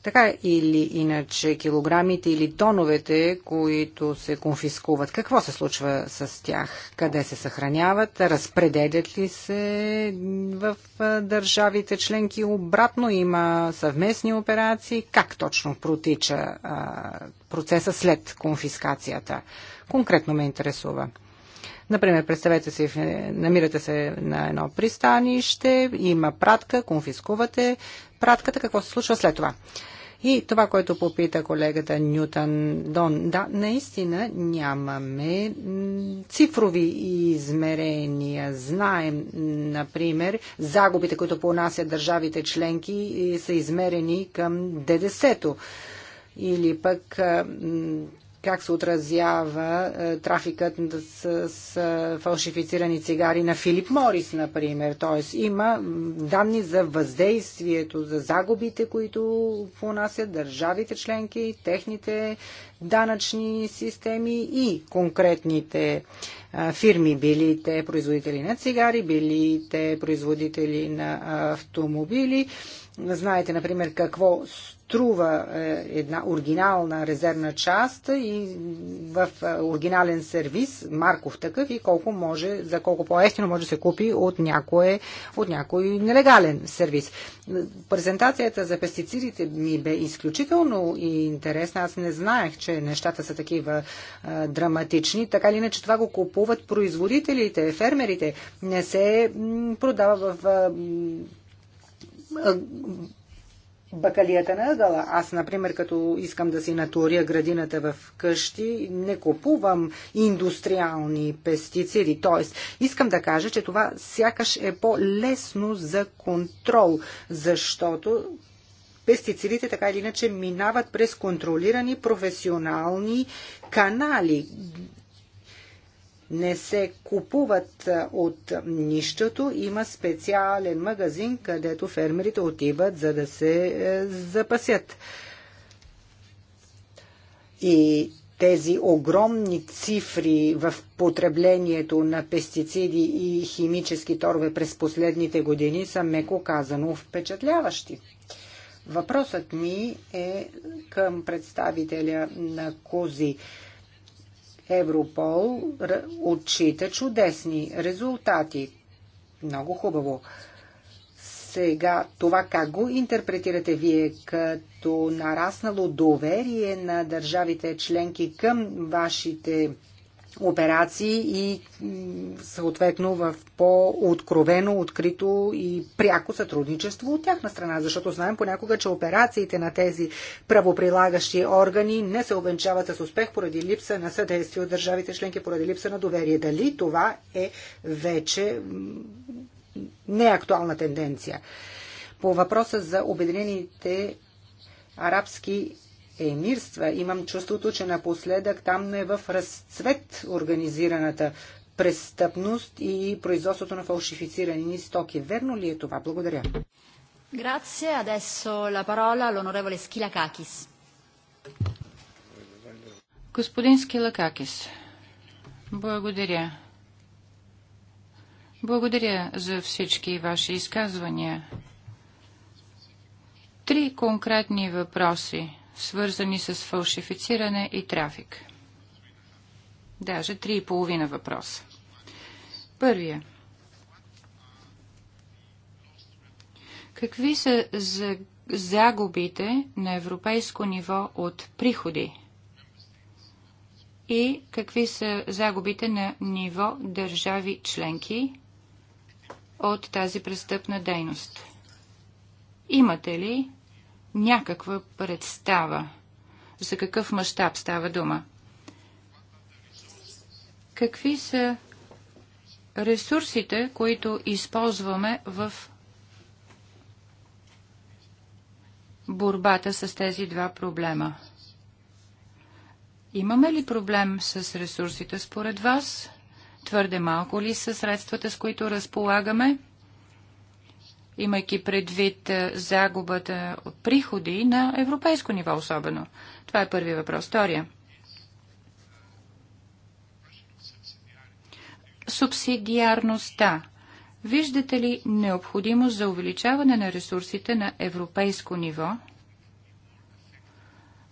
Така или иначе килограмите или тоновете, които се конфискуват, какво се случва с тях? Къде се съхраняват? Разпределят ли се в държавите членки? Обратно има съвместни операции. Как точно протича а, процеса след конфискацията? Конкретно ме интересува. Например, представете си, намирате се на едно пристанище, има пратка, конфискувате пратката, какво се случва след това? И това, което попита колегата Нютон Дон, да, наистина нямаме цифрови измерения. Знаем, например, загубите, които понасят държавите членки, е, са измерени към ДДС-то или пък как се отразява е, трафикът с, с фалшифицирани цигари на Филип Морис, например. Т.е. има данни за въздействието, за загубите, които понасят държавите членки, техните данъчни системи и конкретните е, фирми, били те производители на цигари, били те производители на автомобили. Знаете, например, какво струва е, една оригинална резервна част и в е, оригинален сервис, марков такъв и колко може, за колко по-ефтино може да се купи от, някой, от някой нелегален сервис. Презентацията за пестицидите ми бе изключително интересна. Аз не знаех, че нещата са такива а, е, драматични. Така или иначе това го купуват производителите, фермерите. Не се продава в а, бакалията на ъгъла. Аз, например, като искам да си наторя градината в къщи, не купувам индустриални пестициди. Тоест, искам да кажа, че това сякаш е по-лесно за контрол, защото пестицидите така или иначе минават през контролирани професионални канали не се купуват от нищото. Има специален магазин, където фермерите отиват, за да се е, запасят. И тези огромни цифри в потреблението на пестициди и химически торове през последните години са меко казано впечатляващи. Въпросът ми е към представителя на Кози. Европол отчита чудесни резултати. Много хубаво. Сега това как го интерпретирате вие като нараснало доверие на държавите членки към вашите операции и съответно в по-откровено, открито и пряко сътрудничество от тяхна страна, защото знаем понякога, че операциите на тези правоприлагащи органи не се обенчават с успех поради липса на съдействие от държавите членки, поради липса на доверие. Дали това е вече неактуална тенденция? По въпроса за Обединените арабски емирства. Имам чувството, че напоследък там е в разцвет организираната престъпност и производството на фалшифицирани стоки. Верно ли е това? Благодаря. Grazie. Adesso la parola all'onorevole Schilakakis. Господин Скилакакис, благодаря. Благодаря за всички ваши изказвания. Три конкретни въпроси свързани с фалшифициране и трафик. Даже три и половина въпроса. Първия. Какви са загубите на европейско ниво от приходи? И какви са загубите на ниво държави членки от тази престъпна дейност? Имате ли някаква представа за какъв мащаб става дума. Какви са ресурсите, които използваме в борбата с тези два проблема? Имаме ли проблем с ресурсите според вас? Твърде малко ли са средствата, с които разполагаме? имайки предвид е, загубата от приходи на европейско ниво особено? Това е първи въпрос. Втория. Субсидиарността. Виждате ли необходимост за увеличаване на ресурсите на европейско ниво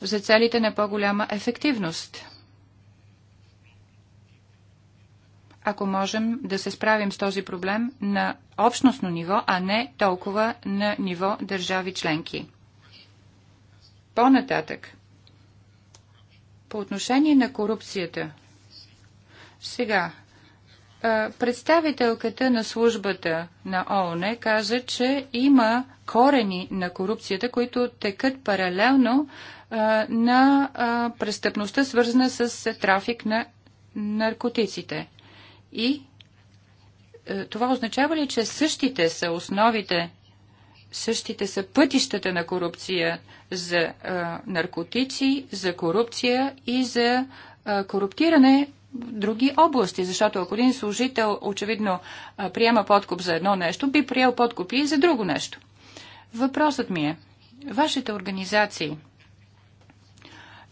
за целите на по-голяма ефективност? Ако можем да се справим с този проблем на общностно ниво, а не толкова на ниво държави членки. По-нататък, по отношение на корупцията, сега, представителката на службата на ООН каза, че има корени на корупцията, които текат паралелно на престъпността, свързана с трафик на наркотиците. И е, това означава ли, че същите са основите, същите са пътищата на корупция за а, е, наркотици, за корупция и за а, е, коруптиране в други области? Защото ако един служител очевидно а, приема подкуп за едно нещо, би приел подкуп и за друго нещо. Въпросът ми е, вашите организации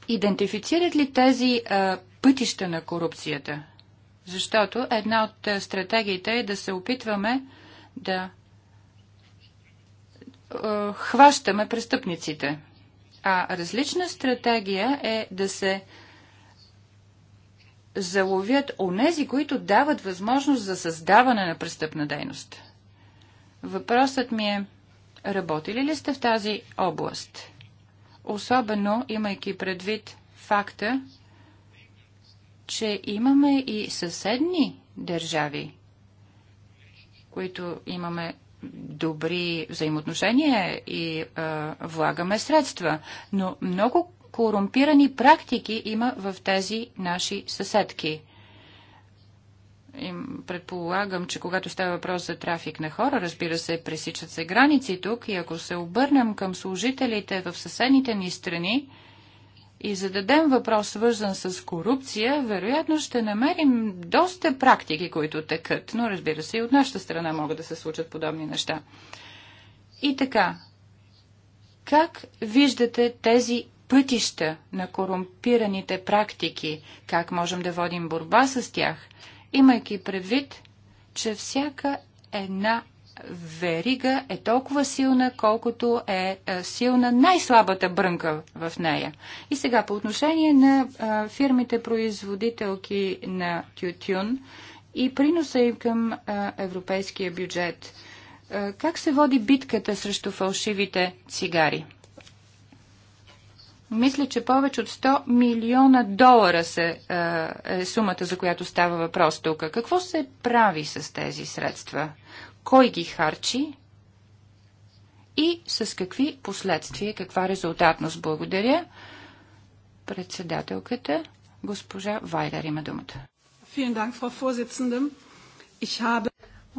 идентифицират ли тези а, пътища на корупцията? Защото една от е, стратегиите е да се опитваме да е, хващаме престъпниците. А различна стратегия е да се заловят онези, които дават възможност за създаване на престъпна дейност. Въпросът ми е, работили ли сте в тази област? Особено имайки предвид факта, че имаме и съседни държави, които имаме добри взаимоотношения и а, влагаме средства. Но много корумпирани практики има в тези наши съседки. Им предполагам, че когато става въпрос за трафик на хора, разбира се, пресичат се граници тук и ако се обърнем към служителите в съседните ни страни, и зададем въпрос, свързан с корупция, вероятно ще намерим доста практики, които текат, но разбира се и от нашата страна могат да се случат подобни неща. И така, как виждате тези пътища на корумпираните практики? Как можем да водим борба с тях, имайки предвид, че всяка една верига е толкова силна, колкото е, е силна най-слабата брънка в нея. И сега по отношение на фирмите производителки на тютюн и приноса им към европейския бюджет. Как се води битката срещу фалшивите цигари? Мисля, че повече от 100 милиона долара се, е сумата, за която става въпрос тук. Какво се прави с тези средства? кой ги харчи и с какви последствия, каква резултатност. Благодаря. Председателката, госпожа Вайдар, има думата.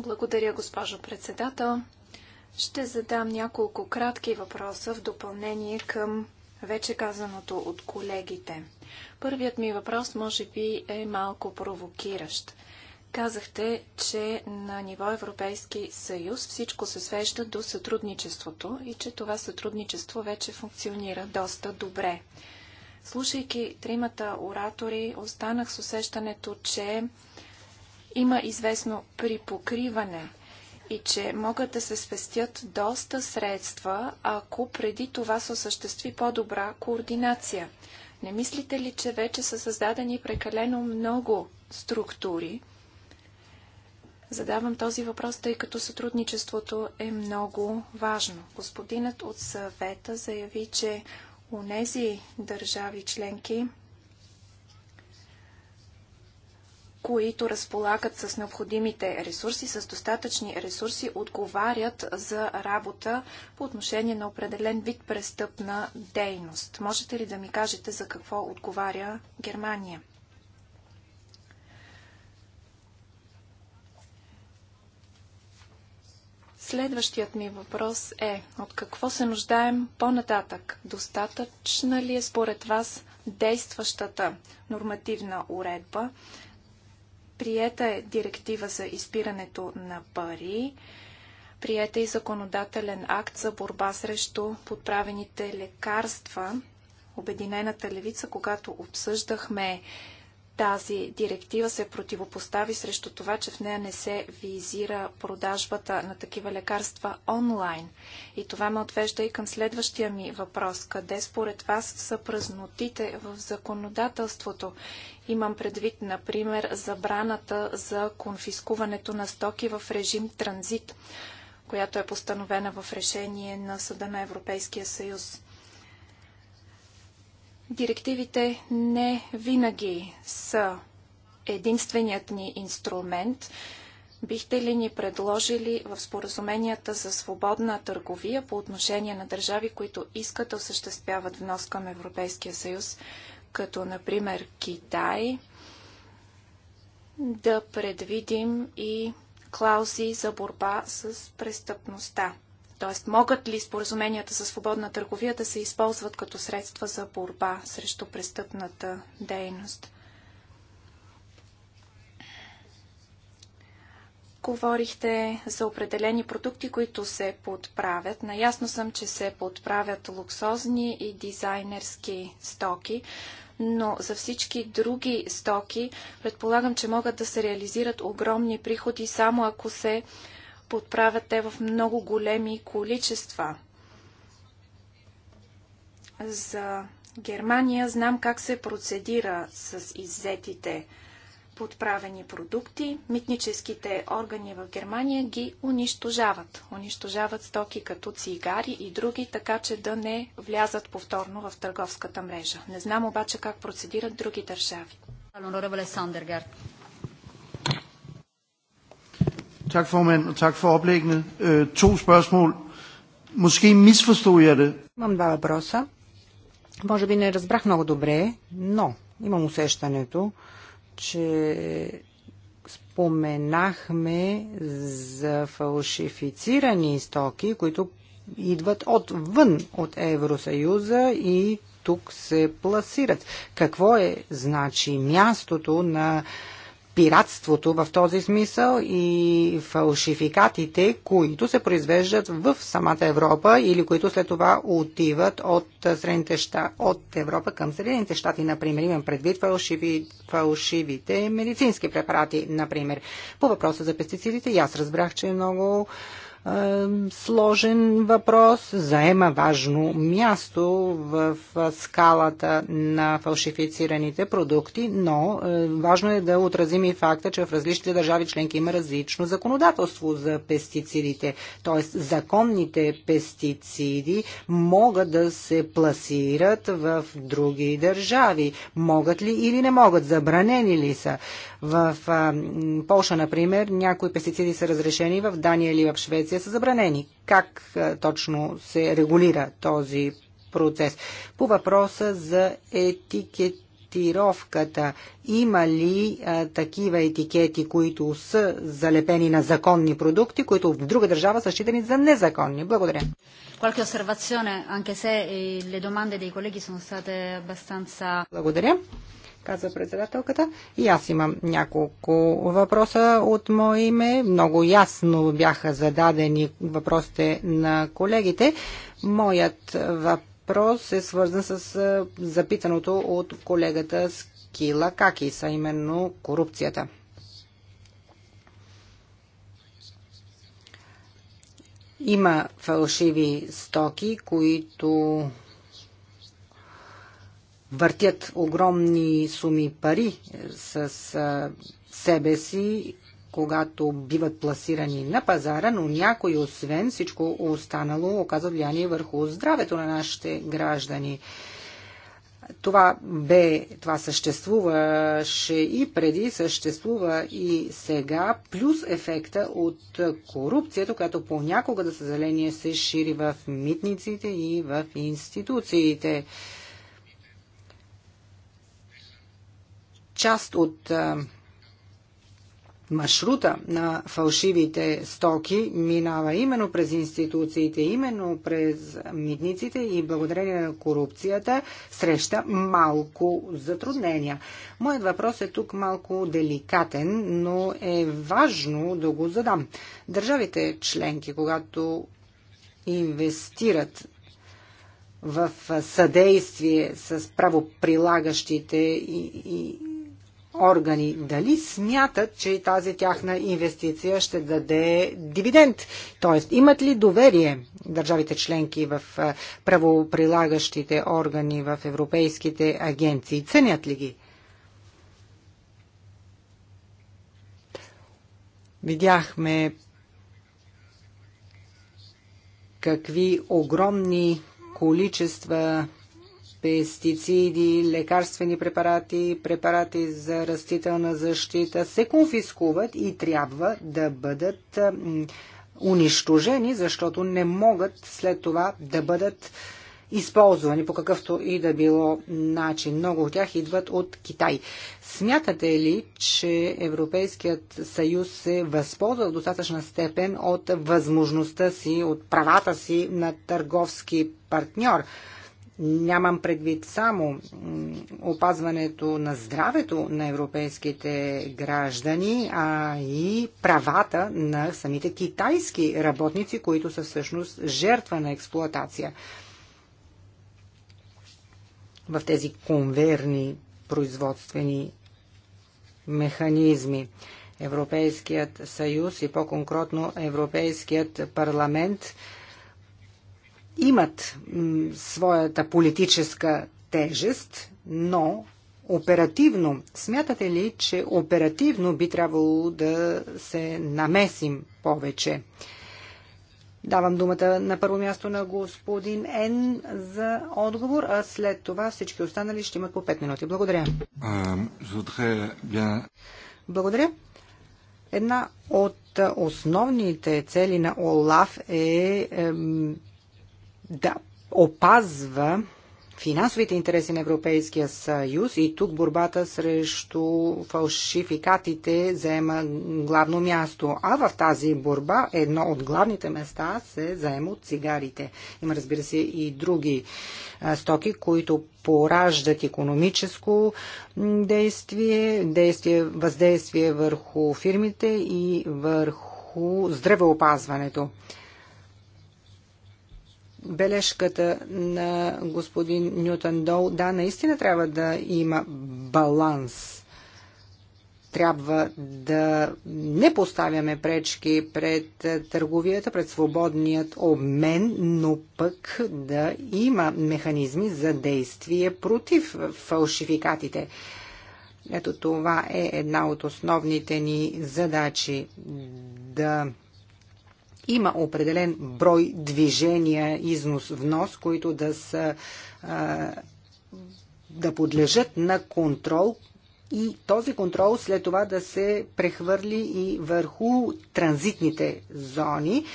Благодаря, госпожо председател. Ще задам няколко кратки въпроса в допълнение към вече казаното от колегите. Първият ми въпрос може би е малко провокиращ. Казахте, че на ниво Европейски съюз всичко се свежда до сътрудничеството и че това сътрудничество вече функционира доста добре. Слушайки тримата оратори, останах с усещането, че има известно припокриване и че могат да се спестят доста средства, ако преди това се осъществи по-добра координация. Не мислите ли, че вече са създадени прекалено много структури, Задавам този въпрос, тъй като сътрудничеството е много важно. Господинът от съвета заяви, че у нези държави членки, които разполагат с необходимите ресурси, с достатъчни ресурси, отговарят за работа по отношение на определен вид престъпна дейност. Можете ли да ми кажете за какво отговаря Германия? Следващият ми въпрос е, от какво се нуждаем по-нататък? Достатъчна ли е според вас действащата нормативна уредба? Приета е директива за изпирането на пари, приета е и законодателен акт за борба срещу подправените лекарства. Обединената левица, когато обсъждахме тази директива се противопостави срещу това, че в нея не се визира продажбата на такива лекарства онлайн. И това ме отвежда и към следващия ми въпрос. Къде според вас са празнотите в законодателството? Имам предвид, например, забраната за конфискуването на стоки в режим транзит, която е постановена в решение на Съда на Европейския съюз. Директивите не винаги са единственият ни инструмент. Бихте ли ни предложили в споразуменията за свободна търговия по отношение на държави, които искат да осъществяват внос към Европейския съюз, като например Китай, да предвидим и клаузи за борба с престъпността? т.е. могат ли споразуменията за свободна търговия да се използват като средства за борба срещу престъпната дейност? Говорихте за определени продукти, които се подправят. Наясно съм, че се подправят луксозни и дизайнерски стоки, но за всички други стоки предполагам, че могат да се реализират огромни приходи, само ако се подправят те в много големи количества. За Германия знам как се процедира с иззетите подправени продукти. Митническите органи в Германия ги унищожават. Унищожават стоки като цигари и други, така че да не влязат повторно в търговската мрежа. Не знам обаче как процедират други държави. Tak formand, og tak for oplæggene. Øh, to spørgsmål. Måske misforstod jeg det. Имам два въпроса. Може би не разбрах много добре, но имам усещането, че споменахме за фалшифицирани стоки, които идват отвън от Евросъюза и тук се пласират. Какво е, значи, мястото на пиратството в този смисъл и фалшификатите, които се произвеждат в самата Европа или които след това отиват от, Средните от Европа към Средните щати, например. Имам предвид фалшиви, фалшивите медицински препарати, например. По въпроса за пестицидите, аз разбрах, че е много сложен въпрос, заема важно място в скалата на фалшифицираните продукти, но важно е да отразим и факта, че в различните държави членки има различно законодателство за пестицидите. Т.е. законните пестициди могат да се пласират в други държави. Могат ли или не могат? Забранени ли са? В Польша, например, някои пестициди са разрешени, в Дания или в Швеция са забранени. Как точно се регулира този процес? По въпроса за етикет етикетировката. Има ли а, такива етикети, които са залепени на законни продукти, които в друга държава са считани за незаконни? Благодаря. Qualche osservazione, anche se eh, le domande dei colleghi sono state abbastanza... Благодаря казва председателката. И аз имам няколко въпроса от мое име. Много ясно бяха зададени въпросите на колегите. Моят въпрос е свързан с запитаното от колегата Скила Каки, са именно корупцията. Има фалшиви стоки, които въртят огромни суми пари е, с себе си, когато биват пласирани на пазара, но някои освен всичко останало оказват влияние върху здравето на нашите граждани. Това бе, това съществуваше и преди, съществува и сега, плюс ефекта от корупцията, която понякога, за съжаление, се шири в митниците и в институциите. част от е, маршрута на фалшивите стоки минава именно през институциите, именно през митниците и благодарение на корупцията среща малко затруднения. Моят въпрос е тук малко деликатен, но е важно да го задам. Държавите членки, когато инвестират в съдействие с правоприлагащите и, и органи. Дали смятат, че тази тяхна инвестиция ще даде дивиденд? Тоест, имат ли доверие държавите членки в правоприлагащите органи в европейските агенции? Ценят ли ги? Видяхме какви огромни количества пестициди, лекарствени препарати, препарати за растителна защита се конфискуват и трябва да бъдат унищожени, защото не могат след това да бъдат използвани по какъвто и да било начин. Много от тях идват от Китай. Смятате ли, че Европейският съюз се възползва в достатъчна степен от възможността си, от правата си на търговски партньор? Нямам предвид само опазването на здравето на европейските граждани, а и правата на самите китайски работници, които са всъщност жертва на експлоатация в тези конверни производствени механизми. Европейският съюз и по-конкретно Европейският парламент – имат своята политическа тежест, но оперативно, смятате ли, че оперативно би трябвало да се намесим повече? Давам думата на първо място на господин Н за отговор, а след това всички останали ще имат по 5 минути. Благодаря. Благодаря. Една от основните цели на ОЛАФ е, е да опазва финансовите интереси на Европейския съюз и тук борбата срещу фалшификатите заема главно място. А в тази борба едно от главните места се заема от цигарите. Има разбира се и други стоки, които пораждат економическо действие, действие, въздействие върху фирмите и върху здравеопазването бележката на господин Нютон Дол. Да, наистина трябва да има баланс трябва да не поставяме пречки пред търговията, пред свободният обмен, но пък да има механизми за действие против фалшификатите. Ето това е една от основните ни задачи да има определен брой движения, износ, внос, които да са да подлежат на контрол и този контрол след това да се прехвърли и върху транзитните зони.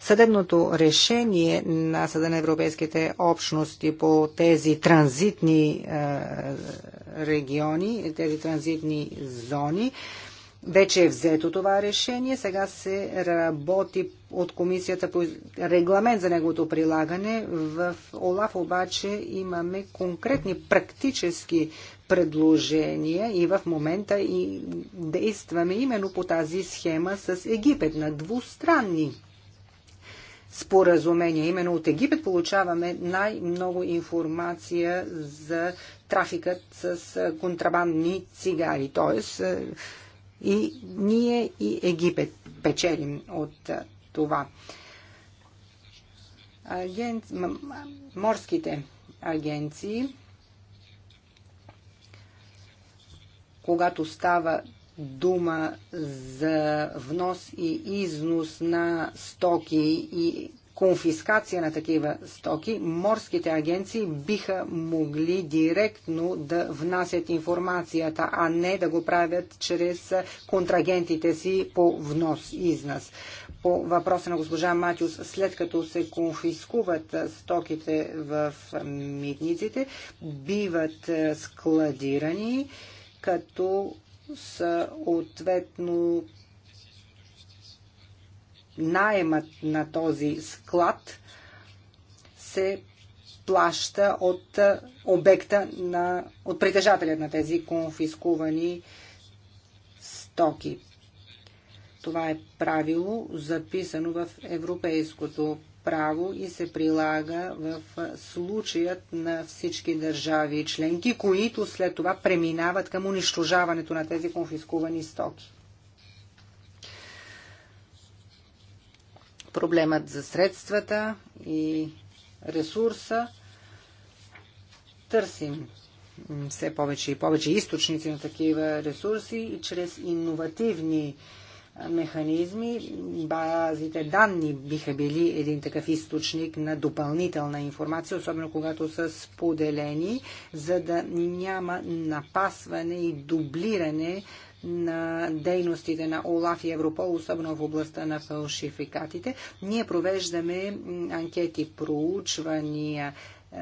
Съдебното решение на Съда на Европейските общности по тези транзитни е, региони, тези транзитни зони, вече е взето това решение, сега се работи от комисията по регламент за неговото прилагане. В ОЛАФ обаче имаме конкретни практически предложения и в момента и действаме именно по тази схема с Египет на двустранни споразумения. Именно от Египет получаваме най-много информация за трафикът с контрабандни цигари. Тоест, и ние и Египет печелим от това. Аген... Морските агенции, когато става дума за внос и износ на стоки и конфискация на такива стоки, морските агенции биха могли директно да внасят информацията, а не да го правят чрез контрагентите си по внос и износ. По въпроса на госпожа Матиус, след като се конфискуват стоките в митниците, биват е, складирани като съответно найемът на този склад се плаща от обекта на, от притежателя на тези конфискувани стоки. Това е правило, записано в европейското право и се прилага в случаят на всички държави и членки, които след това преминават към унищожаването на тези конфискувани стоки. проблемът за средствата и ресурса. Търсим все повече и повече източници на такива ресурси и чрез иновативни механизми, базите данни биха били един такъв източник на допълнителна информация, особено когато са споделени, за да няма напасване и дублиране на дейностите на ОЛАФ и Европол, особено в областта на фалшификатите. Ние провеждаме анкети, проучвания, е,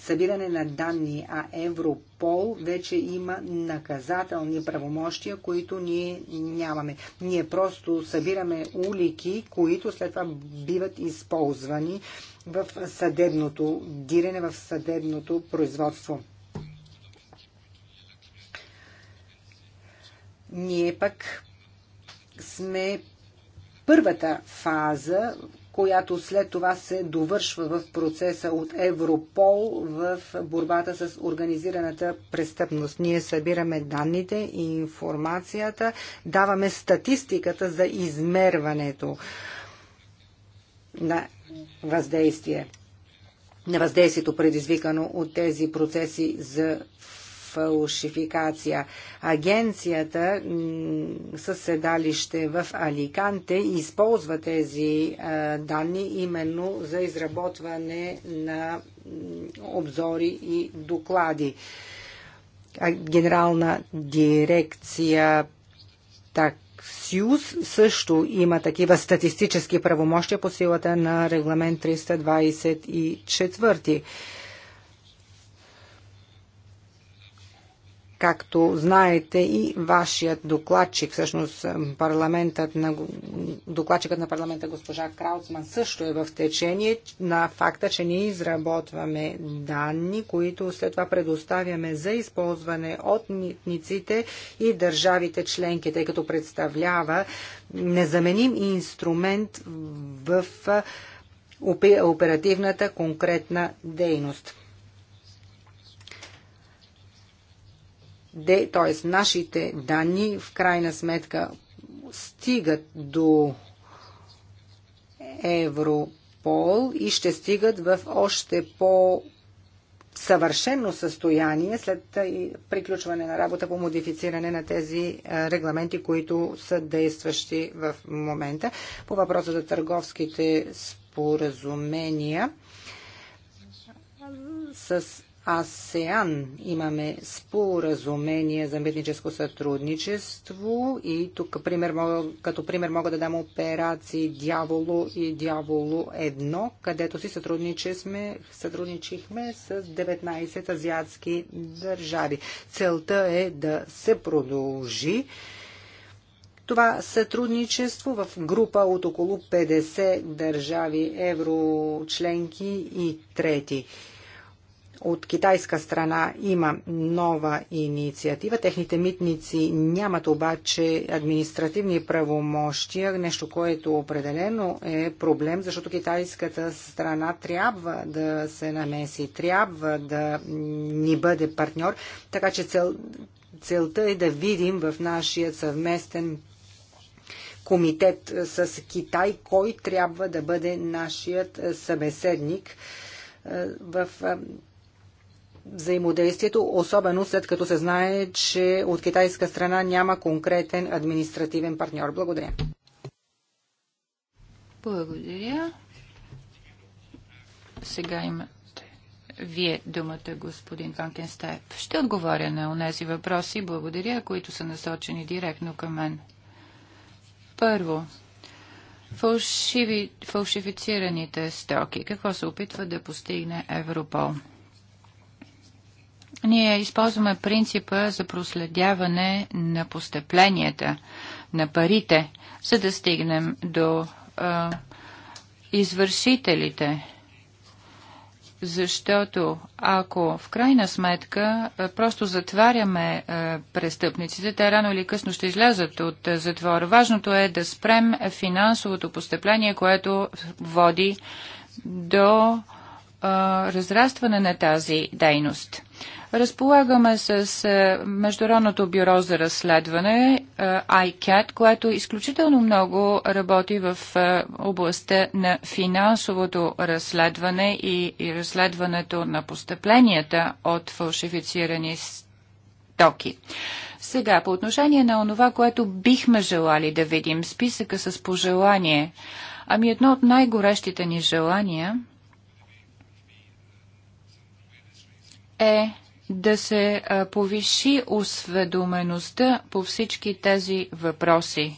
събиране на данни, а Европол вече има наказателни правомощия, които ние нямаме. Ние просто събираме улики, които след това биват използвани в съдебното дирене, в съдебното производство. Ние пък сме първата фаза, която след това се довършва в процеса от Европол в борбата с организираната престъпност. Ние събираме данните и информацията, даваме статистиката за измерването на въздействие на въздействието предизвикано от тези процеси за фалшификация. Агенцията със седалище в Аликанте използва тези данни именно за изработване на обзори и доклади. Генерална дирекция така също има такива статистически правомощия по силата на регламент 324. както знаете и вашият докладчик, всъщност парламентът на, докладчикът на парламента госпожа Краутсман също е в течение на факта, че ние изработваме данни, които след това предоставяме за използване от митниците и държавите членки, тъй като представлява незаменим инструмент в оперативната конкретна дейност. т.е. нашите данни в крайна сметка стигат до Европол и ще стигат в още по съвършено състояние след приключване на работа по модифициране на тези регламенти, които са действащи в момента. По въпроса за търговските споразумения с АСЕАН имаме споразумение за митническо сътрудничество и тук пример, като пример мога да дам операции Дяволо и Дяволо 1, където си сътрудничихме, сътрудничихме с 19 азиатски държави. Целта е да се продължи това сътрудничество в група от около 50 държави еврочленки и трети. От китайска страна има нова инициатива. Техните митници нямат обаче административни правомощия, нещо, което определено е проблем, защото китайската страна трябва да се намеси, трябва да ни бъде партньор, така че цел, целта е да видим в нашия съвместен комитет с Китай, кой трябва да бъде нашият събеседник е, в е, взаимодействието, особено след като се знае, че от китайска страна няма конкретен административен партньор. Благодаря. Благодаря. Сега имате вие думата, господин Ванкенстайп. Ще отговоря на тези въпроси, благодаря, които са насочени директно към мен. Първо, фалшиви, фалшифицираните стоки. Какво се опитва да постигне Европол? Ние използваме принципа за проследяване на постъпленията, на парите, за да стигнем до а, извършителите. Защото ако в крайна сметка просто затваряме а, престъпниците, те рано или късно ще излязат от а, затвора. Важното е да спрем финансовото постъпление, което води до а, разрастване на тази дейност. Разполагаме с е, Международното бюро за разследване, е, ICAT, което изключително много работи в е, областта на финансовото разследване и, разследването на постъпленията от фалшифицирани стоки. Сега, по отношение на онова, което бихме желали да видим, списъка с пожелание, ами едно от най-горещите ни желания е да се повиши осведомеността по всички тези въпроси.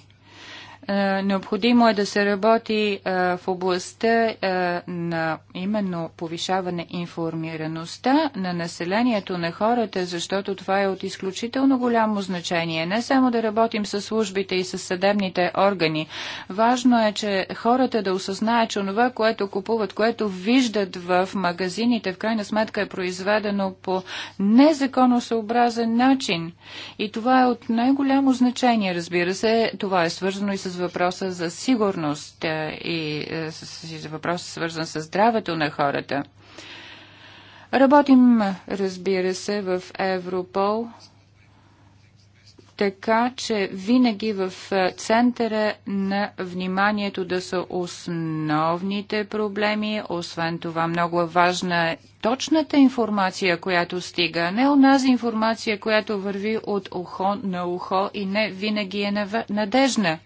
Е, необходимо е да се работи е, в областта е, на именно повишаване информираността на населението на хората, защото това е от изключително голямо значение. Не само да работим с службите и с съдебните органи. Важно е, че хората да осъзнаят, че това, което купуват, което виждат в магазините, в крайна сметка е произведено по незаконосъобразен начин. И това е от най-голямо значение, разбира се. Това е свързано и с въпроса за сигурност е, е, и за въпроса свързан с здравето на хората. Работим, разбира се, в Европол, така че винаги в е, центъра на вниманието да са основните проблеми. Освен това, много важна е точната информация, която стига, не онази информация, която върви от ухо на ухо и не винаги е надежна.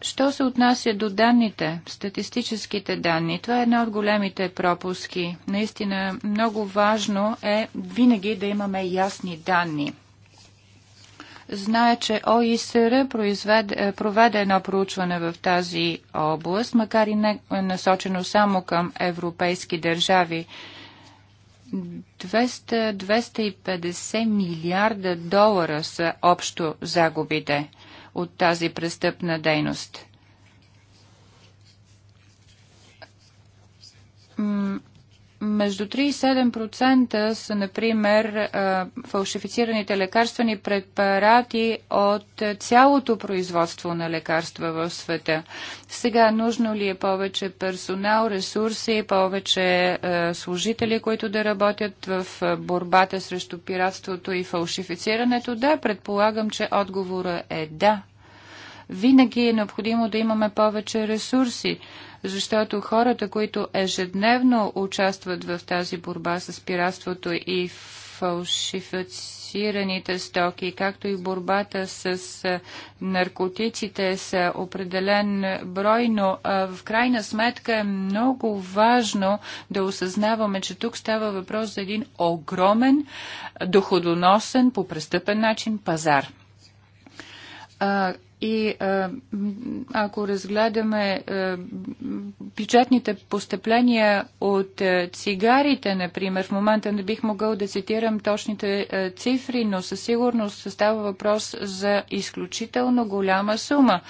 Що се отнася до данните, статистическите данни, това е една от големите пропуски. Наистина много важно е винаги да имаме ясни данни. Зная, че ОИСР произведе, е, проведе едно проучване в тази област, макар и не е, насочено само към европейски държави. 200-250 милиарда долара са общо загубите от тази престъпна дейност между 3 и 7% са, например, фалшифицираните лекарствени препарати от цялото производство на лекарства в света. Сега нужно ли е повече персонал, ресурси, повече служители, които да работят в борбата срещу пиратството и фалшифицирането? Да, предполагам, че отговора е да. Винаги е необходимо да имаме повече ресурси защото хората, които ежедневно участват в тази борба с пиратството и фалшифицираните стоки, както и борбата с наркотиците са определен брой, но в крайна сметка е много важно да осъзнаваме, че тук става въпрос за един огромен, доходоносен по престъпен начин пазар и ако разгледаме бюджетните постъпления от цигарите, например, в момента не бих могъл да цитирам точните цифри, но със сигурност става въпрос за изключително голяма сума.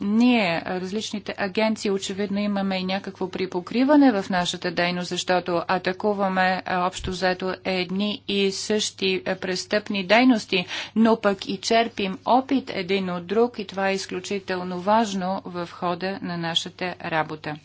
ние, различните агенции, очевидно имаме и някакво припокриване в нашата дейност, защото атакуваме общо заето едни и същи престъпни дейности, но пък и черпим опит един от друг друг и това е изключително важно в хода на нашата работа.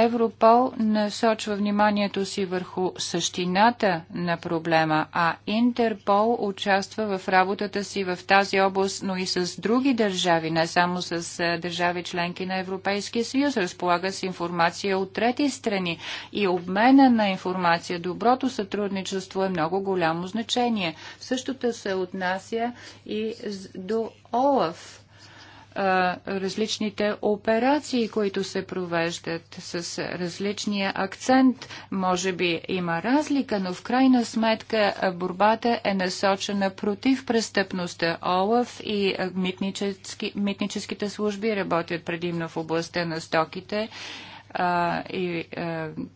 Европол насочва вниманието си върху същината на проблема, а Интерпол участва в работата си в тази област, но и с други държави, не само с държави членки на Европейския съюз. Разполага с информация от трети страни и обмена на информация, доброто сътрудничество е много голямо значение. Същото се отнася и до ОЛАФ различните операции, които се провеждат с различния акцент. Може би има разлика, но в крайна сметка борбата е насочена против престъпността. ОЛАФ и митнически, митническите служби работят предимно в областта на стоките а, и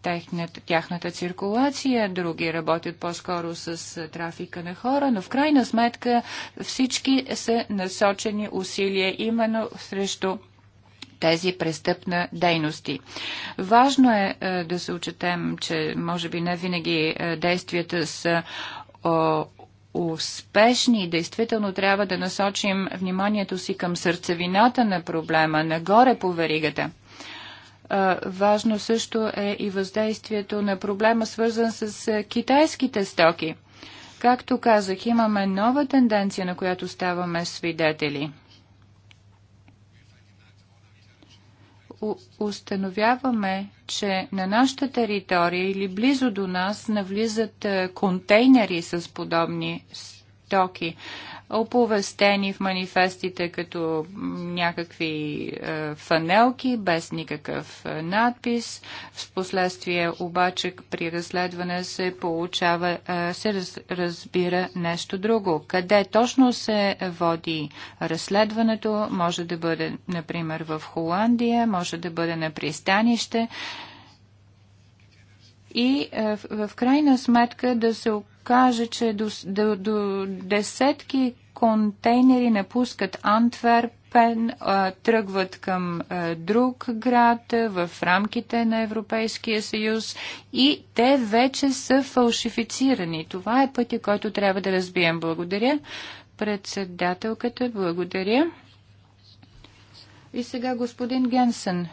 а, тяхната циркулация, други работят по-скоро с а, трафика на хора, но в крайна сметка всички са насочени усилия именно срещу тези престъпна дейности. Важно е а, да се учетем, че може би не винаги а, действията са успешни и действително трябва да насочим вниманието си към сърцевината на проблема, нагоре по веригата важно също е и въздействието на проблема, свързан с китайските стоки. Както казах, имаме нова тенденция, на която ставаме свидетели. установяваме, че на нашата територия или близо до нас навлизат контейнери с подобни стоки оповестени в манифестите като някакви е, фанелки, без никакъв е, надпис. В последствие обаче при разследване се получава, е, се разбира нещо друго. Къде точно се води разследването? Може да бъде, например, в Холандия, може да бъде на пристанище и в крайна сметка да се каже, че до, до, до десетки контейнери напускат Антверпен, тръгват към друг град в рамките на Европейския съюз и те вече са фалшифицирани. Това е пътя, който трябва да разбием. Благодаря. Председателката, благодаря. И сега господин Генсен.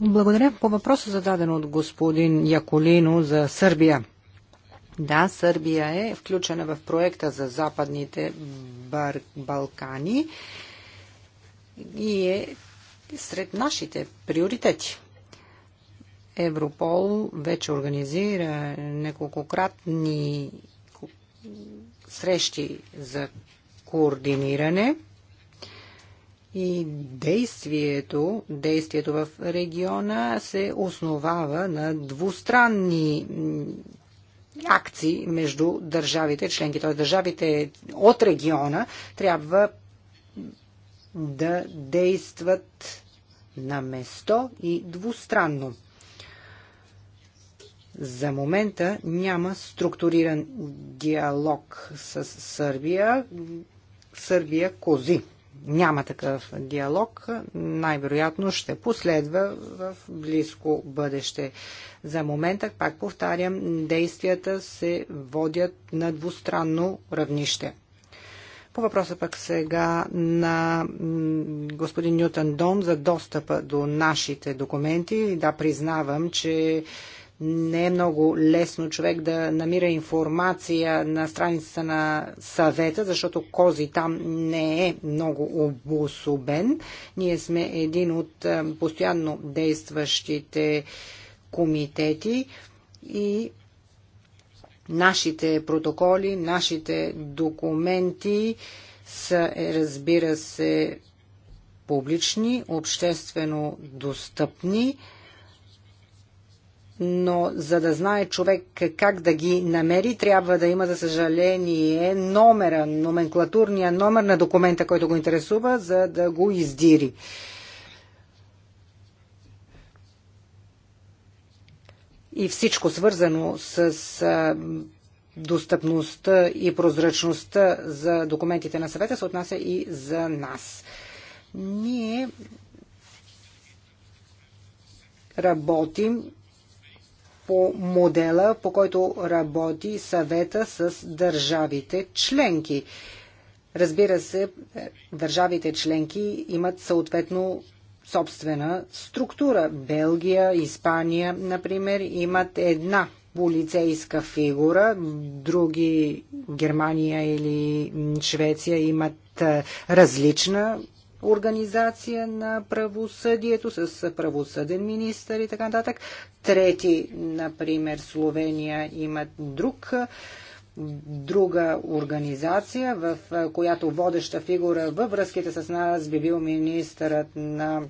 Благодаря по въпроса зададен от господин Яколино за Сърбия. Да, Сърбия е включена в проекта за Западните Бар... Балкани и е сред нашите приоритети. Европол вече организира неколкократни срещи за координиране – и действието, действието в региона се основава на двустранни акции между държавите членки. Т.е. държавите от региона трябва да действат на место и двустранно. За момента няма структуриран диалог с Сърбия. Сърбия кози няма такъв диалог, най-вероятно ще последва в близко бъдеще. За момента, пак повтарям, действията се водят на двустранно равнище. По въпроса пък сега на господин Нютон Дон за достъпа до нашите документи. Да, признавам, че не е много лесно човек да намира информация на страницата на съвета, защото Кози там не е много обособен. Ние сме един от е, постоянно действащите комитети и нашите протоколи, нашите документи са, е, разбира се, публични, обществено достъпни но за да знае човек как да ги намери, трябва да има, за съжаление, номера, номенклатурния номер на документа, който го интересува, за да го издири. И всичко свързано с достъпността и прозрачността за документите на съвета се отнася и за нас. Ние работим по модела, по който работи съвета с държавите членки. Разбира се, държавите членки имат съответно собствена структура. Белгия, Испания, например, имат една полицейска фигура, други Германия или Швеция имат различна организация на правосъдието с правосъден министър и така нататък. Трети, например, Словения имат друг друга организация, в която водеща фигура във връзките с нас би бил министърът на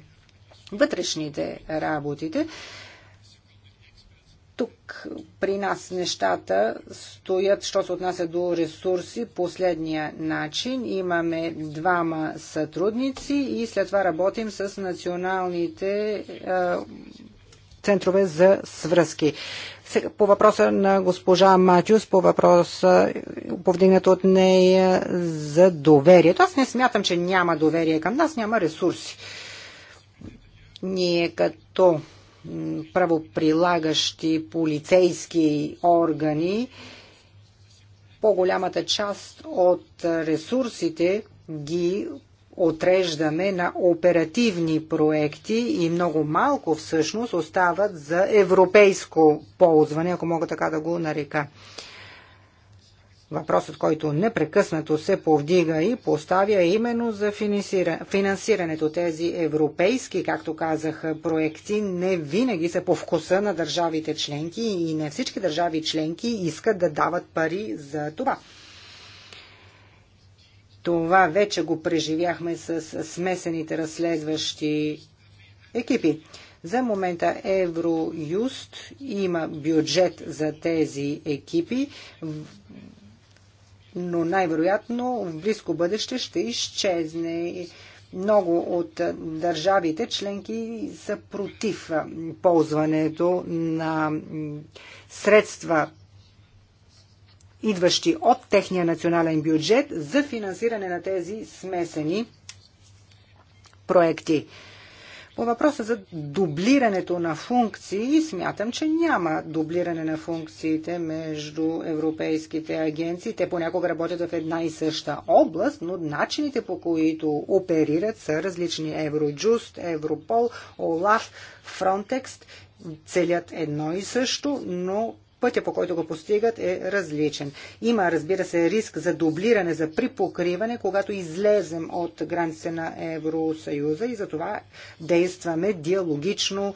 вътрешните работите тук при нас нещата стоят, що се отнася до ресурси, последния начин. Имаме двама сътрудници и след това работим с националните е, центрове за свръзки. Сега, по въпроса на госпожа Матюс, по въпроса, повдигнат от нея за доверието. Аз не смятам, че няма доверие към нас, няма ресурси. Ние като правоприлагащи полицейски органи, по-голямата част от ресурсите ги отреждаме на оперативни проекти и много малко всъщност остават за европейско ползване, ако мога така да го нарека. Въпросът, който непрекъснато се повдига и поставя именно за финансирането. Тези европейски, както казах, проекти не винаги са по вкуса на държавите членки и не всички държави членки искат да дават пари за това. Това вече го преживяхме с смесените разследващи екипи. За момента Евроюст има бюджет за тези екипи но най-вероятно в близко бъдеще ще изчезне. Много от държавите членки са против ползването на средства идващи от техния национален бюджет за финансиране на тези смесени проекти. По въпроса за дублирането на функции, смятам, че няма дублиране на функциите между европейските агенции. Те понякога работят в една и съща област, но начините по които оперират са различни. Евроджуст, Европол, ОЛАФ, Фронтекст целят едно и също, но пътя по който го постигат е различен. Има, разбира се, риск за дублиране, за припокриване, когато излезем от границите на Евросъюза и затова действаме диалогично,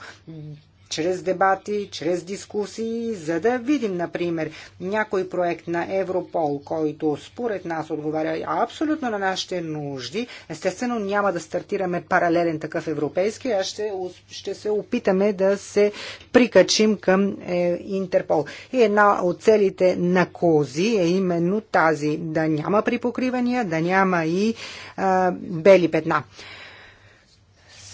чрез дебати, чрез дискусии, за да видим, например, някой проект на Европол, който според нас отговаря абсолютно на нашите нужди. Естествено, няма да стартираме паралелен такъв европейски, а ще, ще се опитаме да се прикачим към е, Интерпол. И една от целите на Кози е именно тази да няма припокривания, да няма и е, бели петна.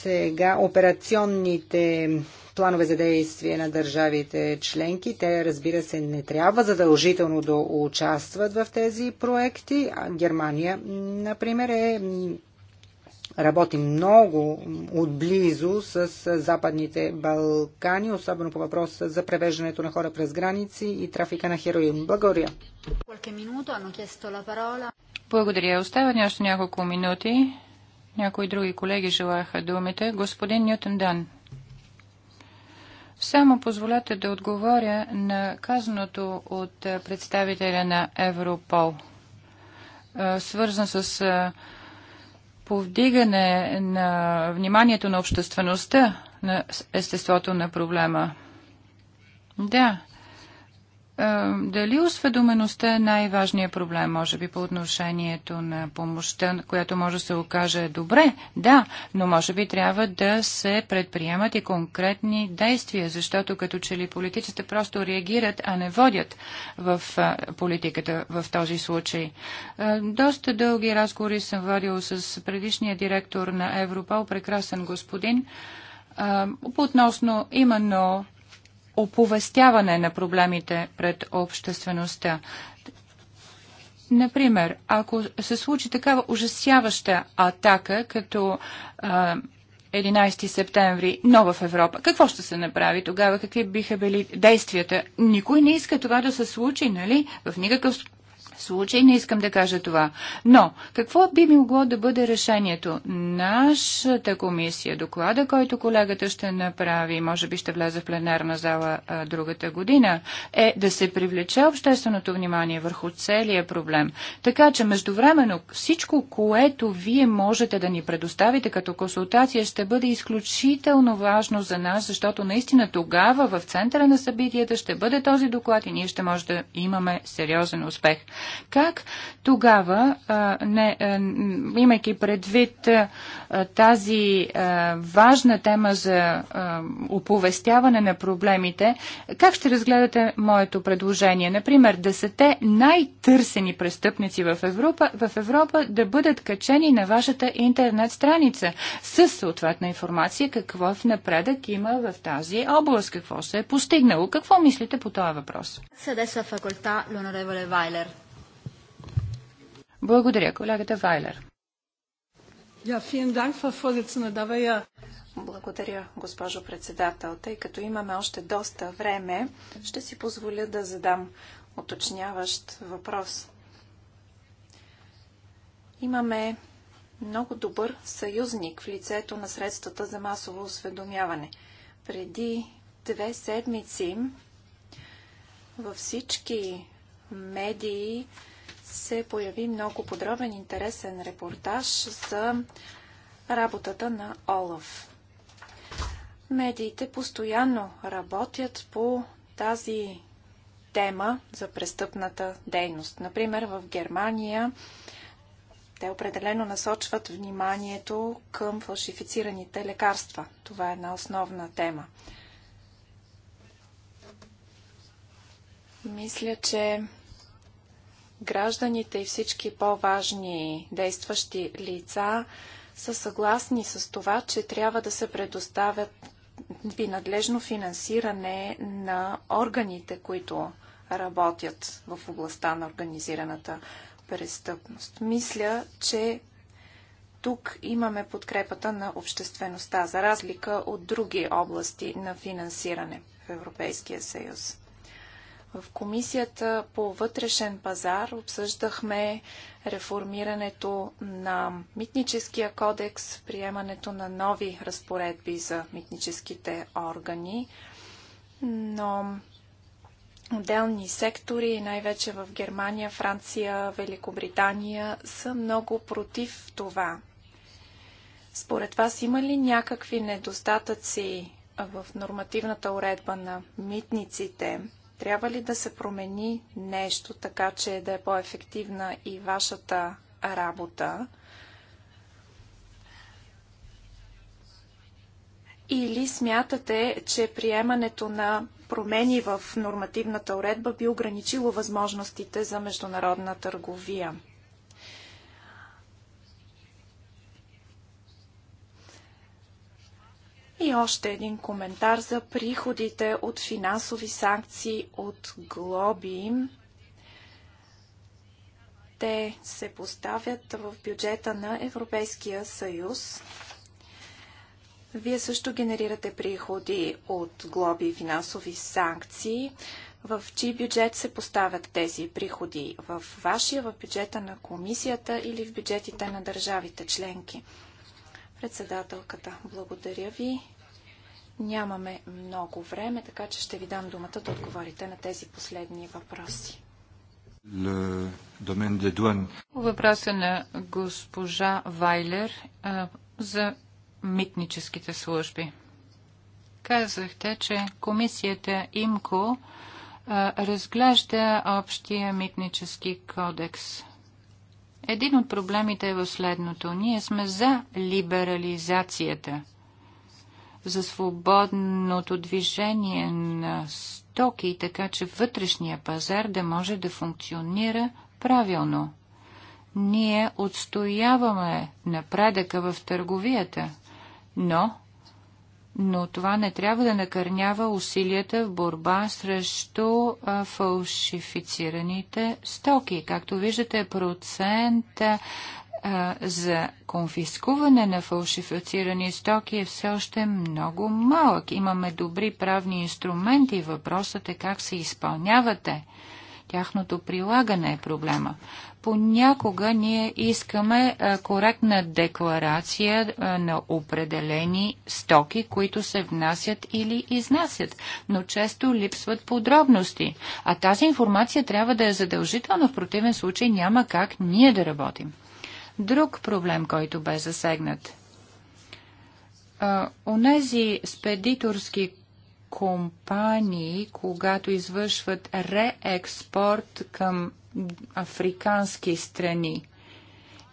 Сега операционните планове за действие на държавите членки. Те, разбира се, не трябва задължително да участват в тези проекти. Германия, например, е работи много отблизо с Западните Балкани, особено по въпроса за превеждането на хора през граници и трафика на хероин. Благодаря. Благодаря. Остава още няколко минути. Някои други колеги желаяха думите. Господин Нютен Дан. Само позволете да отговоря на казаното от представителя на Европол, свързан с повдигане на вниманието на обществеността на естеството на проблема. Да, е, дали осведомеността е най-важният проблем, може би по отношението на помощта, която може да се окаже добре, да, но може би трябва да се предприемат и конкретни действия, защото като че ли политиците просто реагират, а не водят в е, политиката в този случай. Е, доста дълги разговори съм водил с предишния директор на Европол, прекрасен господин, относно именно оповестяване на проблемите пред обществеността. Например, ако се случи такава ужасяваща атака, като а, 11 септември, но в Европа, какво ще се направи тогава? Какви биха били действията? Никой не иска това да се случи, нали? В никакъв случай, не искам да кажа това. Но, какво би могло да бъде решението? Нашата комисия, доклада, който колегата ще направи, може би ще влезе в пленарна зала а, другата година, е да се привлече общественото внимание върху целия проблем. Така че, междувременно, всичко, което вие можете да ни предоставите като консултация, ще бъде изключително важно за нас, защото наистина тогава в центъра на събитията ще бъде този доклад и ние ще може да имаме сериозен успех. Как тогава, не, имайки предвид тази важна тема за оповестяване на проблемите, как ще разгледате моето предложение? Например, десете най-търсени престъпници в Европа, в Европа да бъдат качени на вашата интернет страница с съответна информация какво в напредък има в тази област, какво се е постигнало. Какво мислите по този въпрос? Съдеса факулта facoltà Лонореволе Вайлер. Благодаря, колегата Вайлер. Благодаря, госпожо председател. Тъй като имаме още доста време, ще си позволя да задам уточняващ въпрос. Имаме много добър съюзник в лицето на средствата за масово осведомяване. Преди две седмици във всички медии се появи много подробен интересен репортаж за работата на Олаф. Медиите постоянно работят по тази тема за престъпната дейност. Например, в Германия те определено насочват вниманието към фалшифицираните лекарства. Това е една основна тема. Мисля, че гражданите и всички по-важни действащи лица са съгласни с това, че трябва да се предоставят и надлежно финансиране на органите, които работят в областта на организираната престъпност. Мисля, че тук имаме подкрепата на обществеността, за разлика от други области на финансиране в Европейския съюз. В Комисията по вътрешен пазар обсъждахме реформирането на митническия кодекс, приемането на нови разпоредби за митническите органи, но отделни сектори, най-вече в Германия, Франция, Великобритания, са много против това. Според вас има ли някакви недостатъци в нормативната уредба на митниците – трябва ли да се промени нещо, така че да е по-ефективна и вашата работа? Или смятате, че приемането на промени в нормативната уредба би ограничило възможностите за международна търговия? И още един коментар за приходите от финансови санкции от глоби. Те се поставят в бюджета на Европейския съюз. Вие също генерирате приходи от глоби и финансови санкции. В чий бюджет се поставят тези приходи? В вашия, в бюджета на комисията или в бюджетите на държавите членки? Председателката, благодаря ви. Нямаме много време, така че ще ви дам думата да отговорите на тези последни въпроси. Въпроса на госпожа Вайлер а, за митническите служби. Казахте, че комисията ИМКО а, разглежда общия митнически кодекс. Един от проблемите е в следното. Ние сме за либерализацията, за свободното движение на стоки, така че вътрешния пазар да може да функционира правилно. Ние отстояваме напредъка в търговията, но но това не трябва да накърнява усилията в борба срещу фалшифицираните стоки. Както виждате, процент за конфискуване на фалшифицирани стоки е все още много малък. Имаме добри правни инструменти. Въпросът е как се изпълнявате. Тяхното прилагане е проблема. Понякога ние искаме е, коректна декларация е, на определени стоки, които се внасят или изнасят, но често липсват подробности. А тази информация трябва да е задължителна, в противен случай няма как ние да работим. Друг проблем, който бе засегнат е, – онези спедиторски компании, когато извършват реекспорт към африкански страни.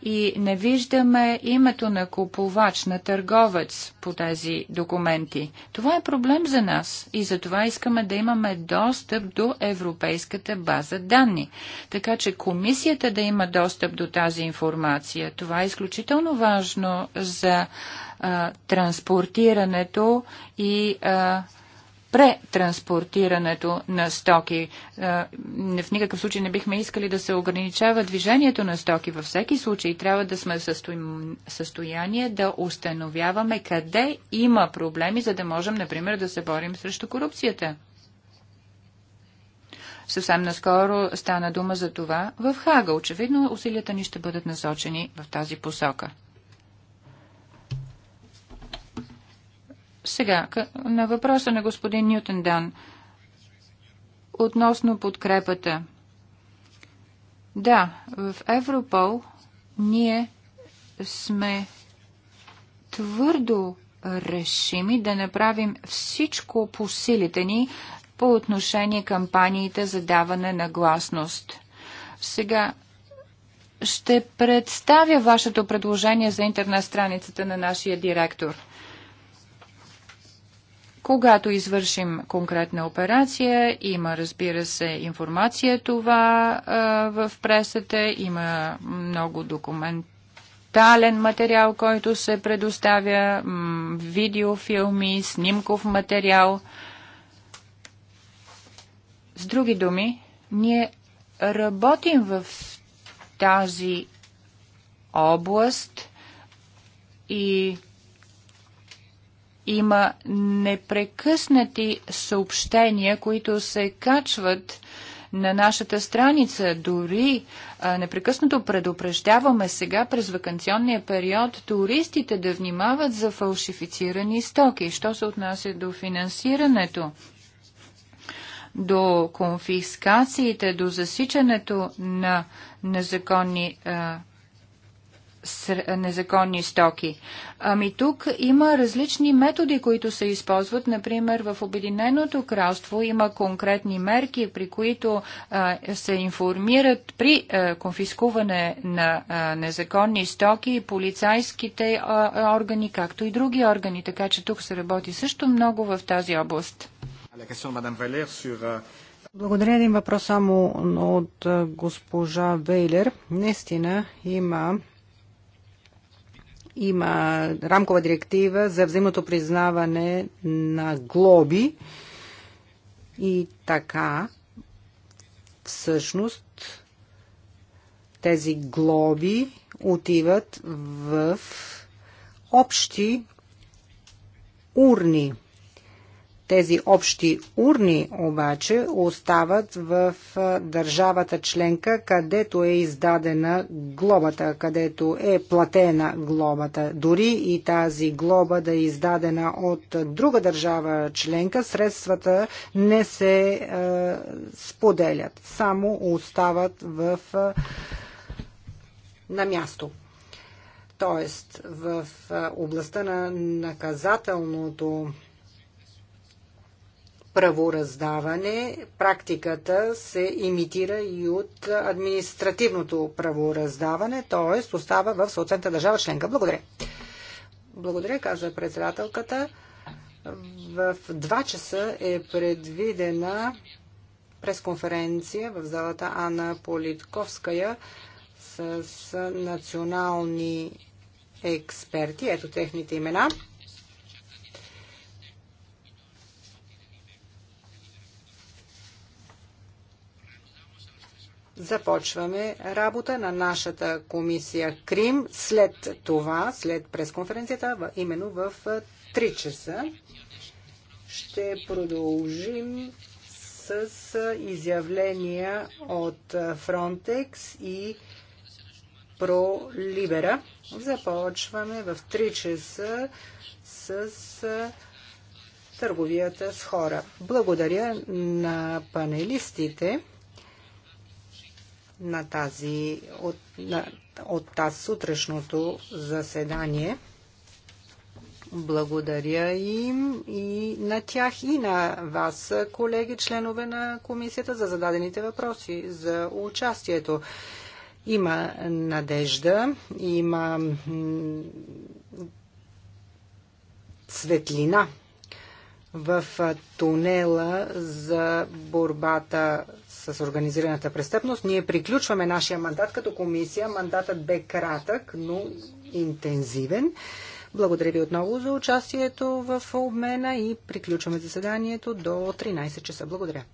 И не виждаме името на купувач, на търговец по тези документи. Това е проблем за нас и за това искаме да имаме достъп до европейската база данни. Така че комисията да има достъп до тази информация. Това е изключително важно за а, транспортирането и а, претранспортирането на стоки. Е, в никакъв случай не бихме искали да се ограничава движението на стоки. Във всеки случай трябва да сме в състояние да установяваме къде има проблеми, за да можем, например, да се борим срещу корупцията. Съвсем наскоро стана дума за това в Хага. Очевидно усилията ни ще бъдат насочени в тази посока. Сега, на въпроса на господин Ньютон Дан относно подкрепата. Да, в Европол ние сме твърдо решими да направим всичко по силите ни по отношение кампаниите за даване на гласност. Сега ще представя вашето предложение за интернет страницата на нашия директор – когато извършим конкретна операция, има, разбира се, информация това а, в пресата, има много документ документален материал, който се предоставя, видеофилми, снимков материал. С други думи, ние работим в тази област и има непрекъснати съобщения, които се качват на нашата страница. Дори а, непрекъснато предупреждаваме сега през вакансионния период туристите да внимават за фалшифицирани стоки. Що се отнася до финансирането? до конфискациите, до засичането на незаконни а, незаконни стоки. Ами тук има различни методи, които се използват. Например, в Обединеното кралство има конкретни мерки, при които а, се информират при а, конфискуване на а, незаконни стоки полицайските а, органи, както и други органи. Така че тук се работи също много в тази област. Благодаря един въпрос само от госпожа Вейлер. Наистина има има рамкова директива за взаимното признаване на глоби и така всъщност тези глоби отиват в общи урни. Тези общи урни обаче остават в държавата членка, където е издадена глобата, където е платена глобата. Дори и тази глоба да е издадена от друга държава членка, средствата не се е, споделят, само остават в, е, на място. Тоест, в областта на наказателното правораздаване, практиката се имитира и от административното правораздаване, т.е. остава в съответната държава членка. Благодаря. Благодаря, каза председателката. В 2 часа е предвидена пресконференция в залата Анна Политковская с национални експерти. Ето техните имена. започваме работа на нашата комисия Крим след това, след пресконференцията, именно в 3 часа. Ще продължим с изявления от Frontex и про Либера. Започваме в 3 часа с търговията с хора. Благодаря на панелистите на тази, от, на, от тази сутрешното заседание. Благодаря им и на тях и на вас, колеги, членове на комисията, за зададените въпроси, за участието. Има надежда, има светлина в тунела за борбата с организираната престъпност. Ние приключваме нашия мандат като комисия. Мандатът бе кратък, но интензивен. Благодаря ви отново за участието в обмена и приключваме заседанието до 13 часа. Благодаря.